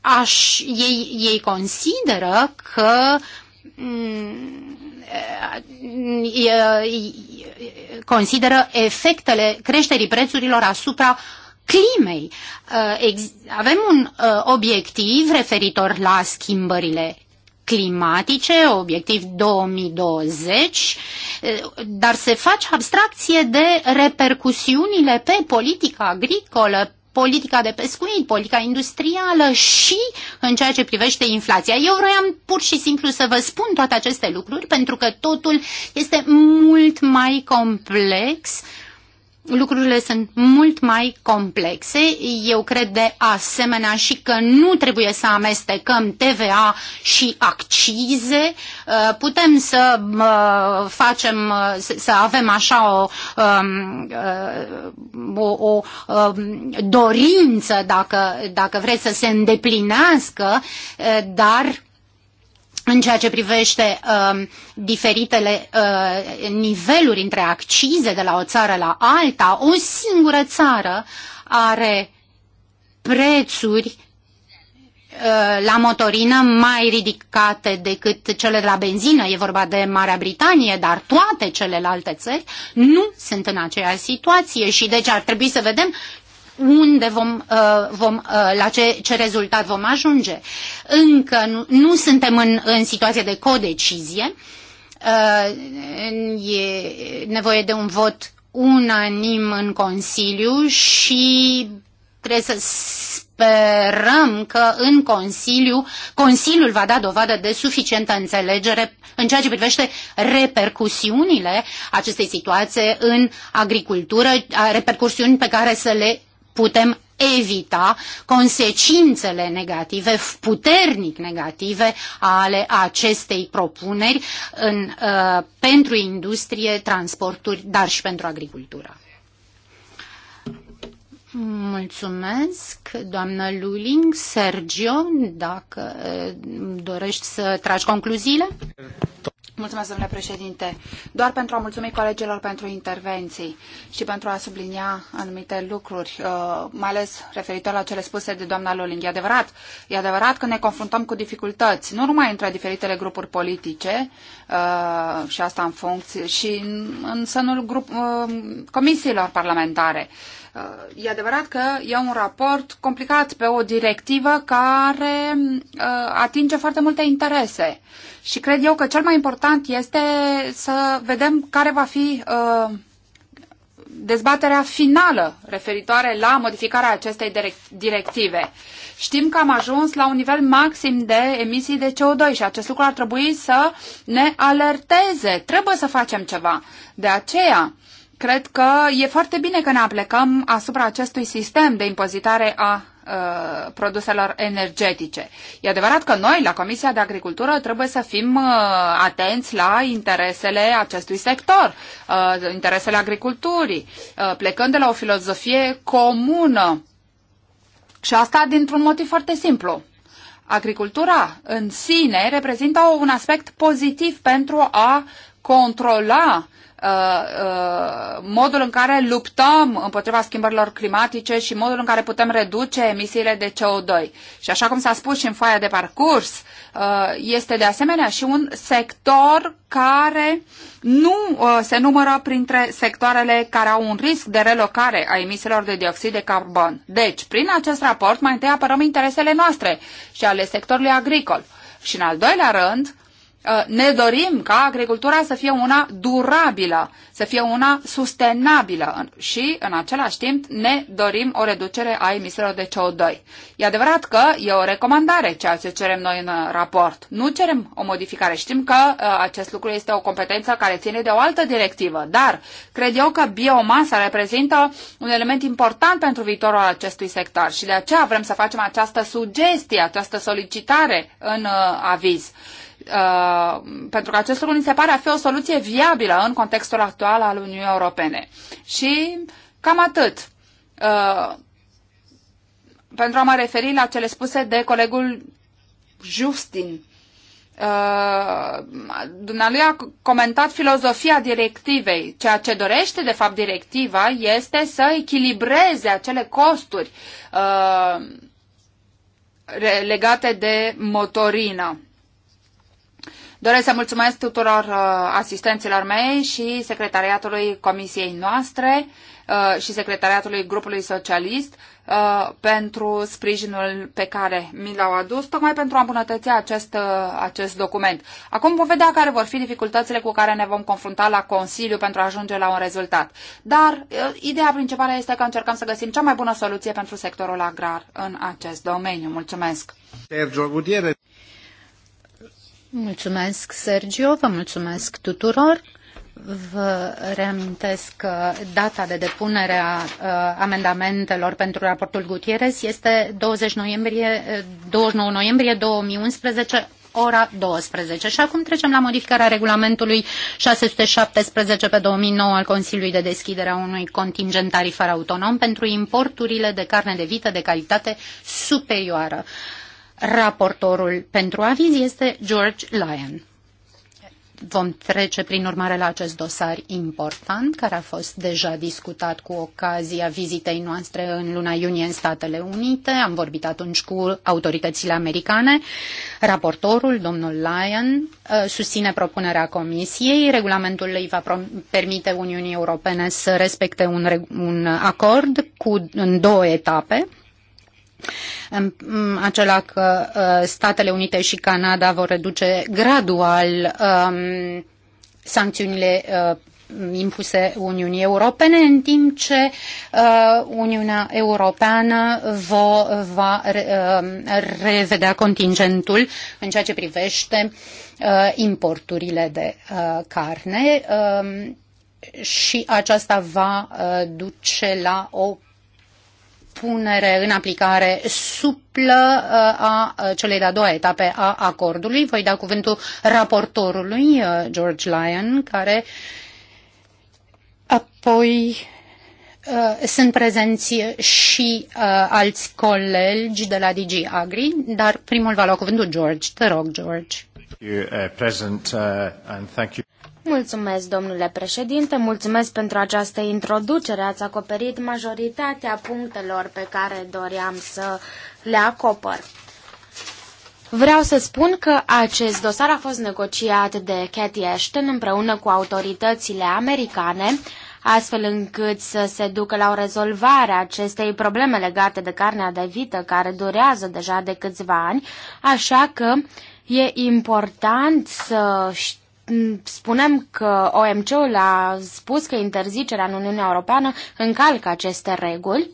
aș, ei, ei consideră că mm, consideră efectele creșterii prețurilor asupra climei. Avem un obiectiv referitor la schimbările climatice, obiectiv 2020, dar se face abstracție de repercusiunile pe politica agricolă, politica de pescuit, politica industrială și în ceea ce privește inflația. Eu vroiam pur și simplu să vă spun toate aceste lucruri pentru că totul este mult mai complex lucrurile sunt mult mai complexe. Eu cred de asemenea și că nu trebuie să amestecăm TVA și accize. Uh, putem să uh, facem, uh, să avem așa o, um, o, o um, dorință, dacă, dacă vreți să se îndeplinească, dar în ceea ce privește uh, diferitele uh, niveluri între accize de la o țară la alta, o singură țară are prețuri uh, la motorină mai ridicate decât cele de la benzină, e vorba de Marea Britanie, dar toate celelalte țări nu sunt în aceeași situație și deci ar trebui să vedem unde vom, uh, vom, uh, la ce, ce rezultat vom ajunge. Încă nu, nu suntem în, în situație de codecizie. Uh, e nevoie de un vot unanim în Consiliu și trebuie să sperăm că în Consiliu, Consiliul va da dovadă de suficientă înțelegere în ceea ce privește repercusiunile acestei situații în agricultură, repercusiuni pe care să le putem evita consecințele negative, puternic negative ale acestei propuneri în, uh, pentru industrie, transporturi, dar și pentru agricultură. Mulțumesc, doamnă Luling. Sergio, dacă uh, dorești să tragi concluziile? Mulțumesc, domnule președinte. Doar pentru a mulțumi colegilor pentru intervenții și pentru a sublinia anumite lucruri, uh, mai ales referitor la cele spuse de doamna Luling. E adevărat, e adevărat că ne confruntăm cu dificultăți, nu numai între diferitele grupuri politice, uh, și asta în funcție, și în sânul grup, uh, comisiilor parlamentare. Uh, e adevărat că e un raport complicat pe o directivă care uh, atinge foarte multe interese. Și cred eu că cel mai important este să vedem care va fi uh, dezbaterea finală referitoare la modificarea acestei directive. Știm că am ajuns la un nivel maxim de emisii de CO2 și acest lucru ar trebui să ne alerteze. Trebuie să facem ceva. De aceea, Cred că e foarte bine că ne aplecăm asupra acestui sistem de impozitare a uh, produselor energetice. E adevărat că noi, la Comisia de Agricultură, trebuie să fim uh, atenți la interesele acestui sector, uh, interesele agriculturii, uh, plecând de la o filozofie comună. Și asta dintr-un motiv foarte simplu. Agricultura în sine reprezintă un aspect pozitiv pentru a controla uh, Uh, modul în care luptăm împotriva schimbărilor climatice și modul în care putem reduce emisiile de CO2. Și așa cum s-a spus și în foaia de parcurs, uh, este de asemenea și un sector care nu uh, se numără printre sectoarele care au un risc de relocare a emisiilor de dioxid de carbon. Deci, prin acest raport, mai întâi apărăm interesele noastre și ale sectorului agricol. Și în al doilea rând, Uh, ne dorim ca agricultura să fie una durabilă, să fie una sustenabilă și, în același timp, ne dorim o reducere a emisiilor de CO2. E adevărat că e o recomandare ceea ce cerem noi în uh, raport. Nu cerem o modificare. Știm că uh, acest lucru este o competență care ține de o altă directivă, dar cred eu că biomasa reprezintă un element important pentru viitorul acestui sector și de aceea vrem să facem această sugestie, această solicitare în aviz. Uh, pentru că acest lucru ni se pare a fi o soluție viabilă în contextul actual al Uniunii Europene. Și cam atât. Uh, pentru a mă referi la cele spuse de colegul Justin. Uh, dumnealui a comentat filozofia directivei. Ceea ce dorește, de fapt, directiva este să echilibreze acele costuri uh, legate de motorină. Doresc să mulțumesc tuturor uh, asistenților mei și secretariatului comisiei noastre uh, și secretariatului grupului socialist uh, pentru sprijinul pe care mi l-au adus, tocmai pentru a îmbunătăți acest, acest document. Acum vom vedea care vor fi dificultățile cu care ne vom confrunta la Consiliu pentru a ajunge la un rezultat. Dar ideea principală este că încercăm să găsim cea mai bună soluție pentru sectorul agrar în acest domeniu. Mulțumesc! Sergio Gutierrez. Mulțumesc, Sergio, vă mulțumesc tuturor. Vă reamintesc că data de depunere a amendamentelor pentru raportul Gutierrez este 20 noiembrie, 29 noiembrie 2011, ora 12. Și acum trecem la modificarea regulamentului 617 pe 2009 al Consiliului de deschidere a unui contingent tarifar autonom pentru importurile de carne de vită de calitate superioară. Raportorul pentru aviz este George Lyon. Vom trece prin urmare la acest dosar important care a fost deja discutat cu ocazia vizitei noastre în luna iunie în Statele Unite. Am vorbit atunci cu autoritățile americane. Raportorul, domnul Lyon, uh, susține propunerea Comisiei. Regulamentul îi va permite Uniunii Europene să respecte un, un acord cu, în două etape Mm, acela că uh, Statele Unite și Canada vor reduce gradual um, sancțiunile uh, impuse Uniunii Europene, în timp ce uh, Uniunea Europeană va va re, uh, revedea contingentul în ceea ce privește uh, importurile de uh, carne. Uh, și aceasta va uh, duce la o punere în aplicare suplă uh, a uh, celei de-a doua etape a acordului. Voi da cuvântul raportorului uh, George Lyon, care apoi sunt prezenți și alți colegi de la DG Agri, dar primul va lua cuvântul George. Te rog, George. Thank you, uh, President, uh, and thank you. Mulțumesc, domnule președinte, mulțumesc pentru această introducere. Ați acoperit majoritatea punctelor pe care doream să le acopăr. Vreau să spun că acest dosar a fost negociat de Cathy Ashton împreună cu autoritățile americane, astfel încât să se ducă la o rezolvare a acestei probleme legate de carnea de vită care durează deja de câțiva ani, așa că e important să știm Spunem că OMC-ul a spus că interzicerea în Uniunea Europeană încalcă aceste reguli.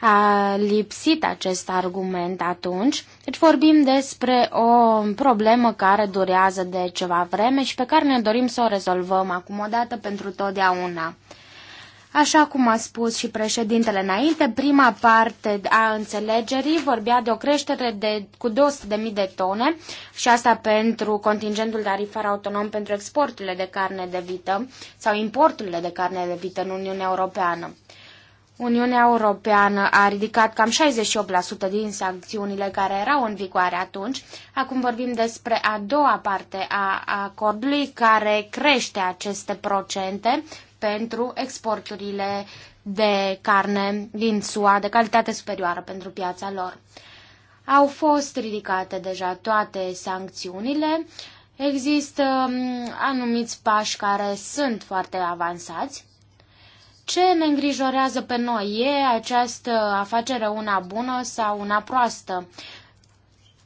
A lipsit acest argument atunci, deci vorbim despre o problemă care durează de ceva vreme și pe care ne dorim să o rezolvăm acum o dată pentru totdeauna. Așa cum a spus și președintele înainte, prima parte a înțelegerii vorbea de o creștere de, cu 200.000 de tone și asta pentru contingentul tarifar autonom pentru exporturile de carne de vită sau importurile de carne de vită în Uniunea Europeană. Uniunea Europeană a ridicat cam 68% din sancțiunile care erau în vigoare atunci. Acum vorbim despre a doua parte a acordului care crește aceste procente pentru exporturile de carne din SUA de calitate superioară pentru piața lor. Au fost ridicate deja toate sancțiunile. Există mm, anumiți pași care sunt foarte avansați. Ce ne îngrijorează pe noi e această afacere una bună sau una proastă?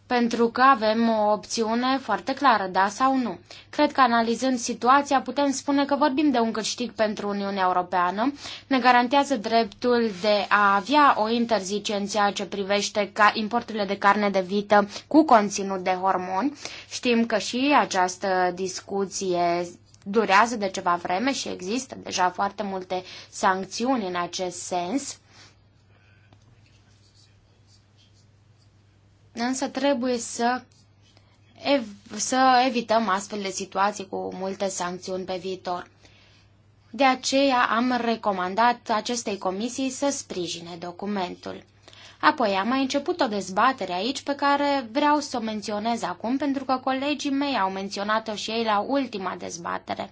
pentru că avem o opțiune foarte clară, da sau nu. Cred că analizând situația putem spune că vorbim de un câștig pentru Uniunea Europeană, ne garantează dreptul de a avea o interzicie în ceea ce privește ca importurile de carne de vită cu conținut de hormoni. Știm că și această discuție durează de ceva vreme și există deja foarte multe sancțiuni în acest sens. însă trebuie să, ev- să evităm astfel de situații cu multe sancțiuni pe viitor. De aceea am recomandat acestei comisii să sprijine documentul. Apoi am mai început o dezbatere aici pe care vreau să o menționez acum pentru că colegii mei au menționat-o și ei la ultima dezbatere.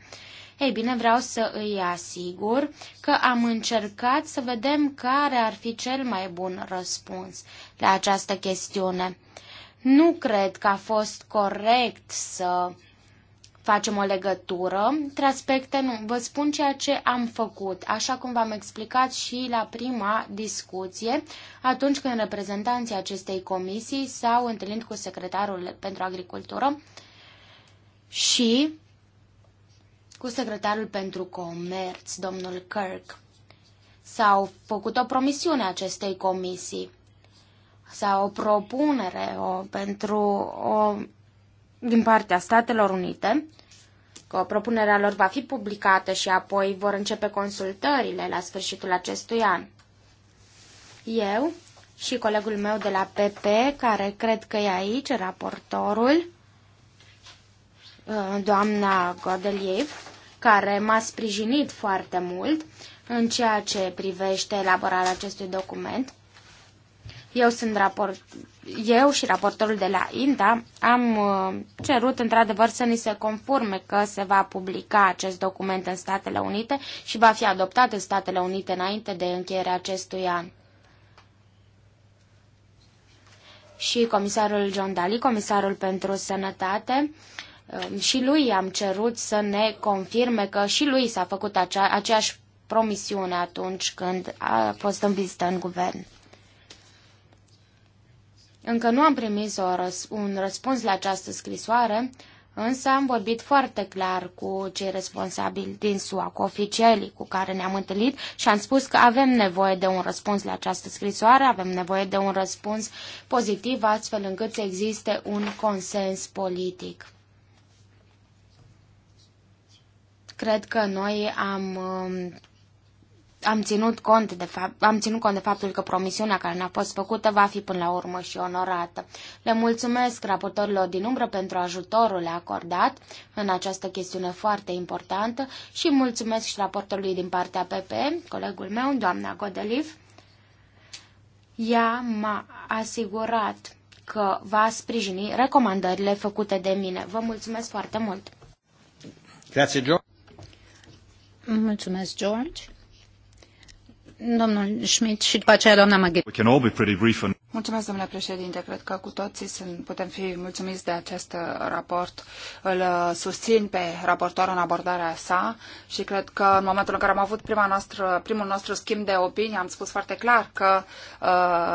Ei bine, vreau să îi asigur că am încercat să vedem care ar fi cel mai bun răspuns la această chestiune. Nu cred că a fost corect să facem o legătură între aspecte. Nu, vă spun ceea ce am făcut, așa cum v-am explicat și la prima discuție, atunci când reprezentanții acestei comisii s-au întâlnit cu secretarul pentru agricultură și cu secretarul pentru comerț, domnul Kirk. S-au făcut o promisiune acestei comisii sau o propunere o, pentru o, din partea Statelor Unite, că propunerea lor va fi publicată și apoi vor începe consultările la sfârșitul acestui an. Eu și colegul meu de la PP, care cred că e aici, raportorul, doamna Godeliev, care m-a sprijinit foarte mult în ceea ce privește elaborarea acestui document. Eu, sunt raport... Eu și raportorul de la INTA am uh, cerut într-adevăr să ni se conforme că se va publica acest document în Statele Unite și va fi adoptat în Statele Unite înainte de încheierea acestui an. Și comisarul John Daly, comisarul pentru sănătate, uh, Um, și lui am cerut să ne confirme că și lui s-a făcut acea, aceeași promisiune atunci când a fost în vizită în guvern. Încă nu am primit răs un răspuns la această scrisoare, însă am vorbit foarte clar cu cei responsabili din SUA, cu oficialii cu care ne-am întâlnit și am spus că avem nevoie de un răspuns la această scrisoare, avem nevoie de un răspuns pozitiv, astfel încât să existe un consens politic. Cred că noi am, um, am, ținut cont de fapt, am ținut cont de faptul că promisiunea care ne-a fost făcută va fi până la urmă și onorată. Le mulțumesc raportorilor din umbră pentru ajutorul acordat în această chestiune foarte importantă și mulțumesc și raportorului din partea PP, colegul meu, doamna Godeliv. Ea m-a asigurat că va sprijini recomandările făcute de mine. Vă mulțumesc foarte mult! Grazie, Joe. Mulțumesc, George. Domnul Schmidt și după aceea doamna Maghier. Mulțumesc, domnule președinte. Cred că cu toții sunt, putem fi mulțumiți de acest raport. Îl uh, susțin pe raportor în abordarea sa și cred că în momentul în care am avut prima noastră, primul nostru schimb de opinie, am spus foarte clar că uh,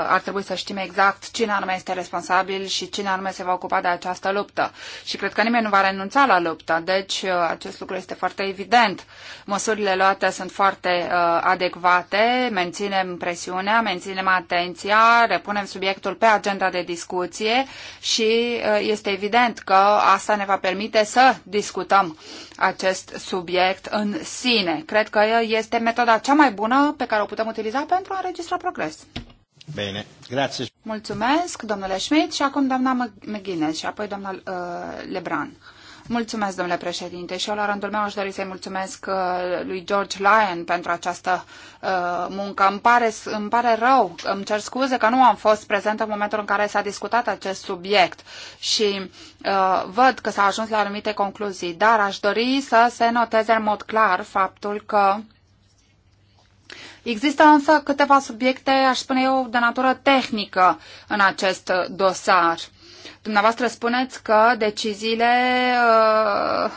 ar trebui să știm exact cine anume este responsabil și cine anume se va ocupa de această luptă. Și cred că nimeni nu va renunța la luptă, deci uh, acest lucru este foarte evident. Măsurile luate sunt foarte uh, adecvate, menținem presiunea, menținem atenția, repunem subiectul pe agenda de discuție și uh, este evident că asta ne va permite să discutăm acest subiect în sine. Cred că este metoda cea mai bună pe care o putem utiliza pentru a înregistra progres. Bine, grație. Mulțumesc, domnule Schmidt, și acum doamna McGuinness și apoi doamna uh, Lebran. Mulțumesc, domnule președinte, și eu la rândul meu aș dori să-i mulțumesc uh, lui George Lyon pentru această uh, muncă. Îmi pare, îmi pare rău, îmi cer scuze că nu am fost prezent în momentul în care s-a discutat acest subiect și uh, văd că s-a ajuns la anumite concluzii, dar aș dori să se noteze în mod clar faptul că Există însă câteva subiecte, aș spune eu, de natură tehnică în acest dosar. Dumneavoastră spuneți că deciziile uh,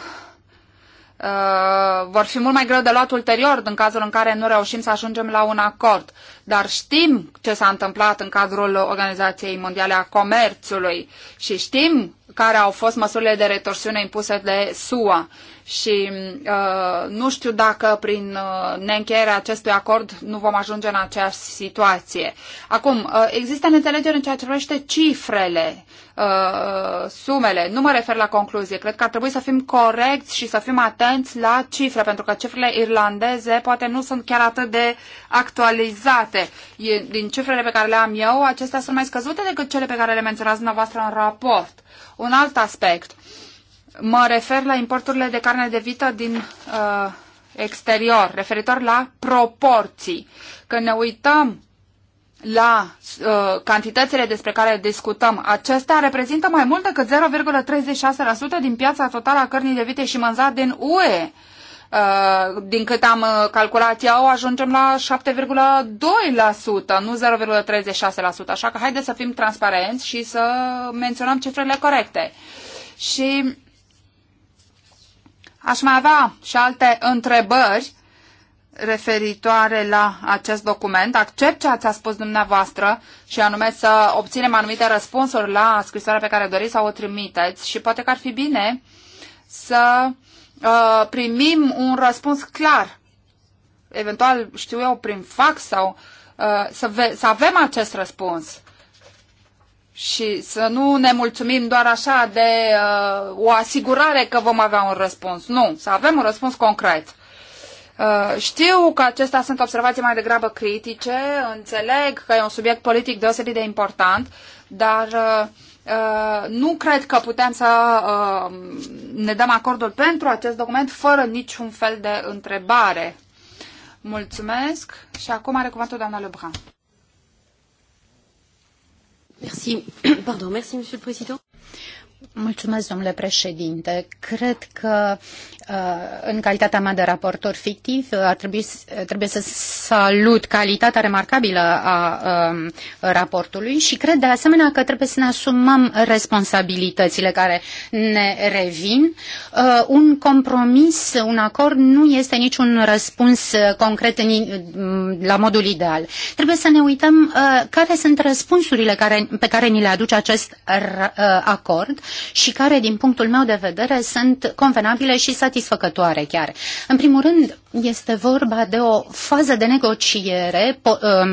uh, vor fi mult mai greu de luat ulterior în cazul în care nu reușim să ajungem la un acord. Dar știm ce s-a întâmplat în cadrul Organizației Mondiale a Comerțului și știm care au fost măsurile de retorsiune impuse de SUA și uh, nu știu dacă prin uh, neîncheierea acestui acord nu vom ajunge în aceeași situație. Acum, uh, există neînțelegeri în ceea ce privește cifrele, uh, sumele. Nu mă refer la concluzie. Cred că ar trebui să fim corecți și să fim atenți la cifre, pentru că cifrele irlandeze poate nu sunt chiar atât de actualizate. E, din cifrele pe care le am eu, acestea sunt mai scăzute decât cele pe care le menționați dumneavoastră în raport. Uh, un alt aspect. Mă refer la importurile de carne de vită din uh, exterior, referitor la proporții. Când ne uităm la uh, cantitățile despre care discutăm, acestea reprezintă mai mult decât 0,36% din piața totală a cărnii de vite și mânzat din UE. Uh, din cât am uh, calculat eu, ajungem la 7,2%, nu 0,36%. Așa că haideți să fim transparenți și să menționăm cifrele corecte. Și aș mai avea și alte întrebări referitoare la acest document. Accept ce ați spus dumneavoastră și anume să obținem anumite răspunsuri la scrisoarea pe care doriți să o trimiteți și poate că ar fi bine să uh, Uh, primim un răspuns clar, eventual, știu eu, prin fax sau uh, să, să avem acest răspuns și să nu ne mulțumim doar așa de uh, o asigurare că vom avea un răspuns. Nu, să avem un răspuns concret. Uh, știu că acestea sunt observații mai degrabă critice, înțeleg că e un subiect politic deosebit de important, dar uh, Uh, nu cred că putem să uh, ne dăm acordul pentru acest document fără niciun fel de întrebare. Mulțumesc și acum are cuvântul doamna Lebrun. Merci. [COUGHS] Pardon, merci, monsieur le président. Mulțumesc, domnule președinte. Cred că Uh, în calitatea mea de raportor fictiv, uh, ar trebui, uh, trebuie să salut calitatea remarcabilă a um, raportului și cred de asemenea că trebuie să ne asumăm responsabilitățile care ne revin. Un compromis, un acord nu este niciun răspuns concret în, la modul ideal. Trebuie să ne uităm care sunt răspunsurile care, pe care ni le aduce acest acord și care, din punctul meu de vedere, sunt convenabile și satisfăcătoare satisfăcătoare chiar. În primul rând, este vorba de o fază de negociere um,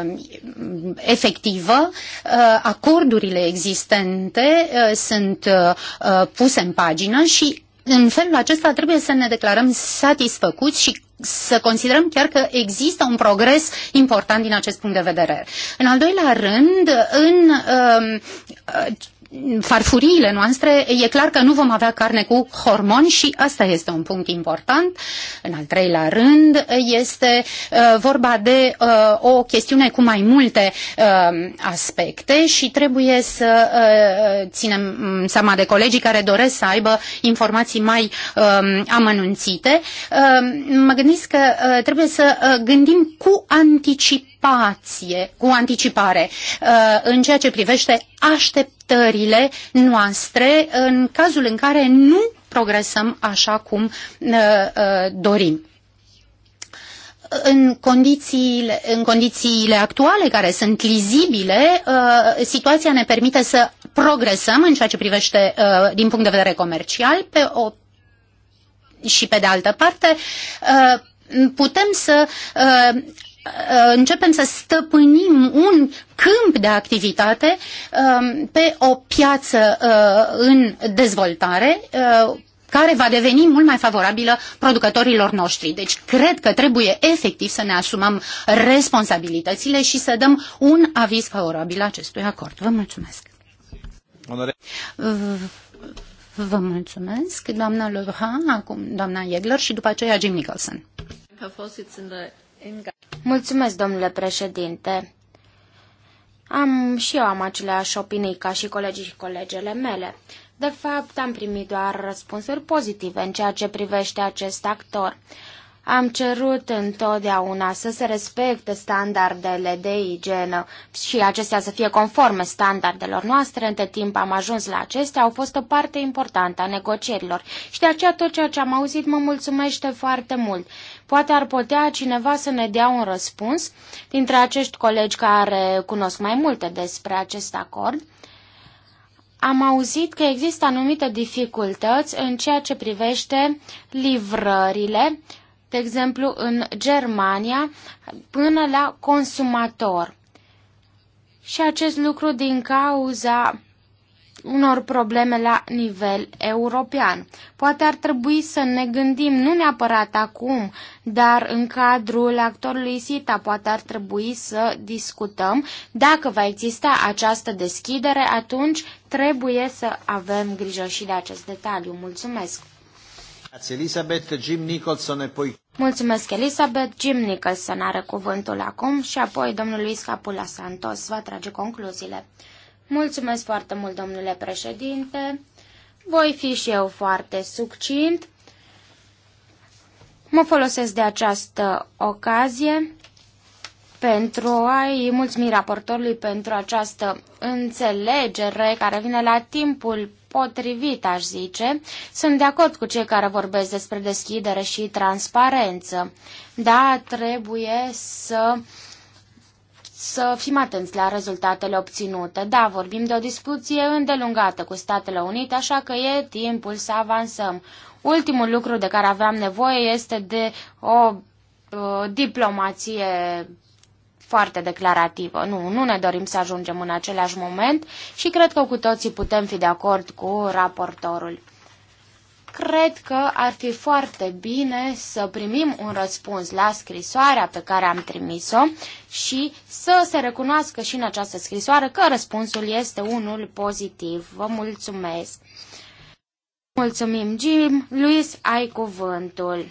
um, efectivă. Uh, acordurile existente uh, sunt uh, puse în pagină și în felul acesta trebuie să ne declarăm satisfăcuți și să considerăm chiar că există un progres important din acest punct de vedere. În al doilea rând, în um, farfuriile noastre, e clar că nu vom avea carne cu hormoni și asta este un punct important. În al treilea rând este uh, vorba de uh, o chestiune cu mai multe uh, aspecte și trebuie să ținem seama de colegii care doresc să aibă informații mai um, amănunțite. Um, mă gândesc că trebuie să gândim cu anticipare anticipație, cu anticipare uh, în ceea ce privește așteptările noastre în cazul în care nu progresăm așa cum uh, uh, dorim în condițiile, în condițiile actuale care sunt lizibile, situația ne permite să progresăm în ceea ce privește din punct de vedere comercial pe o, și pe de altă parte putem să Uh, începem să stăpânim un câmp de activitate um, pe o piață uh, în dezvoltare uh, care va deveni mult mai favorabilă producătorilor noștri. Deci cred că trebuie efectiv să ne asumăm responsabilitățile și să dăm un aviz favorabil acestui acord. Vă mulțumesc. Vă mulțumesc, doamna Lebrun, acum doamna Iegler și după aceea Jim Nicholson. Mulțumesc, domnule președinte. Am și eu am aceleași opinii ca și colegii și colegele mele. De fapt, am primit doar răspunsuri pozitive în ceea ce privește acest actor. Am cerut întotdeauna să se respecte standardele de igienă și acestea să fie conforme standardelor noastre. Între timp am ajuns la acestea, au fost o parte importantă a negocierilor și de aceea tot ceea ce am auzit mă mulțumește foarte mult. Poate ar putea cineva să ne dea un răspuns dintre acești colegi care cunosc mai multe despre acest acord. Am auzit că există anumite dificultăți în ceea ce privește livrările, de exemplu în Germania, până la consumator. Și acest lucru din cauza unor probleme la nivel european. Poate ar trebui să ne gândim, nu neapărat acum, dar în cadrul actorului SITA poate ar trebui să discutăm. Dacă va exista această deschidere, atunci trebuie să avem grijă și de acest detaliu. Mulțumesc! Elizabeth, Jim Nicholson apoi... Mulțumesc, Elizabeth. Jim Nicholson are cuvântul acum și apoi domnul Luis Capula Santos va trage concluziile. Mulțumesc foarte mult, domnule președinte. Voi fi și eu foarte succint. Mă folosesc de această ocazie pentru a-i mulțumi raportorului pentru această înțelegere care vine la timpul potrivit, aș zice. Sunt de acord cu cei care vorbesc despre deschidere și transparență. Da, trebuie să uh, să fim atenți la rezultatele obținute. Da, vorbim de o discuție îndelungată cu Statele Unite, așa că e timpul să avansăm. Ultimul lucru de care aveam nevoie este de o uh, diplomație foarte declarativă. Nu, nu ne dorim să ajungem în același moment și cred că cu toții putem fi de acord cu raportorul. Cred că ar fi foarte bine să primim un răspuns la scrisoarea pe care am trimis-o și să se recunoască și în această scrisoare că răspunsul este unul pozitiv. Vă mulțumesc! Mulțumim, Jim. Luis, ai cuvântul.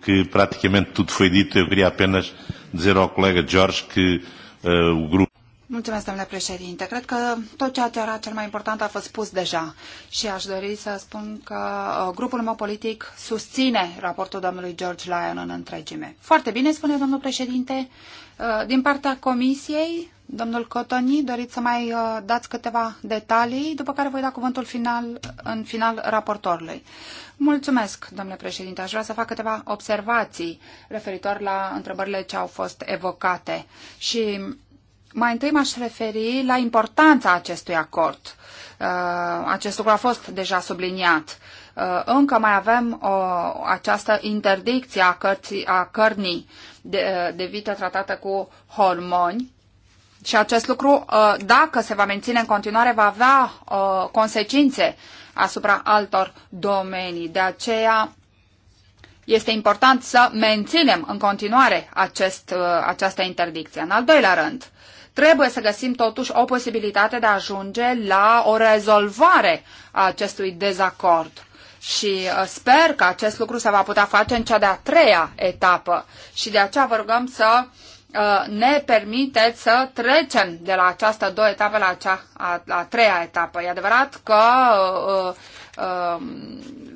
Que praticamente tudo foi dito, eu queria apenas dizer ao colega Jorge que uh, o grupo Mulțumesc, domnule președinte. Cred că tot ceea ce era cel mai important a fost spus deja și aș dori să spun că uh, grupul meu politic susține raportul domnului George Lyon în întregime. Foarte bine, spune domnul președinte. Uh, din partea comisiei, domnul Cotoni, doriți să mai uh, dați câteva detalii, după care voi da cuvântul final, în final raportorului. Mulțumesc, domnule președinte. Aș vrea să fac câteva observații referitor la întrebările ce au fost evocate și mai întâi m-aș referi la importanța acestui acord. Uh, acest lucru a fost deja subliniat. Uh, încă mai avem o, această interdicție a, cărții, a cărnii de, uh, de vită tratată cu hormoni și acest lucru, dacă se va menține în continuare, va avea consecințe asupra altor domenii. De aceea este important să menținem în continuare acest, această interdicție. În al doilea rând, Trebuie să găsim totuși o posibilitate de a ajunge la o rezolvare a acestui dezacord. Și uh, sper că acest lucru se va putea face în cea de-a treia etapă. Și de aceea vă rugăm să uh, ne permiteți să trecem de la această două etape la, cea, la a treia etapă. E adevărat că uh,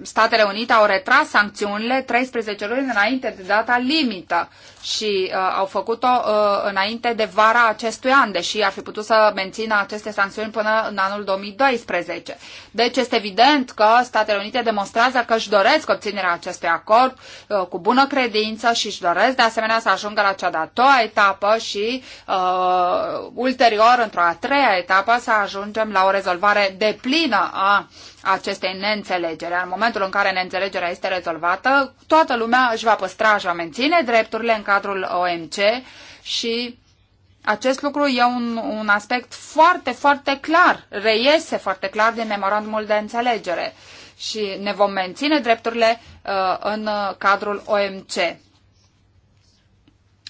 Statele Unite au retras sancțiunile 13 luni înainte de data limită și uh, au făcut-o uh, înainte de vara acestui an, deși ar fi putut să mențină aceste sancțiuni până în anul 2012. Deci este evident că Statele Unite demonstrează că își doresc obținerea acestui acord uh, cu bună credință și își doresc de asemenea să ajungă la cea de-a doua etapă și uh, ulterior, într-o a treia etapă, să ajungem la o rezolvare deplină a acestei neînțelegeri. În momentul momentul în care neînțelegerea este rezolvată, toată lumea își va păstra, își va menține drepturile în cadrul OMC și acest lucru e un, un aspect foarte, foarte clar, reiese foarte clar din memorandumul de înțelegere și ne vom menține drepturile uh, în cadrul OMC.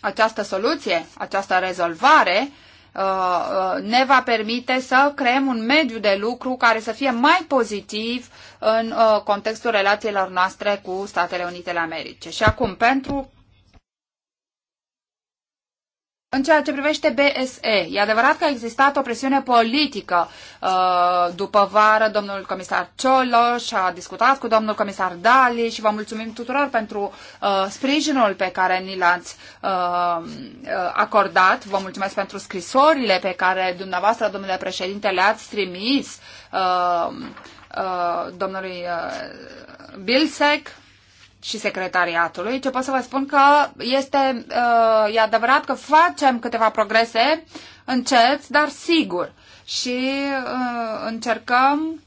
Această soluție, această rezolvare uh, Uh, uh, ne va permite să creăm un mediu de lucru care să fie mai pozitiv în uh, contextul relațiilor noastre cu Statele Unite ale Americii. Și acum, pentru în ceea ce privește BSE, e adevărat că a existat o presiune politică. Uh, după vară, domnul comisar Cioloș a discutat cu domnul comisar Dali și vă mulțumim tuturor pentru uh, sprijinul pe care ni l-ați uh, acordat. Vă mulțumesc pentru scrisorile pe care dumneavoastră, domnule președinte, le-ați trimis domnului Bilsec și secretariatului, ce pot să vă spun că este, uh, e adevărat că facem câteva progrese încet, dar sigur. Și uh, încercăm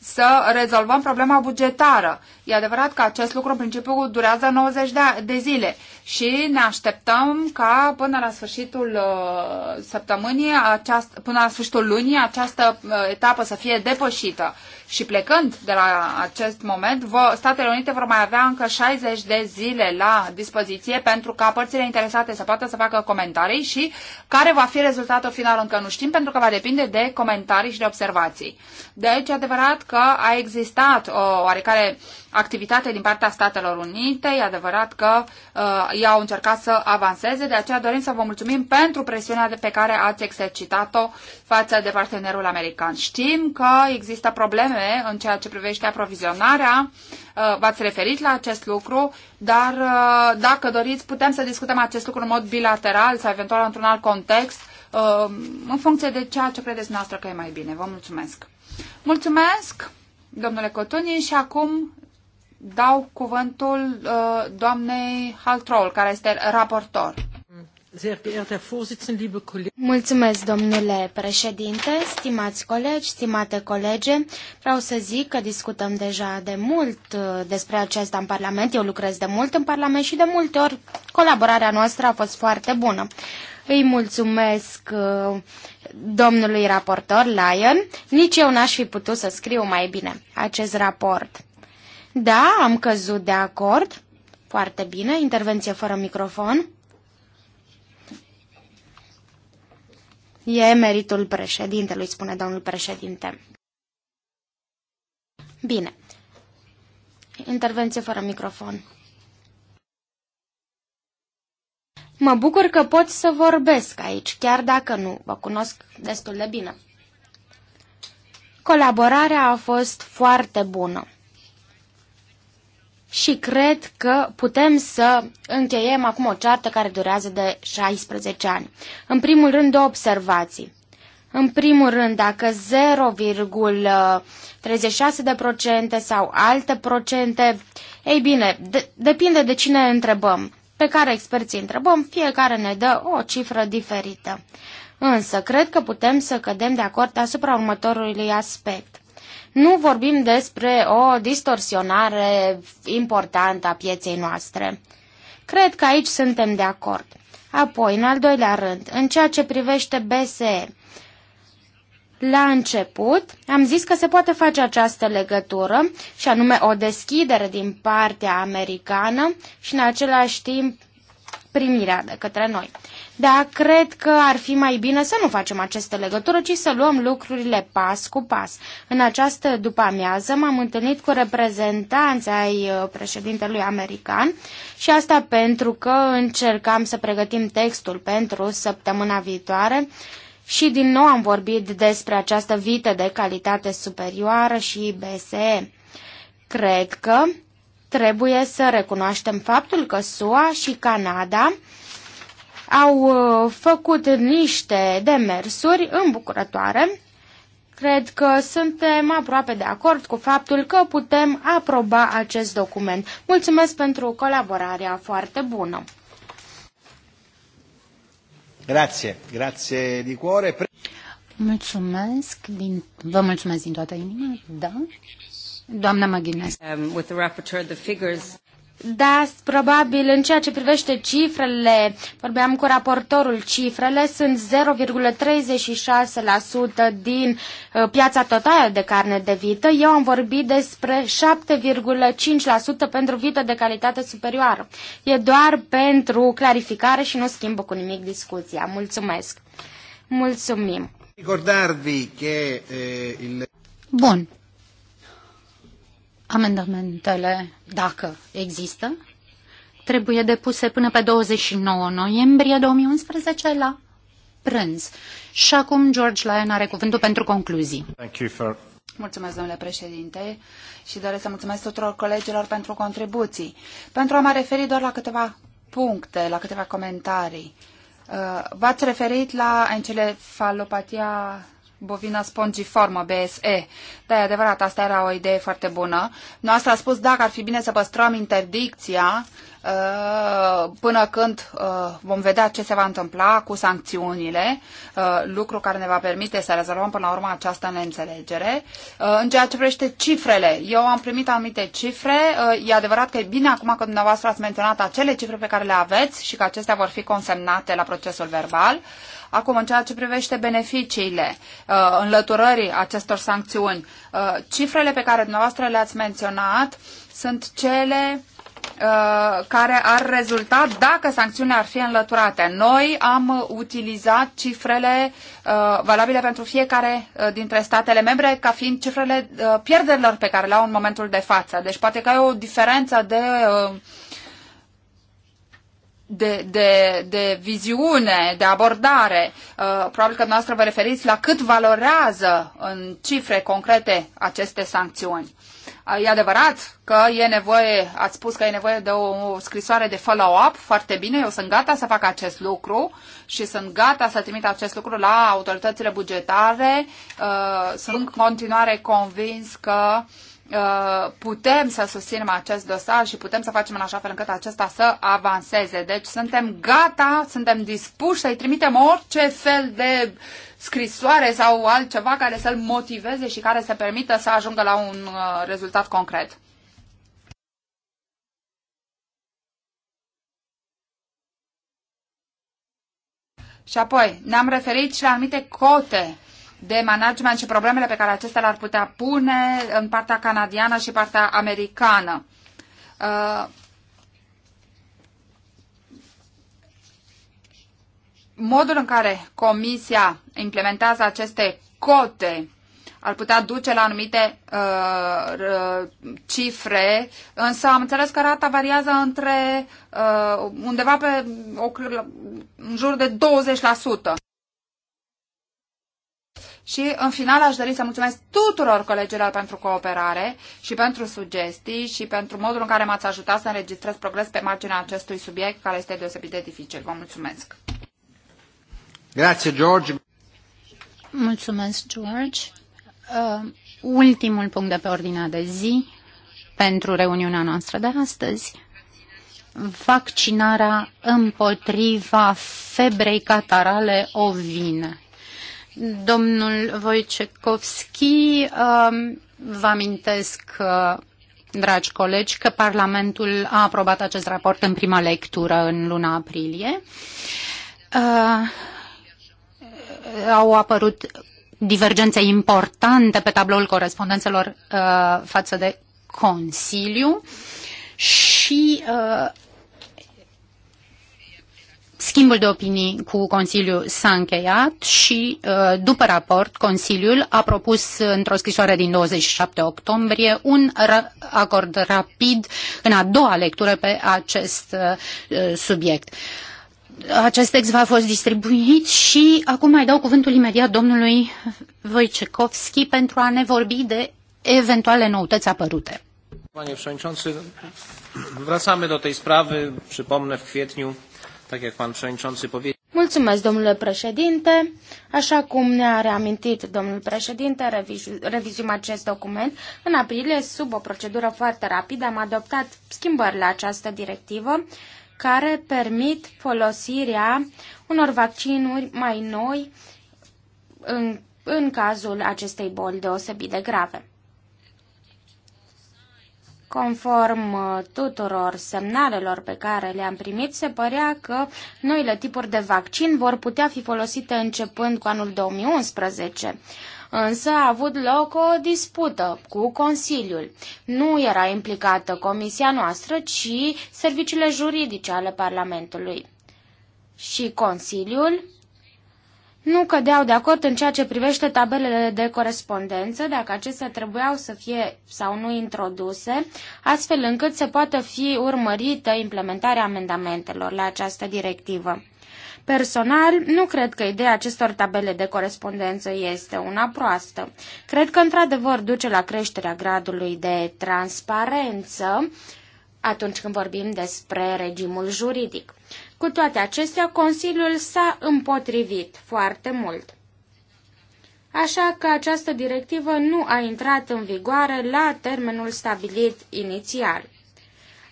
să rezolvăm problema bugetară E adevărat că acest lucru, în principiu, durează 90 de, zile și ne așteptăm ca până la sfârșitul uh, săptămânii, aceast, până la sfârșitul lunii, această uh, etapă să fie depășită. Și plecând de la acest moment, Statele Unite vor mai avea încă 60 de zile la dispoziție pentru ca părțile interesate să poată să facă comentarii și care va fi rezultatul final încă nu știm, pentru că va depinde de comentarii și de observații. Deci, adevărat că a existat o uh, oarecare uh, activitate din partea Statelor Unite. E adevărat că uh, i-au încercat să avanseze, de aceea dorim să vă mulțumim pentru presiunea de pe care ați exercitat-o față de partenerul american. Știm că există probleme în ceea ce privește aprovizionarea, uh, v-ați referit la acest lucru, dar uh, dacă doriți putem să discutăm acest lucru în mod bilateral sau eventual într-un alt context, uh, în funcție de ceea ce credeți noastră că e mai bine. Vă mulțumesc! Mulțumesc! Domnule Cotoni, și acum dau cuvântul uh, doamnei Haltrol, care este raportor. Mulțumesc, domnule președinte, stimați colegi, stimate colege. Vreau să zic că discutăm deja de mult uh, despre acesta în Parlament. Eu lucrez de mult în Parlament și de multe ori colaborarea noastră a fost foarte bună. Îi mulțumesc uh, domnului raportor Lyon. Nici eu n-aș fi putut să scriu mai bine acest raport. Da, am căzut de acord. Foarte bine, intervenție fără microfon. E meritul președintelui, spune domnul președinte. Bine. Intervenție fără microfon. Mă bucur că pot să vorbesc aici, chiar dacă nu vă cunosc destul de bine. Colaborarea a fost foarte bună și cred că putem să încheiem acum o ceartă care durează de 16 ani. În primul rând, două observații. În primul rând, dacă 0,36% sau alte procente, ei bine, de, depinde de cine întrebăm, pe care experții întrebăm, fiecare ne dă o cifră diferită. Însă, cred că putem să cădem de acord asupra următorului aspect. Nu vorbim despre o distorsionare importantă a pieței noastre. Cred că aici suntem de acord. Apoi, în al doilea rând, în ceea ce privește BSE, la început am zis că se poate face această legătură și anume o deschidere din partea americană și în același timp primirea de către noi dar cred că ar fi mai bine să nu facem această legătură, ci să luăm lucrurile pas cu pas. În această după-amiază m-am întâlnit cu reprezentanți ai uh, președintelui american și asta pentru că încercam să pregătim textul pentru săptămâna viitoare și din nou am vorbit despre această vită de calitate superioară și BSE. Cred că trebuie să recunoaștem faptul că SUA și Canada au uh, făcut niște demersuri îmbucurătoare. Cred că suntem aproape de acord cu faptul că putem aproba acest document. Mulțumesc pentru colaborarea foarte bună. Grazie, grazie di cuore. Mulțumesc, din, vă mulțumesc din toată inima, da? Doamna Maghines. Um, with the rapporteur, the figures. Da, probabil în ceea ce privește cifrele, vorbeam cu raportorul, cifrele sunt 0,36% din uh, piața totală de carne de vită. Eu am vorbit despre 7,5% pentru vită de calitate superioară. E doar pentru clarificare și nu schimbă cu nimic discuția. Mulțumesc. Mulțumim. Ricordarvi că eh, Bun. Amendamentele, dacă există, trebuie depuse până pe 29 noiembrie 2011 la prânz. Și acum George Lyon are cuvântul pentru concluzii. Thank you for... Mulțumesc, domnule președinte, și doresc să mulțumesc tuturor colegilor pentru contribuții. Pentru a mă referi doar la câteva puncte, la câteva comentarii. Uh, v-ați referit la encelefalopatia bovina spongiformă, BSE. Da, e adevărat, asta era o idee foarte bună. Noastră a spus, dacă ar fi bine să păstrăm interdicția uh, până când uh, vom vedea ce se va întâmpla cu sancțiunile, uh, lucru care ne va permite să rezolvăm până la urmă această neînțelegere. În ceea ce privește cifrele, eu am primit anumite cifre. E adevărat că e bine acum că dumneavoastră ați menționat acele cifre pe care le aveți și că acestea vor fi consemnate la procesul verbal. Acum, în ceea ce privește beneficiile uh, înlăturării acestor sancțiuni, uh, cifrele pe care dumneavoastră le-ați menționat sunt cele uh, care ar rezulta dacă sancțiunile ar fi înlăturate. Noi am utilizat cifrele uh, valabile pentru fiecare uh, dintre statele membre ca fiind cifrele pierderilor pe care le au în momentul de față. Deci poate că e o diferență de de, de, de viziune, de abordare. Uh, probabil că noastră vă referiți la cât valorează în cifre concrete aceste sancțiuni. Uh, e adevărat că e nevoie, ați spus că e nevoie de o scrisoare de follow-up, foarte bine, eu sunt gata să fac acest lucru și sunt gata să trimit acest lucru la autoritățile bugetare. Uh, sunt în continuare convins că uh, Uh, putem să susținem acest dosar și putem să facem în așa fel încât acesta să avanseze. Deci suntem gata, suntem dispuși să-i trimitem orice fel de scrisoare sau altceva care să-l motiveze și care să permită să ajungă la un uh, rezultat concret. Și apoi ne-am referit și la anumite cote de management și problemele pe care acestea le-ar putea pune în partea canadiană și partea americană. Uh, modul în care Comisia implementează aceste cote ar putea duce la anumite uh, uh cifre, însă am înțeles că rata variază între uh, undeva pe o, în jur de 20%. Și în final aș dori să mulțumesc tuturor colegilor pentru cooperare și pentru sugestii și pentru modul în care m-ați ajutat să înregistrez progres pe marginea acestui subiect care este deosebit de dificil. Vă mulțumesc! Grazie, George! Mulțumesc, George! Uh, ultimul punct de pe ordinea de zi pentru reuniunea noastră de astăzi vaccinarea împotriva febrei catarale ovine. Domnul Wojciechowski, um, vă amintesc, uh, dragi colegi, că Parlamentul a aprobat acest raport în prima lectură în luna aprilie. Uh, au apărut divergențe importante pe tabloul corespondențelor uh, față de Consiliu și Schimbul de opinii cu Consiliul s-a încheiat și uh, după raport Consiliul a propus într-o scrisoare din 27 octombrie un acord rapid în a doua lectură pe acest uh, subiect. Acest text va fost distribuit și acum mai dau cuvântul imediat domnului Wojciechowski pentru a ne vorbi de eventuale noutăți apărute. Panie Przewodniczący, wracamy do tej sprawy. Przypomnę, w kwietniu Mulțumesc, domnule președinte. Așa cum ne-a reamintit domnul președinte, revizim acest document. În aprilie, sub o procedură foarte rapidă, am adoptat schimbări la această directivă care permit folosirea unor vaccinuri mai noi în, în cazul acestei boli deosebit de grave. Conform uh, tuturor semnalelor pe care le-am primit, se părea că noile tipuri de vaccin vor putea fi folosite începând cu anul 2011. Însă a avut loc o dispută cu Consiliul. Nu era implicată comisia noastră, ci serviciile juridice ale Parlamentului. Și Consiliul nu cădeau de acord în ceea ce privește tabelele de corespondență, dacă acestea trebuiau să fie sau nu introduse, astfel încât să poată fi urmărită implementarea amendamentelor la această directivă. Personal, nu cred că ideea acestor tabele de corespondență este una proastă. Cred că, într-adevăr, duce la creșterea gradului de transparență atunci când vorbim despre regimul juridic. Cu toate acestea, Consiliul s-a împotrivit foarte mult. Așa că această directivă nu a intrat în vigoare la termenul stabilit inițial.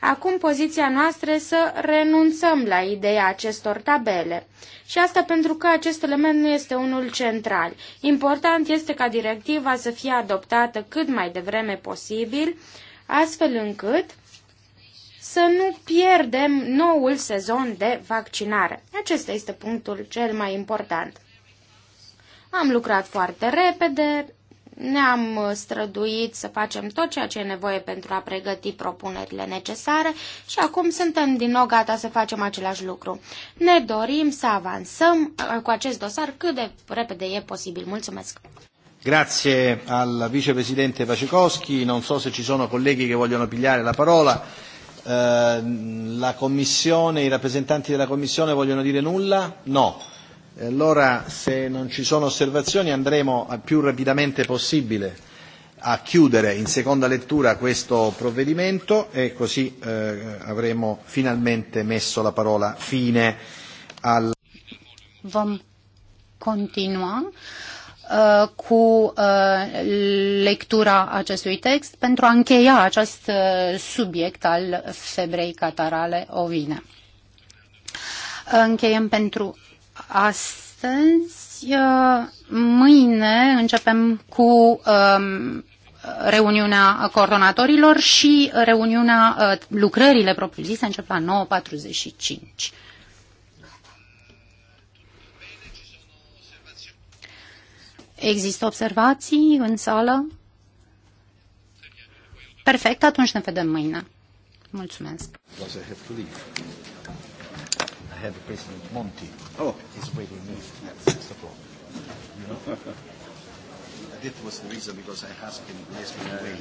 Acum poziția noastră este să renunțăm la ideea acestor tabele. Și asta pentru că acest element nu este unul central. Important este ca directiva să fie adoptată cât mai devreme posibil, astfel încât să nu pierdem noul sezon de vaccinare. Acesta este punctul cel mai important. Am lucrat foarte repede, ne-am străduit să facem tot ceea ce e nevoie pentru a pregăti propunerile necesare și acum suntem din nou gata să facem același lucru. Ne dorim să avansăm uh, cu acest dosar cât de repede e posibil. Mulțumesc! Grazie al vicepresidente Pacicoschi, non so se ci sono colleghi che vogliono pigliare la parola. Eh, la Commissione, i rappresentanti della Commissione vogliono dire nulla? No. Allora, se non ci sono osservazioni, andremo più rapidamente possibile a chiudere in seconda lettura questo provvedimento e così eh, avremo finalmente messo la parola fine al. Vom continua Uh, cu uh, lectura acestui text pentru a încheia acest uh, subiect al febrei catarale ovine. Încheiem pentru astăzi. Mâine începem cu um, reuniunea coordonatorilor și reuniunea, lucrările propriu-zise încep la 9.45. Există observații în sală? Perfect, atunci ne vedem mâine. Mulțumesc. I did oh. [LAUGHS] was the reason because I asked him to last away.